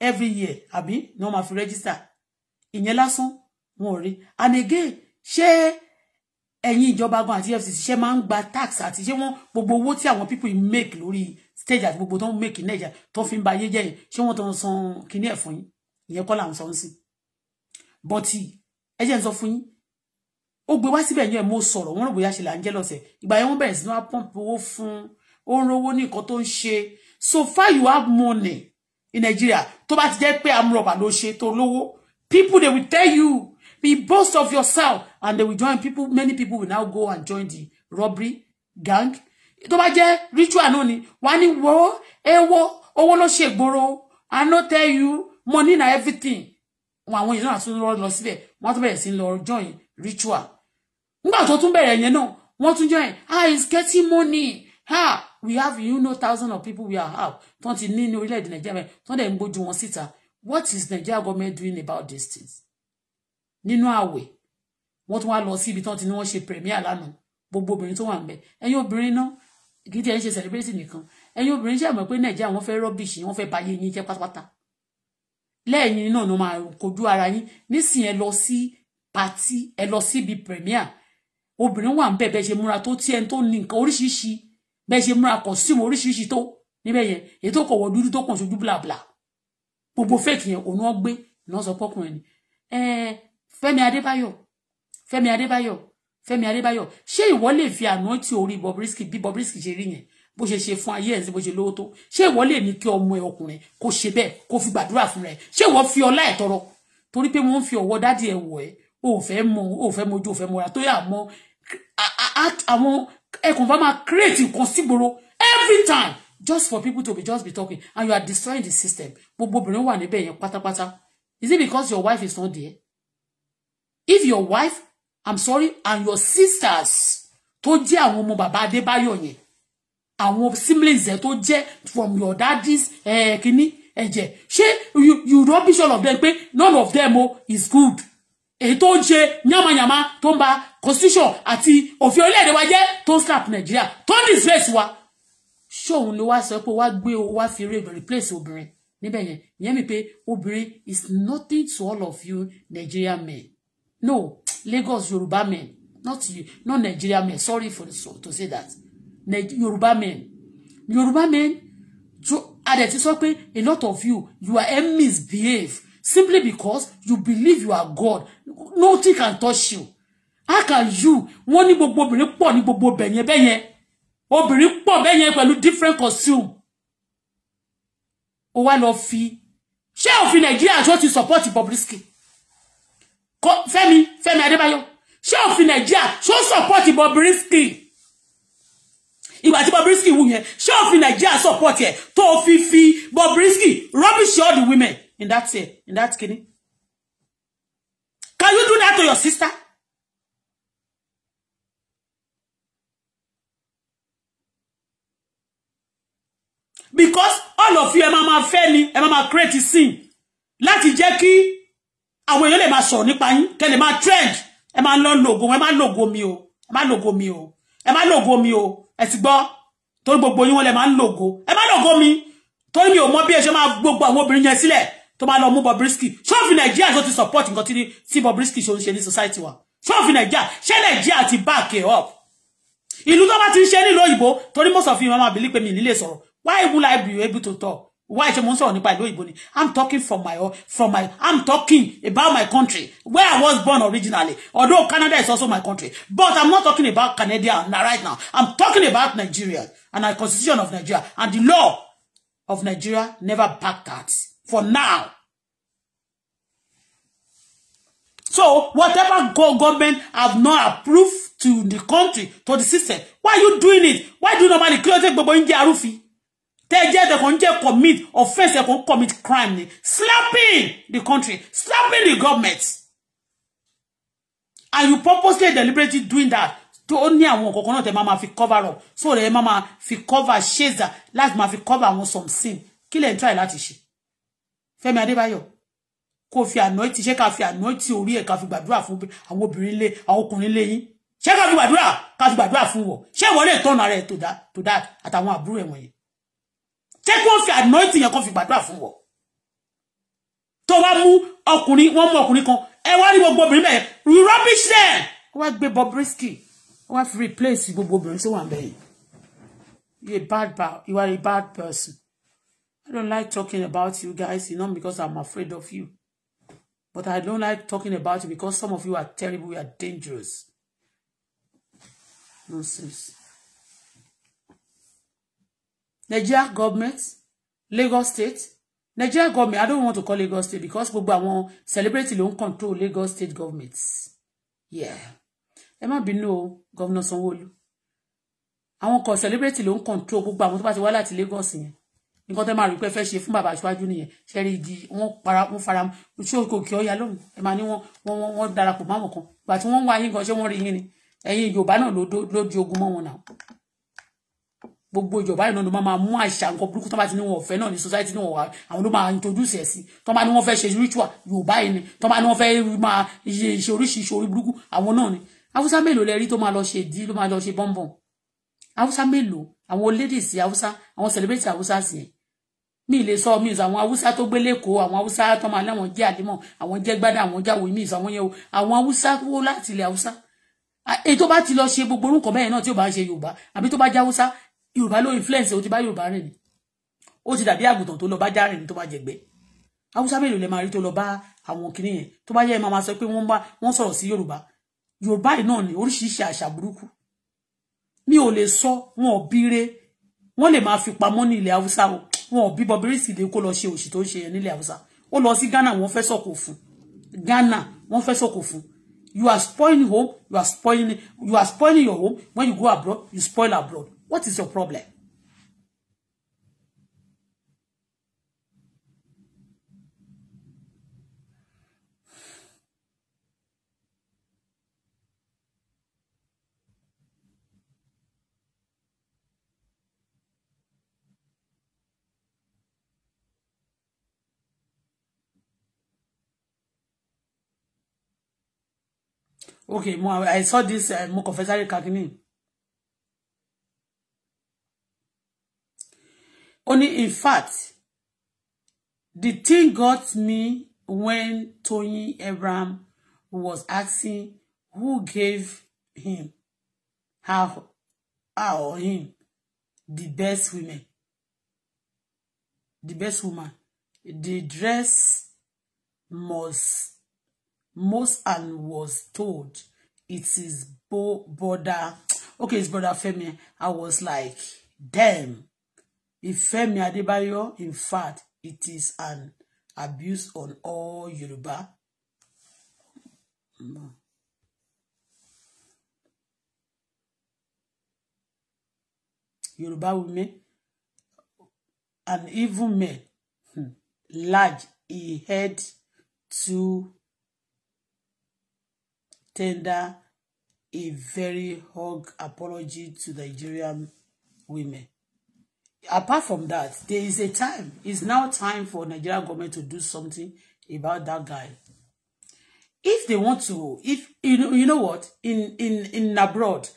every year Abi. No, wọ́n máa fi register ìyẹn lásán wọn ò rí and again ṣé ẹ̀yin ìjọba gan àti EFCC ṣe máa ń gba tax àti ṣé wọ́n gbogbo owó tí àwọn people make lórí stage àti gbogbo tó make nàìjà tó fi ń ba ayé jẹ́ yẹn ṣé wọ́n tó ń san kinní ẹ̀ fún yín ìyẹn kọ́ là ń sọ ń sìn bọ́tì ẹ jẹ́ ń sọ fún yín ó gbé wá síbẹ̀ yẹn mo sọ̀rọ̀ wọ́n rò bóyá ṣe là ń jẹ́ lọ́sẹ̀ ìgbà yẹn wọ́n bẹ̀rẹ̀ sí ní wá pọ́ǹpù owó fún ó ń rówó so far you have money in Nigeria tó bá ti jẹ́ pé amúrọ̀bà ló ṣe tó lówó people they will tell you be boast of yourself and they will join people many people will now go and join the robbery gang tó bá jẹ́ ritual náà ni wà ní wo ewo owó ló ṣe gbòòrò i no tell you money na everything wọn àwọn èèyàn àti lọ lọ síbẹ̀ wọ́n tún bẹ̀rẹ̀ sí lọ join ritual nígbà tó tún bẹ̀rẹ̀ yẹn náà wọ́n tún join ah it's getting money ha we have you know thousands of people we are out tán ti ní ní orílẹ̀-èdè nàìjíríà tán dẹ̀ ń gbójú wọn síta what is Nigeria government doing about these things nínú àwẹ̀ wọ́n tún wá lọ sí ibi tán ti ní wọ́n ṣe premier lánàá gbogbo obìnrin tó wà ń bẹ ẹ̀yin obìnrin náà kì í tiẹ̀ ń ṣe celebrate nìkan ẹ̀yin obìnrin ṣe àmọ́ pé nàìjíríà wọ́n fẹ́ rubbish wọ́n fẹ́ bayé yín jẹ́ pátápátá lẹ́yìn náà ló máa kojú ara yín nísìnyí ẹ lọ sí party ẹ lọ síbi premier obìnrin wà ń bẹ̀ bẹ́ẹ̀ ṣe múra tó tí ẹni tó ní nǹkan oríṣiríṣi bẹ́ẹ̀ ṣe múra costume oríṣiríṣi tó níbẹ̀ yẹn èyí tó kọ̀ wọ dúdú tó kàn ṣojú blabla gbogbo fake yẹn òun ọgbẹ́ náà sọ pọ́kùnrin ni Fẹ́mi Adébáyọ̀ Fẹ́mi Adébáyọ̀ Fẹ́mi Adébáyọ̀ ṣé ìwọ lè fi àná tí orí Bobrisky bí Bobrisky ṣe rí yẹn bó ṣe ṣe fún ayé ẹ̀ sí bó ṣe lówó tó ṣé ìwọ lè ní kí ọmọ ẹ ọkùnrin kó ṣe bẹ́ẹ̀ kó fi gbàdúrà fún rẹ̀ ṣé ìwọ fi ọlá ẹ̀ tọrọ torí pé wọ́n ń fi ọwọ́ dádì ẹ̀ wọ̀ ẹ́ o ò fẹ́ mọ o ò fẹ́ mojú o ò fẹ́ mọra tó yà mọ àwọn ẹ kàn bá máa create nǹkan sígboro every time just for people to be just be talking and you are destroying the system gbogbo obìnrin wà níbẹ̀ yẹn pátápátá is it because your wife is not there if your wife i'm sorry and your sisters tó jẹ́ àwọn ọmọ bàbá Adébáyọ̀ yẹn àwọn siblings tó jẹ́ from your daddies ẹ̀ eh, kínní ẹ̀jẹ̀ ṣé you you be sure of them pé none of them oh, is good èyí tó ń ṣe yánmayànmá tó ń ba constitution àti òfin orílẹ̀-èdè wa jẹ́ tó ń slap Nigeria. tó ń disgrace wa ṣóun ló wá sọ pé wá gbé o wá fi eré replace obìnrin níbẹ̀ yẹn ìyẹn mi pé obìnrin is nothing to all of you Nigeria men no Lagos Yoruba men not you not Nigeria men sorry for the, to say that Yoruba men Yoruba men So, adẹ̀ ti sọ pé a lot of you you are misbehave simply because you believe you are God nothing can touch you how can you wọ́n ní gbogbo obìnrin pọ̀ ní gbogbo bẹ̀yẹn bẹ́yẹn obìnrin pọ̀ bẹ́yẹn pẹ̀lú different costume ó wá lọ fi ṣé òfin Nàìjíríà tó to support Bobrisky Fẹ́mi Fẹ́mi Adébáyọ̀ ṣé òfin Nigeria. tó support Bobrisky ìgbà tí Bobrisky wù yẹn ṣé òfin Nàìjíríà support ẹ̀ tó fi fi Bobrisky rubbish all the women in that year in that kidney can you do that to your sister because all of you ẹ máa máa crazy ni ẹ máa máa create sin láti jẹ́ kí àwọn èèyàn lè máa sọ̀rọ̀ nípa yín kẹ́ lè máa trend ẹ máa lọ lògùn ẹ máa lògùn mi o ẹ máa lògùn logo, o ẹ máa lògùn mi o ẹ ti gbọ́ torí gbogbo yín wọn lè máa lògùn ẹ máa lògùn mi torí mi ò mọ bí ẹ ṣe tó bá lọ mú Bobrisky ṣọ́ọ̀fì nàìjíríà tó ti support nǹkan tí Bobrisky ṣe ń ṣe ní society wa ṣọ́ọ̀fì nàìjíríà ṣé nàìjíríà ti back it e up ìlú tó bá ti ń ṣe nílùú òyìnbó torí most of you máa believe pé mi nílé sọ̀rọ̀ why would I be able to talk why ṣe mo ń sọ̀rọ̀ nípa ni I'm talking from my from my I'm talking about my country where I was born originally although Canada is also my country but I'm not talking about Canada right now I'm talking about Nigeria and the constitution of Nigeria and the law of Nigeria never back that for now. So whatever go government have not approved to the country, to the system, why are you doing it? Why do you normally clear take gbogbo nje arufi? Teje de kon je commit offense kon commit crime ni. Slapping the country, slapping the government. And you purposely deliberately doing that. To only àwọn kokon na te ma ma fi cover up. So the ma ma fi cover shades láti ma fi cover àwọn some sin. Kí lẹ try láti ṣe. Fẹ́mi Adébáyọ̀ kò fi anointing ṣé ká fi anointing orí ẹ̀ ká fi gbàdúrà fún àwọn obìnrin lé àwọn ọkùnrin lé yín ṣé ká fi gbàdúrà ká fi gbàdúrà fún wọ ṣé ìwọ lè tọ́nà ara ẹ̀ tó dá tó dá àtàwọn àbúrò ẹ̀ wọ̀nyẹn ṣé kí wọ́n fi anointing yẹn kan fi gbàdúrà fún wọ tó wá mú ọkùnrin wọ́n mú ọkùnrin kan ẹ wá ní gbogbo obìnrin bẹ́ẹ̀ rubbish them ó wá gbé Bobrisky ó wá fi replace gbogbo obìnrin tó wà ń bẹ́ẹ̀ yìí you a bad you are a bad person I don't like talking about you guys, you know, because I'm afraid of you. But I don't like talking about you because some of you are terrible, you are dangerous. Nonsense. Nigeria government, Lagos state. Nigeria government, I don't want to call Lagos state because gbogbo àwọn celebrity ló control Lagos state governments. Yeah. Ẹ má bínú o, Governor Sanwo-Olu. call celebrity ló control gbogbo àwọn tó bá ti wá láti Lagos yẹn nǹkan tẹ́ máa rí pé fẹ́ ṣe fún bàbá aṣáájú nìyẹn ṣẹ́rí ìdí wọ́n para wọ́n fara ṣé kò kí ọ̀ya lóhùn ẹ̀ máa ní wọ́n wọ́n wọ́n darapọ̀ máwọn kan gbà tí wọ́n ń wá yín gan ṣé wọ́n rí yín ni ẹ̀yin Yorùbá náà ló di ogun mọ́ wọn náà gbogbo ìjọba ìnáwó máa máa mú àṣà nǹkan burúkú tó bá ti ní wọn ọ̀fẹ́ náà ní society ní wọn wà àwọn ló máa introduce ẹ̀ sí tó bá ní wọn fẹ́ ṣe ritual Yorùbá yìí ni tó bá ní wọn fẹ́ máa ṣe oríṣiríṣi orí burúkú àwọn náà ni Haúsá mélòó lẹ rí tó máa lọ ṣe dí ló máa lọ ṣe bọ́ńbọ́n haúsá mélòó àwọn ladies haúsá àwọn celebrate haúsá sí mi lè sọ mi àwọn haúsá tó gbé lẹ́kọ̀ọ́ àwọn haúsá tó máa láwọn jẹ́ àdímọ̀ àwọn jẹ́ gbádà àwọn jáwèé mi àwọn yẹn o àwọn haúsá wó láti ilẹ̀ haúsá èyí tó bá ti lọ ṣe gbogbo orúkọ bẹ́ẹ̀ náà tí ò bá ń ṣe yorùbá àbí tó bá já haúsá yorùbá influence ó ti bá yorùbá rìn ni ó ti dàbí àgùntàn tó lọ bá já rìn ni tó bá jẹgbẹ́ haúsá mélòó lè máa rí tó lọ bá àwọn kìnì yẹn tó bá yẹ ẹ máa sọ pé wọ́n sọ̀rọ̀ sí yorùbá yorùbá yìí náà ni oríṣiríṣi àṣà burúkú mi ò lè sọ wọn ò bíire wọn lè máa fi pamọ́ ní ilẹ̀ haúsá o wọn ò bí Bob Risky lè kó lọ ṣe òṣì tó ń ṣe yẹn nílẹ̀ haúsá ó lọ sí Ghana wọ́n fẹ́ sọ̀kò fún Ghana wọ́n fẹ́ sọ̀kò fún you are spoiling home you are spoiling you are spoiling your home when you go abroad you spoil abroad what is your problem okay mo i saw this uh, mo confessary kakini only in fact the thing got me when Tony Abraham was asking who gave him how how or him the best women the best woman the dress must Most and was told it is bo brother. Okay, it's brother Femi. I was like, damn. If Femi Adebayo, in fact, it is an abuse on all Yoruba. Mm. Yoruba women and even men. Hmm. Large, he had to tender a very hug apology to Nigerian women. Apart from that, there is a time. It's now time for Nigerian government to do something about that guy. If they want to, if you know, you know what, in in in abroad,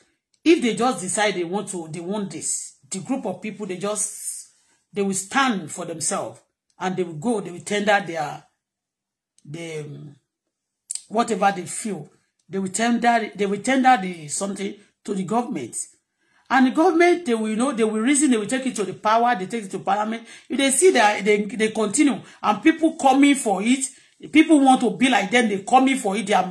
if they just decide they want to, they want this. The group of people they just they will stand for themselves and they will go. They will tender their the whatever they feel They will tender they will tender the something to the government. And the government, they will you know, they will reason, they will take it to the power, they take it to parliament. If they see that they, they continue and people coming for it, people want to be like them, they coming for it, they are,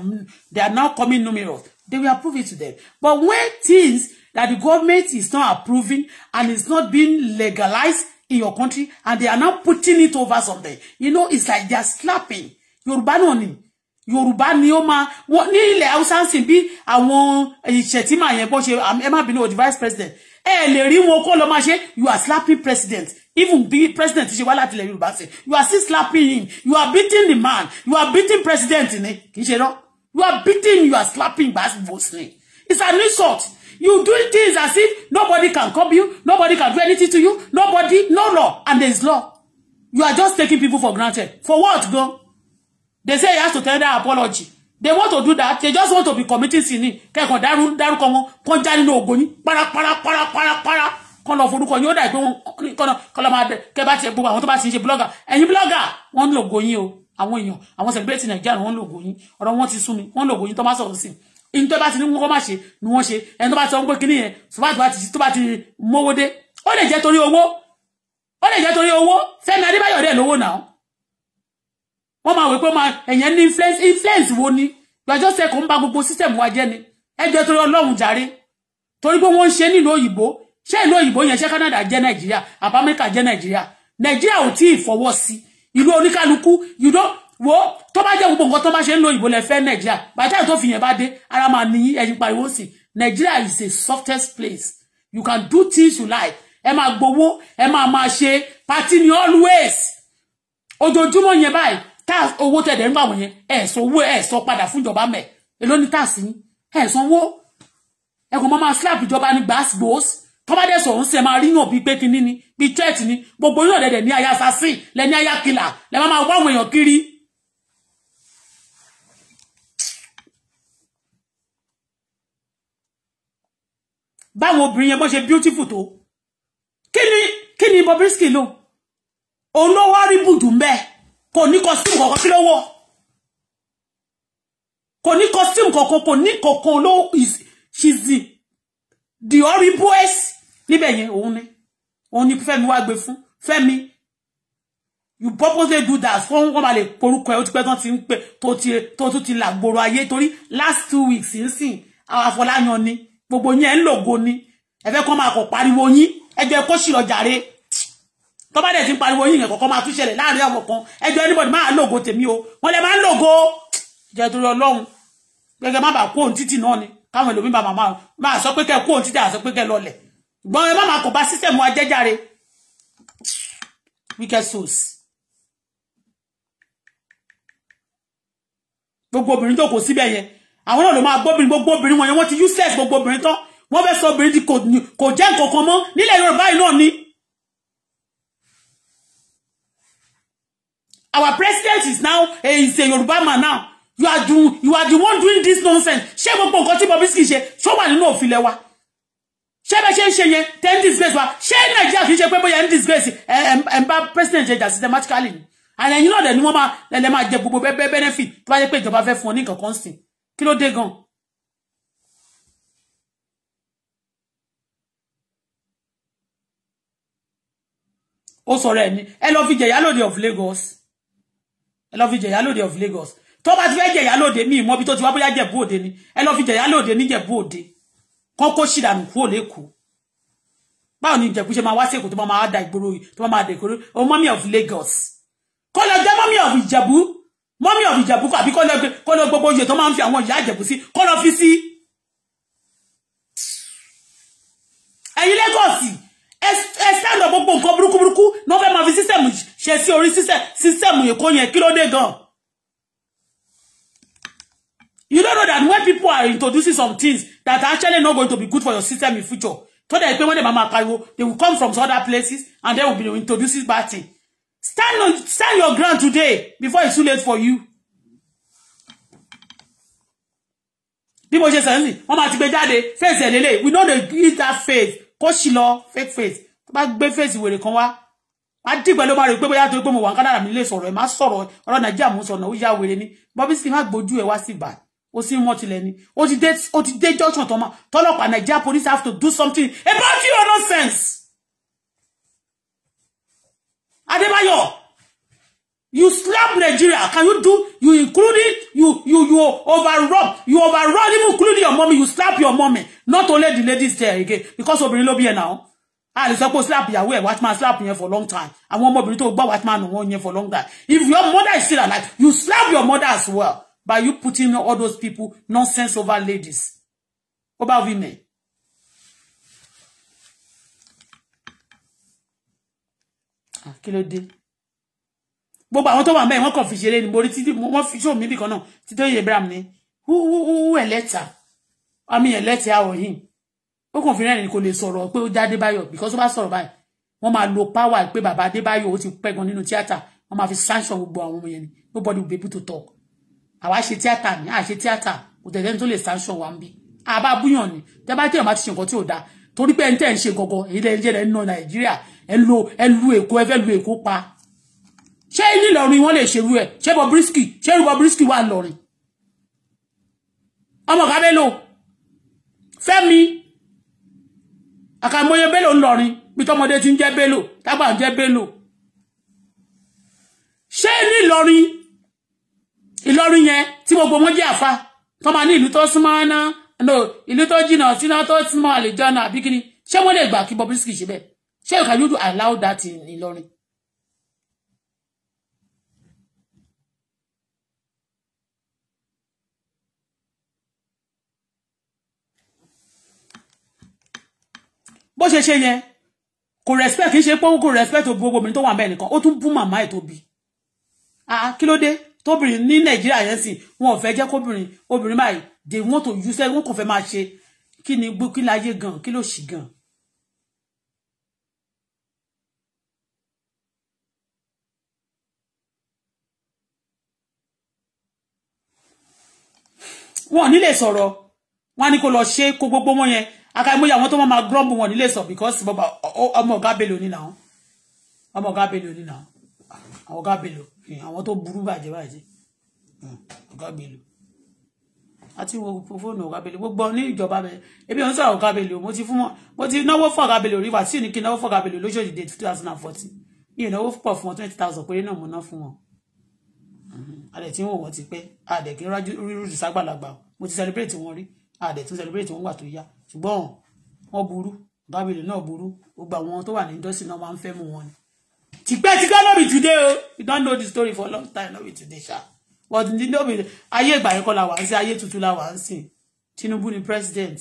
they are now coming numerous. They will approve it to them. But when things that the government is not approving and it's not being legalized in your country, and they are now putting it over something, you know, it's like they are slapping. Yorùbá banning yorùbá ni ó máa wọn ní ilẹ̀ haúsá sì bí àwọn ìṣẹ̀tìmọ̀ yẹn gbọ́ ṣe ẹ má bínú o the vice president ẹ lè rí wọn kó lọ máa ṣe you are slapping president even bí president ṣe wá láti ilẹ̀ yorùbá ṣe you are still slapping him you are beating the man you are beating president ni kì í ṣe rán you are beating you are slapping gbàgbọ́s ni it's an insult you doing things as if nobody can curb you nobody can do anything to you nobody no law and there is law you are just taking people for granted for what gan. They say he has to tell that apology. They want to do that. They just want to be committing sin. Kẹ́kọ̀ọ́ dárú dárúkọ wọn kọ́ já nínú ògo ní párapárapárapárá kọ́ lọ forúkọ yóò dà pé wọ́n kọ́ lọ máa kẹ́ bá ti gbogbo àwọn tó bá ti ń ṣe blogger. Ẹ̀yin blogger wọ́n ń lo ògo yín o. Àwọn èèyàn àwọn celebrate Nàìjíríà wọ́n ń lo ògo yín. Ọ̀rọ̀ wọn ti sún mi wọ́n ń lo ògo yín tó bá sọ̀rọ̀ sí i. Ní tó bá ti ní wọ́n má ṣe ni wọ́n ṣe. Ẹni tó bá ti sọ pé kíní yẹn tó bá ti mówó dé. Ó lè jẹ́ torí owó. Ó lè jẹ́ torí owó. Fẹ́mi Adébáyọ̀ dẹ̀ lówó now wọ́n máa wí pé ẹ̀yẹn ní influence influence wo ni gbàjọ́ sẹ́kọ̀ọ́ ń ba gbogbo system wa jẹ́ ni ẹjọ́ torí ọlọ́run jàre torí pé wọ́n ń ṣe nílùú òyìnbó ṣé ìlú òyìnbó yẹn ṣé Canada jẹ́ Nàìjíríà àbá Amẹ́ríkà jẹ́ Nàìjíríà Nàìjíríà ò tí ì fọwọ́ sí you know wo tó bá jẹ́ gbogbo nǹkan tó bá ṣe ń lo òyìnbó lẹ fẹ́ Nàìjíríà bàtà tó fi yẹn bá dé ara máa ní ẹyin pariwo sí Nàìjíríà is a softest place you can do things you like ẹ máa gbowó ẹ máa máa ṣe party ni always ojoojúmọ́ yẹn báyìí tax owó tẹ̀ dẹ̀ ń gbà wọ̀nyẹn ẹ̀ sọ owó ẹ̀ sọ padà fún ìjọba mẹ́ èló ní tax yín ẹ̀ sanwó ẹ̀ kò mọ́ máa slap ìjọba ní gbàs gbòs tọ́bádẹ́ sọ̀rọ̀ ń sẹ́ máa rí yàn bíi pé kinní ni bíi church ni gbogbo yàn dẹ̀dẹ̀ ní aya assassin lẹ́ni aya killer lẹ́ máa wá àwọn èèyàn kiri. báwo obìnrin yẹn bọ́ ṣe beautiful tó kí ni kí ni Bobrisky lò òun ló wá rí bùdù mbẹ́ẹ̀ kò ní costume kankan sí lọ́wọ́ kò ní costume kankan kò ní kankan ló she's the the horrible ass níbẹ̀ yẹn òun ni òun ni Fẹ́mi wá gbé fún Fẹ́mi you purposely do that fún wọn bá lè porúkọ ẹ ó ti pẹ́ tán ti ń pẹ́ tó ti tó ti làgbòrò ayé torí last two weeks ń sìn àwọn Afọláyan ni gbogbo yẹn ń lògo ni ẹ fẹ́ kọ́ máa kọ̀ pariwo yín ẹ jẹ́ kó ṣìlọ jàre tó bá dẹ̀ ti ń pariwo yìí yẹn kọ̀ọ̀kan máa tún ṣẹlẹ̀ láàrin ọmọ kan ẹjọ́ anybody máa lògo tèmi o wọ́n lè máa ń lògo jẹ́ torí ọlọ́run gẹ́gẹ́ má bàa kú òun títì náà ni káwọn èlòmí bàbá máa máa sọ pé kẹ́ kú òun títì àsọ pé kẹ́ lọlẹ̀ gbọ́n ẹ má máa kò bá sísẹ̀mù ajẹ́járe wicked souls gbogbo obìnrin tó kò síbẹ̀ yẹn àwọn náà ló máa gbóbìnrin gbogbo obìnrin wọn yẹn wọ́n ti useless gbogbo obìnrin tán wọ́n fẹ́ sọ obìnrin di kò jẹ́ nǹkan kan mọ́ nílẹ̀ Yorùbá yìí náà ni our president is now eh, is a Yoruba man now you are doing you are the one doing this nonsense ṣé gbogbo nǹkan tí Bobrisky ṣe ṣó wà nínú òfin lẹwa ṣé bẹ ṣe ń ṣe yẹn ten disgrace wa ṣé Nàìjíríà kì í ṣe pé bóyá ń disgrace ẹ ẹ ń bá president jẹjà systematically ni and ẹ̀yin náà dẹ̀ ni wọ́n máa lẹ́lẹ́ máa jẹ gbogbo bẹ́ẹ̀ benefit tó bá jẹ́ pé ìjọba fẹ́ fún ọ ní nǹkan kan sìn kí ló dé gan. ó sọ̀rọ̀ ẹ̀ ní ẹ lọ fi jẹ̀yà lóde of Lagos ẹ lọ fi jẹ Ìyálóde of Lagos tó bá ti fẹ́ jẹ Ìyálóde mi mọ́ bí tó ti wá bóyá Jẹ̀bú Òde ni ẹ lọ fi jẹ Ìyálóde ní Jẹ̀bú Òde kọ́ kó ṣìdànù kúrò lẹ́kọ̀ọ́ báwo ni Ìjẹ̀bú ṣe máa wá sí Èkó tó máa da ìgboro tó máa da ìgboro o mọ́mí of Lagos kọ́ lọ jẹ́ mọ́mí of Ìjẹ̀bú mọ́mí of Ìjẹ̀bú àbí kọ́ lọ gbogbo oyè tó máa ń fi àwọn ìyá Ìjẹ̀bú sí kọ́ lọ fi sí ẹ̀yin Lagos ẹsẹ̀ lọ gbogbo nǹkan burúkú burúkú náà fẹ́ máa fi sísẹ̀mù ṣe sí orí sísẹ̀mù èkó yẹn kí ló dé gan. you don't know that when people are introducing some things that are actually not going to be good for your system in future tó dẹ̀ pé wọ́n dẹ̀ máa máa pariwo they will come from other places and they will be introducing bad thing stand on stand your ground today before it's too late for you. bí mo ṣe sẹ́yìn wọ́n máa ti gbé jáde fèsì ẹ̀ lélẹ̀ we know the greater that face kó sì lọ fake face tó bá gbé face wèrè kan wá a dìgbà ló máa rò pé bóyá tó gbé mo wà kánàdà mi lè sọ̀rọ̀ ẹ̀ má sọ̀rọ̀ ọ̀rọ̀ nàìjíríà mú sọ̀nà ó yá wèrè ni bọ́bí sì má gbójú ẹ̀ wá sí ibà ó sì mọ́ tilẹ̀ ni ó ti dé ó ti dé junction tọ́mọ tọ́lọ́pàá nàìjíríà police have to do something about your nonsense. Adébáyọ̀ You slap Nigeria. Can you do? You include it. You you you overrun. You overrun even including your mommy. You slap your mommy. Not only the ladies there again because obìnrin ló bí here now. Ah, lè sọ pé slap ìyàwó ẹ̀ watchman slap yẹn for long time. And one more tó gbá watchman wọn yẹn for long time. If your mother is still alive, you slap your mother as well by you putting all those people nonsense over ladies, What about women. Ah, kí ló gbogbo àwọn tó wà mẹ́rin wọ́n kàn fi ṣeré ni mo rí títí wọ́n fi ṣó mi bìkan náà títí ó yẹ Abraham ni wúwúwú ẹ̀lẹ́ta àmì ẹ̀lẹ́ta àwọ̀ yìí ó kàn fi rẹ́rìn ni kò lè sọ̀rọ̀ pé ó dá Adébáyọ̀ because ó bá sọ̀rọ̀ báyìí wọ́n máa lo power pé bàbá Adébáyọ̀ ó ti pẹ́ gan nínú tíátà wọ́n máa fi sanction gbogbo àwọn ọmọ yẹn ni nobody will be able to talk àwa ṣe tíátà ni àṣe tíátà kò tẹ̀lé ní tó lè sanction wa ń bí àbá búyàn ni tẹ́ bá tẹ̀ máa ti ṣe nǹkan tí ò dáa torí pé ẹni tẹ́ ń ṣe gọ́gọ́ èyí lẹ́yìn jẹ́ ẹ̀ ń nà Nàìjíríà ẹ lu èkó ẹ fẹ́ lu èkó pa ṣé nílọrin wọ́n lè ṣerú ẹ̀ ṣé Bobrisky ṣé Bobrisky wà lọ́rin ọmọ ọ̀gá Bello Fẹ́mi àkàmọye Bello ńlọrin bí tọmọdé ti ń jẹ́ Bello tágbà ń jẹ́ Bello ṣé nílọrin Ìlọrin yẹn tí gbogbo wọn jẹ́ àfa tó máa ní ìlú tó súnmọ́ ná no ìlú tó jìnnà síná tó súnmọ́ àlejò náà àbí kíni ṣé wọ́n lè gbà kí Bobrisky ṣe bẹ́ẹ̀ ṣé ìkàyọ́dù allow that in Ìlọrin bó ṣe ṣe yẹn kò respect kì í ṣe pé kò respect gbogbo obìnrin tó wà bẹ́ẹ̀ nìkan ó tún bú màmá ẹ̀ tó bí ah, ah kí ló dé tóbìnrin ní nàìjíríà yẹn sì wọn ò fẹ́ jẹ́ kóbìnrin obìnrin báyìí they want to use ẹ wọn kò fẹ́ máa ṣe kí ni gbó kí láyé gan kí ló ṣì gan. wọn ò ní lè sọ̀rọ̀ wọn á ní kó lọ ṣe kó gbogbo wọn yẹn akáyémóye àwọn tó máa ma grumble wọn nílé sọ because ọmọ ọ̀gá bèlò ní làwọn ọmọ ọ̀gá bèlò ní làwọn àwọn ọ̀gá bèlò àwọn tó burú bàjẹ́ bàjẹ́ hmm, ọ̀gá bèlò àti wo fóònù ọ̀gá bèlò gbogbo ní ìjọba bẹ ebi ọ̀n sọ ọ̀gá bèlò mo ti fún wọn mo ti náwó fún ọ̀gá bèlò rí sí ní kí náwó fún ọ̀gá bèlò lóṣooṣù dé two thousand and fourteen mi ò náwó pọ̀ fún wọn twenty thousand péré náà mo ná fún wọn hmm, adẹ̀ tí ń wò wọ́n ti pẹ́ adẹ̀ kí rírù ságbàlagbà mo ti celebrate wọn rí adẹ̀ tún celebrate wọn wà tó yá ṣùgbọ́n wọ́n burú bábìlì náà burú gbogbo àwọn tó wà ní indọ́sì náà máa ń fẹ́ mú wọn ni. tipẹ́tipẹ́ lóbi today o you don't know the story for a long time be today ṣá but lóbi ayé ìgbà yẹn kọ́ la wà ń sìn ayé tuntun la wà ń sìn Tinubu ni president.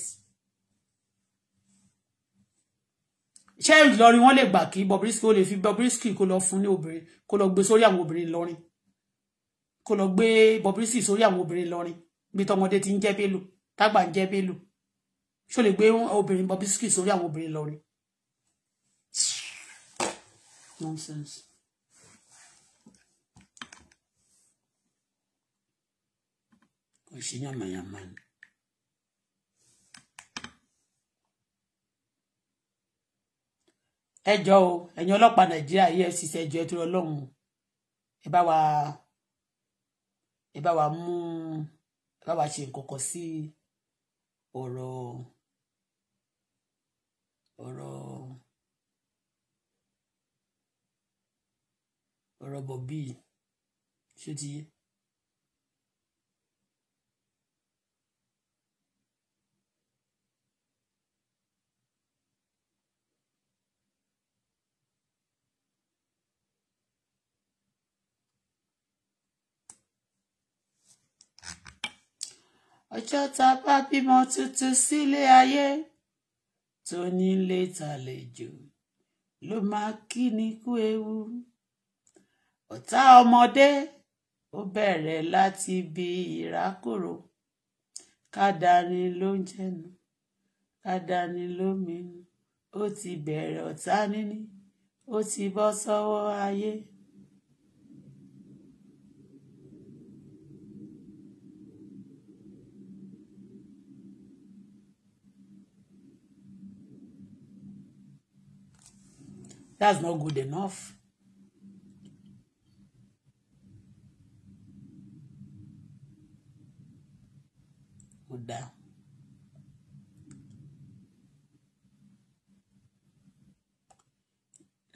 ṣé Ìlọrin wọn lè gbà kí Bobrisky ó lè fi Bobrisky kó lọ fún ní obìnrin kó lọ gbé sórí àwọn obìnrin lọrin kó lọ gbé Bobrisky sórí àwọn obìnrin lọrin bí tọmọdé ti ń jẹ bélò tágbà ń jẹ bélò ṣó lè gbé obìnrin Bobrisky sórí àwọn obìnrin lọ rí nonsense. kò sí yàmàyàmà ni. ẹjọ́ o ẹ̀yin ọlọ́pàá Nàìjíríà EFCC ẹjọ́ ẹ tó lọ lọ́hùn ẹ bá wa ẹ bá wa mú ẹ wa ṣe nǹkan kan sí rọbọ bíi ṣé ti yé. ọjọ́ tá a bá bímọ tuntun sílé ayé tó nílé tàlejò ló máa kí ni kú ewu ọ̀tá ọmọdé ó bẹ̀rẹ̀ láti ibi ìrákòrò kádàáni ló ń jẹnu kádàáni ló mìíní ó ti bẹ̀rẹ̀ ọ̀tá níní ó ti bọ́ sọ́wọ́ ayé. That's not good enough. down.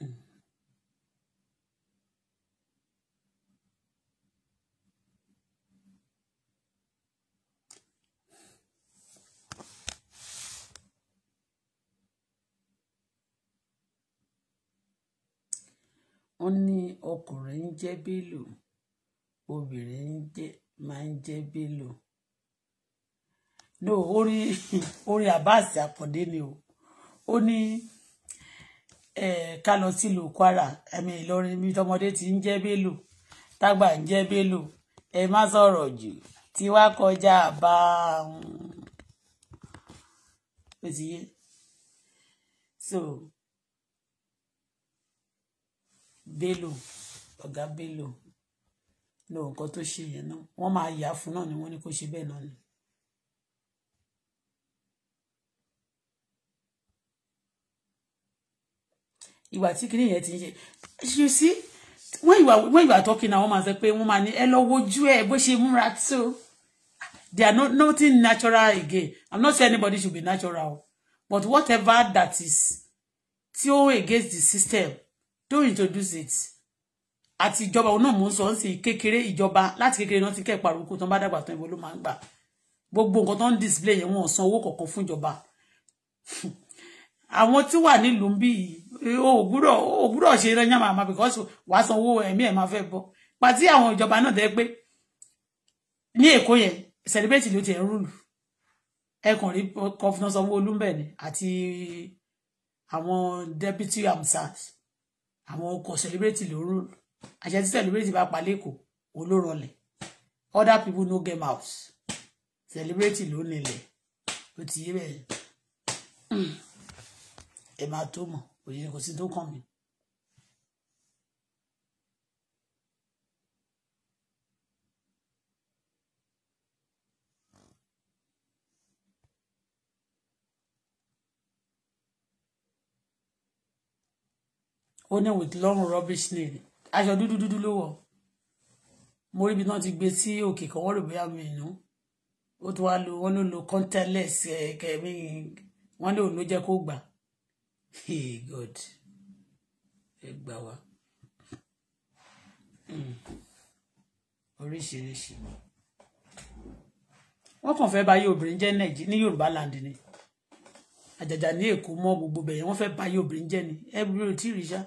Mm. wọ́n ní ọkùnrin ń jẹ́ bélò obìnrin máa ń jẹ́ bélò no orin orin Abbas Akande ni o ó ní ká lọ sílùú Kwara ẹ̀mí Ìlọrin mi tọmọdé ti ń jẹ́ bélò tágbà ń jẹ́ bélò ẹ má sọ̀rọ̀ jù tí wá kọjá bá ó ti so bélò ọ̀gá bélò lo nǹkan tó ṣe yẹn náà wọ́n máa yà fún náà ni wọ́n ní kó ṣe bẹ́ẹ̀ náà ni. ìwà tí kìnìún ti ń you see when you are when you are talking now wọ́n máa sọ pé wọ́n máa ní ẹ lọ wojú ẹ bó ṣe múra tó they are not nothing natural again i'm not saying anybody should be natural but whatever that is tí ó against the system don't introduce it àti ìjọba òun náà mò ń sọ ń sìn kékeré ìjọba láti kékeré náà ti kẹ́ ìparoko tó ń bá dàgbà tán ìwọ ló máa ń gbà gbogbo nǹkan tó ń display yẹn wọn ò san owó kọ̀ọ̀kan fún ìjọba àwọn tí wà nílùú bí eh, ògbúrọ̀ ògbúrọ̀ ṣe rẹ̀ yàn màmá because wàá san owó ẹ̀mí ẹ̀ máa fẹ́ bọ́ pàtí àwọn ìjọba náà dẹ́ pé ní èkó yẹn celebrate ló ti ẹ̀ rúlù ẹkùn rí kọfúnà sanwóolu mbẹ̀ni àti àwọn deputy amsas àwọn ọkọ̀ celebrate ló rúlù àṣẹ tí celebrate bá pa lẹ́kọ̀ọ́ olórọlẹ̀ other people no get mouth celebrate ló nílẹ̀ ó ti yé bẹ́ẹ̀. Hmm ẹ máa tó mọ̀ òye kò sí tó kàn mí. ó ní with long rubbish nail aṣọ dúdú dúdú ló wọ̀ mo rí ibi tí wọ́n ti gbé sí òkè kan wọ́n rò bóyá mi nù ó ti wá lo wọ́n ló lo contactless eh, kẹ̀mí wọ́n lóun ló jẹ́ kó gbà hey god ẹ gbà wá hmm. oríṣiríṣi wọ́n kàn fẹ́ báyé obìnrin jẹ́ ní yorùbá land ni àjàjà ní èkó mọ́ gbogbo bẹ̀yẹn wọ́n fẹ́ báyé obìnrin jẹ́ ni every tí rí ṣá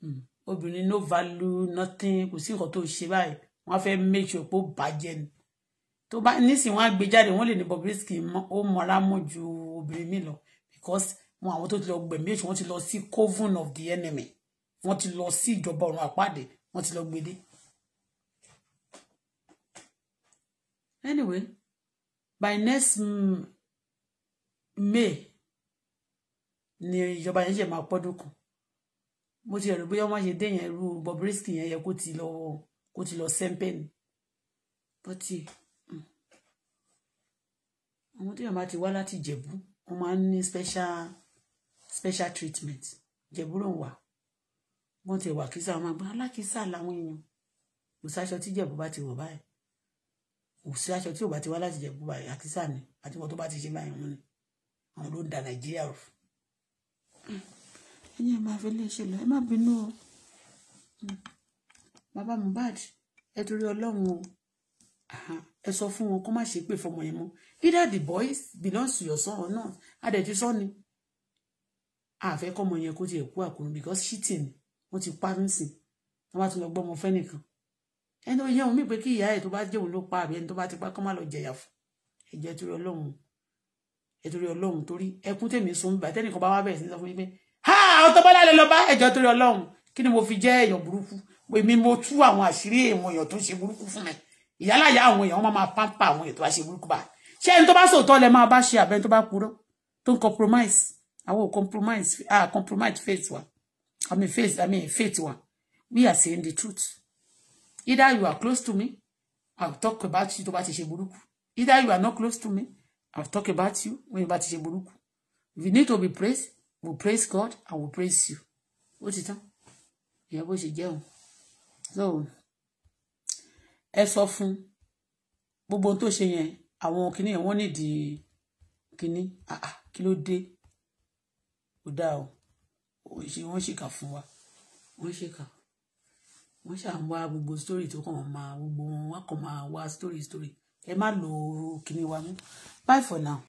hmm. obìnrin no value nothing kò sí nǹkan tó ṣe báyìí wọ́n fẹ́ make sure pé ó bàjẹ́ ni tó bá nísìnyí wọ́n á gbé jáde wọ́n lè ní Bobrisky ó mọra mọ ju obìnrin mi lọ because wọn àwọn tó ti lọ gbẹ̀mí èṣù wọn ti lọ sí coven of the enemy wọn ti lọ sí ìjọba ọ̀run àpáàdé wọn ti lọ gbede. anyway by next mm, May ni ìjọba yẹn ṣe máa pọ́dún kan mo ti rò bóyá wọ́n ṣe dé yẹn irú Bobrisky yẹn yẹ kó ti lọ kó ti lọ sẹ́ńpẹ́ ni bọ́tì mm. àwọn tó yàn bá ti wá láti Ìjẹ̀bú wọ́n máa ń ní special special treatment jẹ̀búrò ń wà wọ́n ti wà kísà wọn gbọ́n alákísà làwọn èèyàn kò sáṣọ tí jẹ̀bú bá ti wọ̀ báyìí kò sí tí ò bá ti wá láti jẹ̀bú báyìí àkísà ni àti wọn tó bá ti ṣe báyìí wọn ni àwọn ló ń da nàìjíríà rò. ẹ̀yin ẹ máa fi lè ṣe lọ ẹ má bínú o bàbá Mohbad ẹ torí ọlọ́run o ẹ sọ fún wọn kó má ṣe pé fọmọ yẹn mọ́ either the boys belong to your son or not adẹ̀jú sọ́ni. So àfẹ́ kọ́mọ yẹn kó tiẹ̀ kú àkóyún because cheating ni wọ́n ti pa ń sìn wọ́n bá tún lọ gbọ́mọ fẹ́ nìkan ẹni tó yẹ òun mí pé kí ìyá ẹ̀ tó bá jẹ́ òun ló pa àbí ẹni tó bá ti pa kọ́ má lọ jẹ̀yà fún ẹ̀jẹ̀ torí ọlọ́run ẹ̀torí ọlọ́run torí ẹkún tèmi sun bíbá tẹ́nìkan bá wá bẹ̀rẹ̀ sí sọ fún mi pé ha ọtọ́ bọ́lá lè lọ bá ẹ̀jẹ̀ torí ọlọ́run kí ni mo fi jẹ́ èèyàn burúkú èmi mo tú àwọn àṣírí èèwọ̀n èèyàn tó ń ṣe burúkú fún mi ìyálàyà àwọn èèyàn wọn máa pampa àwọn èèyàn tó bá ṣe burúkú bá ṣé ẹni tó bá sòótọ́ lẹ máa bá ṣe àbẹ́ni tó bá purọ́ tó ń compromise I will compromise ah compromise faith one. i mean faith i mean faith one. we are saying the truth either you are close to me I'll talk about you tó bá either you are not close to me I'll talk about you when you bá ti if you need to be praised we we'll praise god and we we'll praise you What is it? Yeah, what is it? so as often, fún gbogbo ohun tó ṣe yẹn àwọn kinní yẹn wọ́n nídìí ah ah kí kò dáa o wọ́n ṣèkà fún wa wọ́n ṣèkà wọ́n ṣà ń wá gbogbo story tó kàn máa gbogbo wọn wá kàn máa wá story story ẹ má lo kíní wa mú bye for now.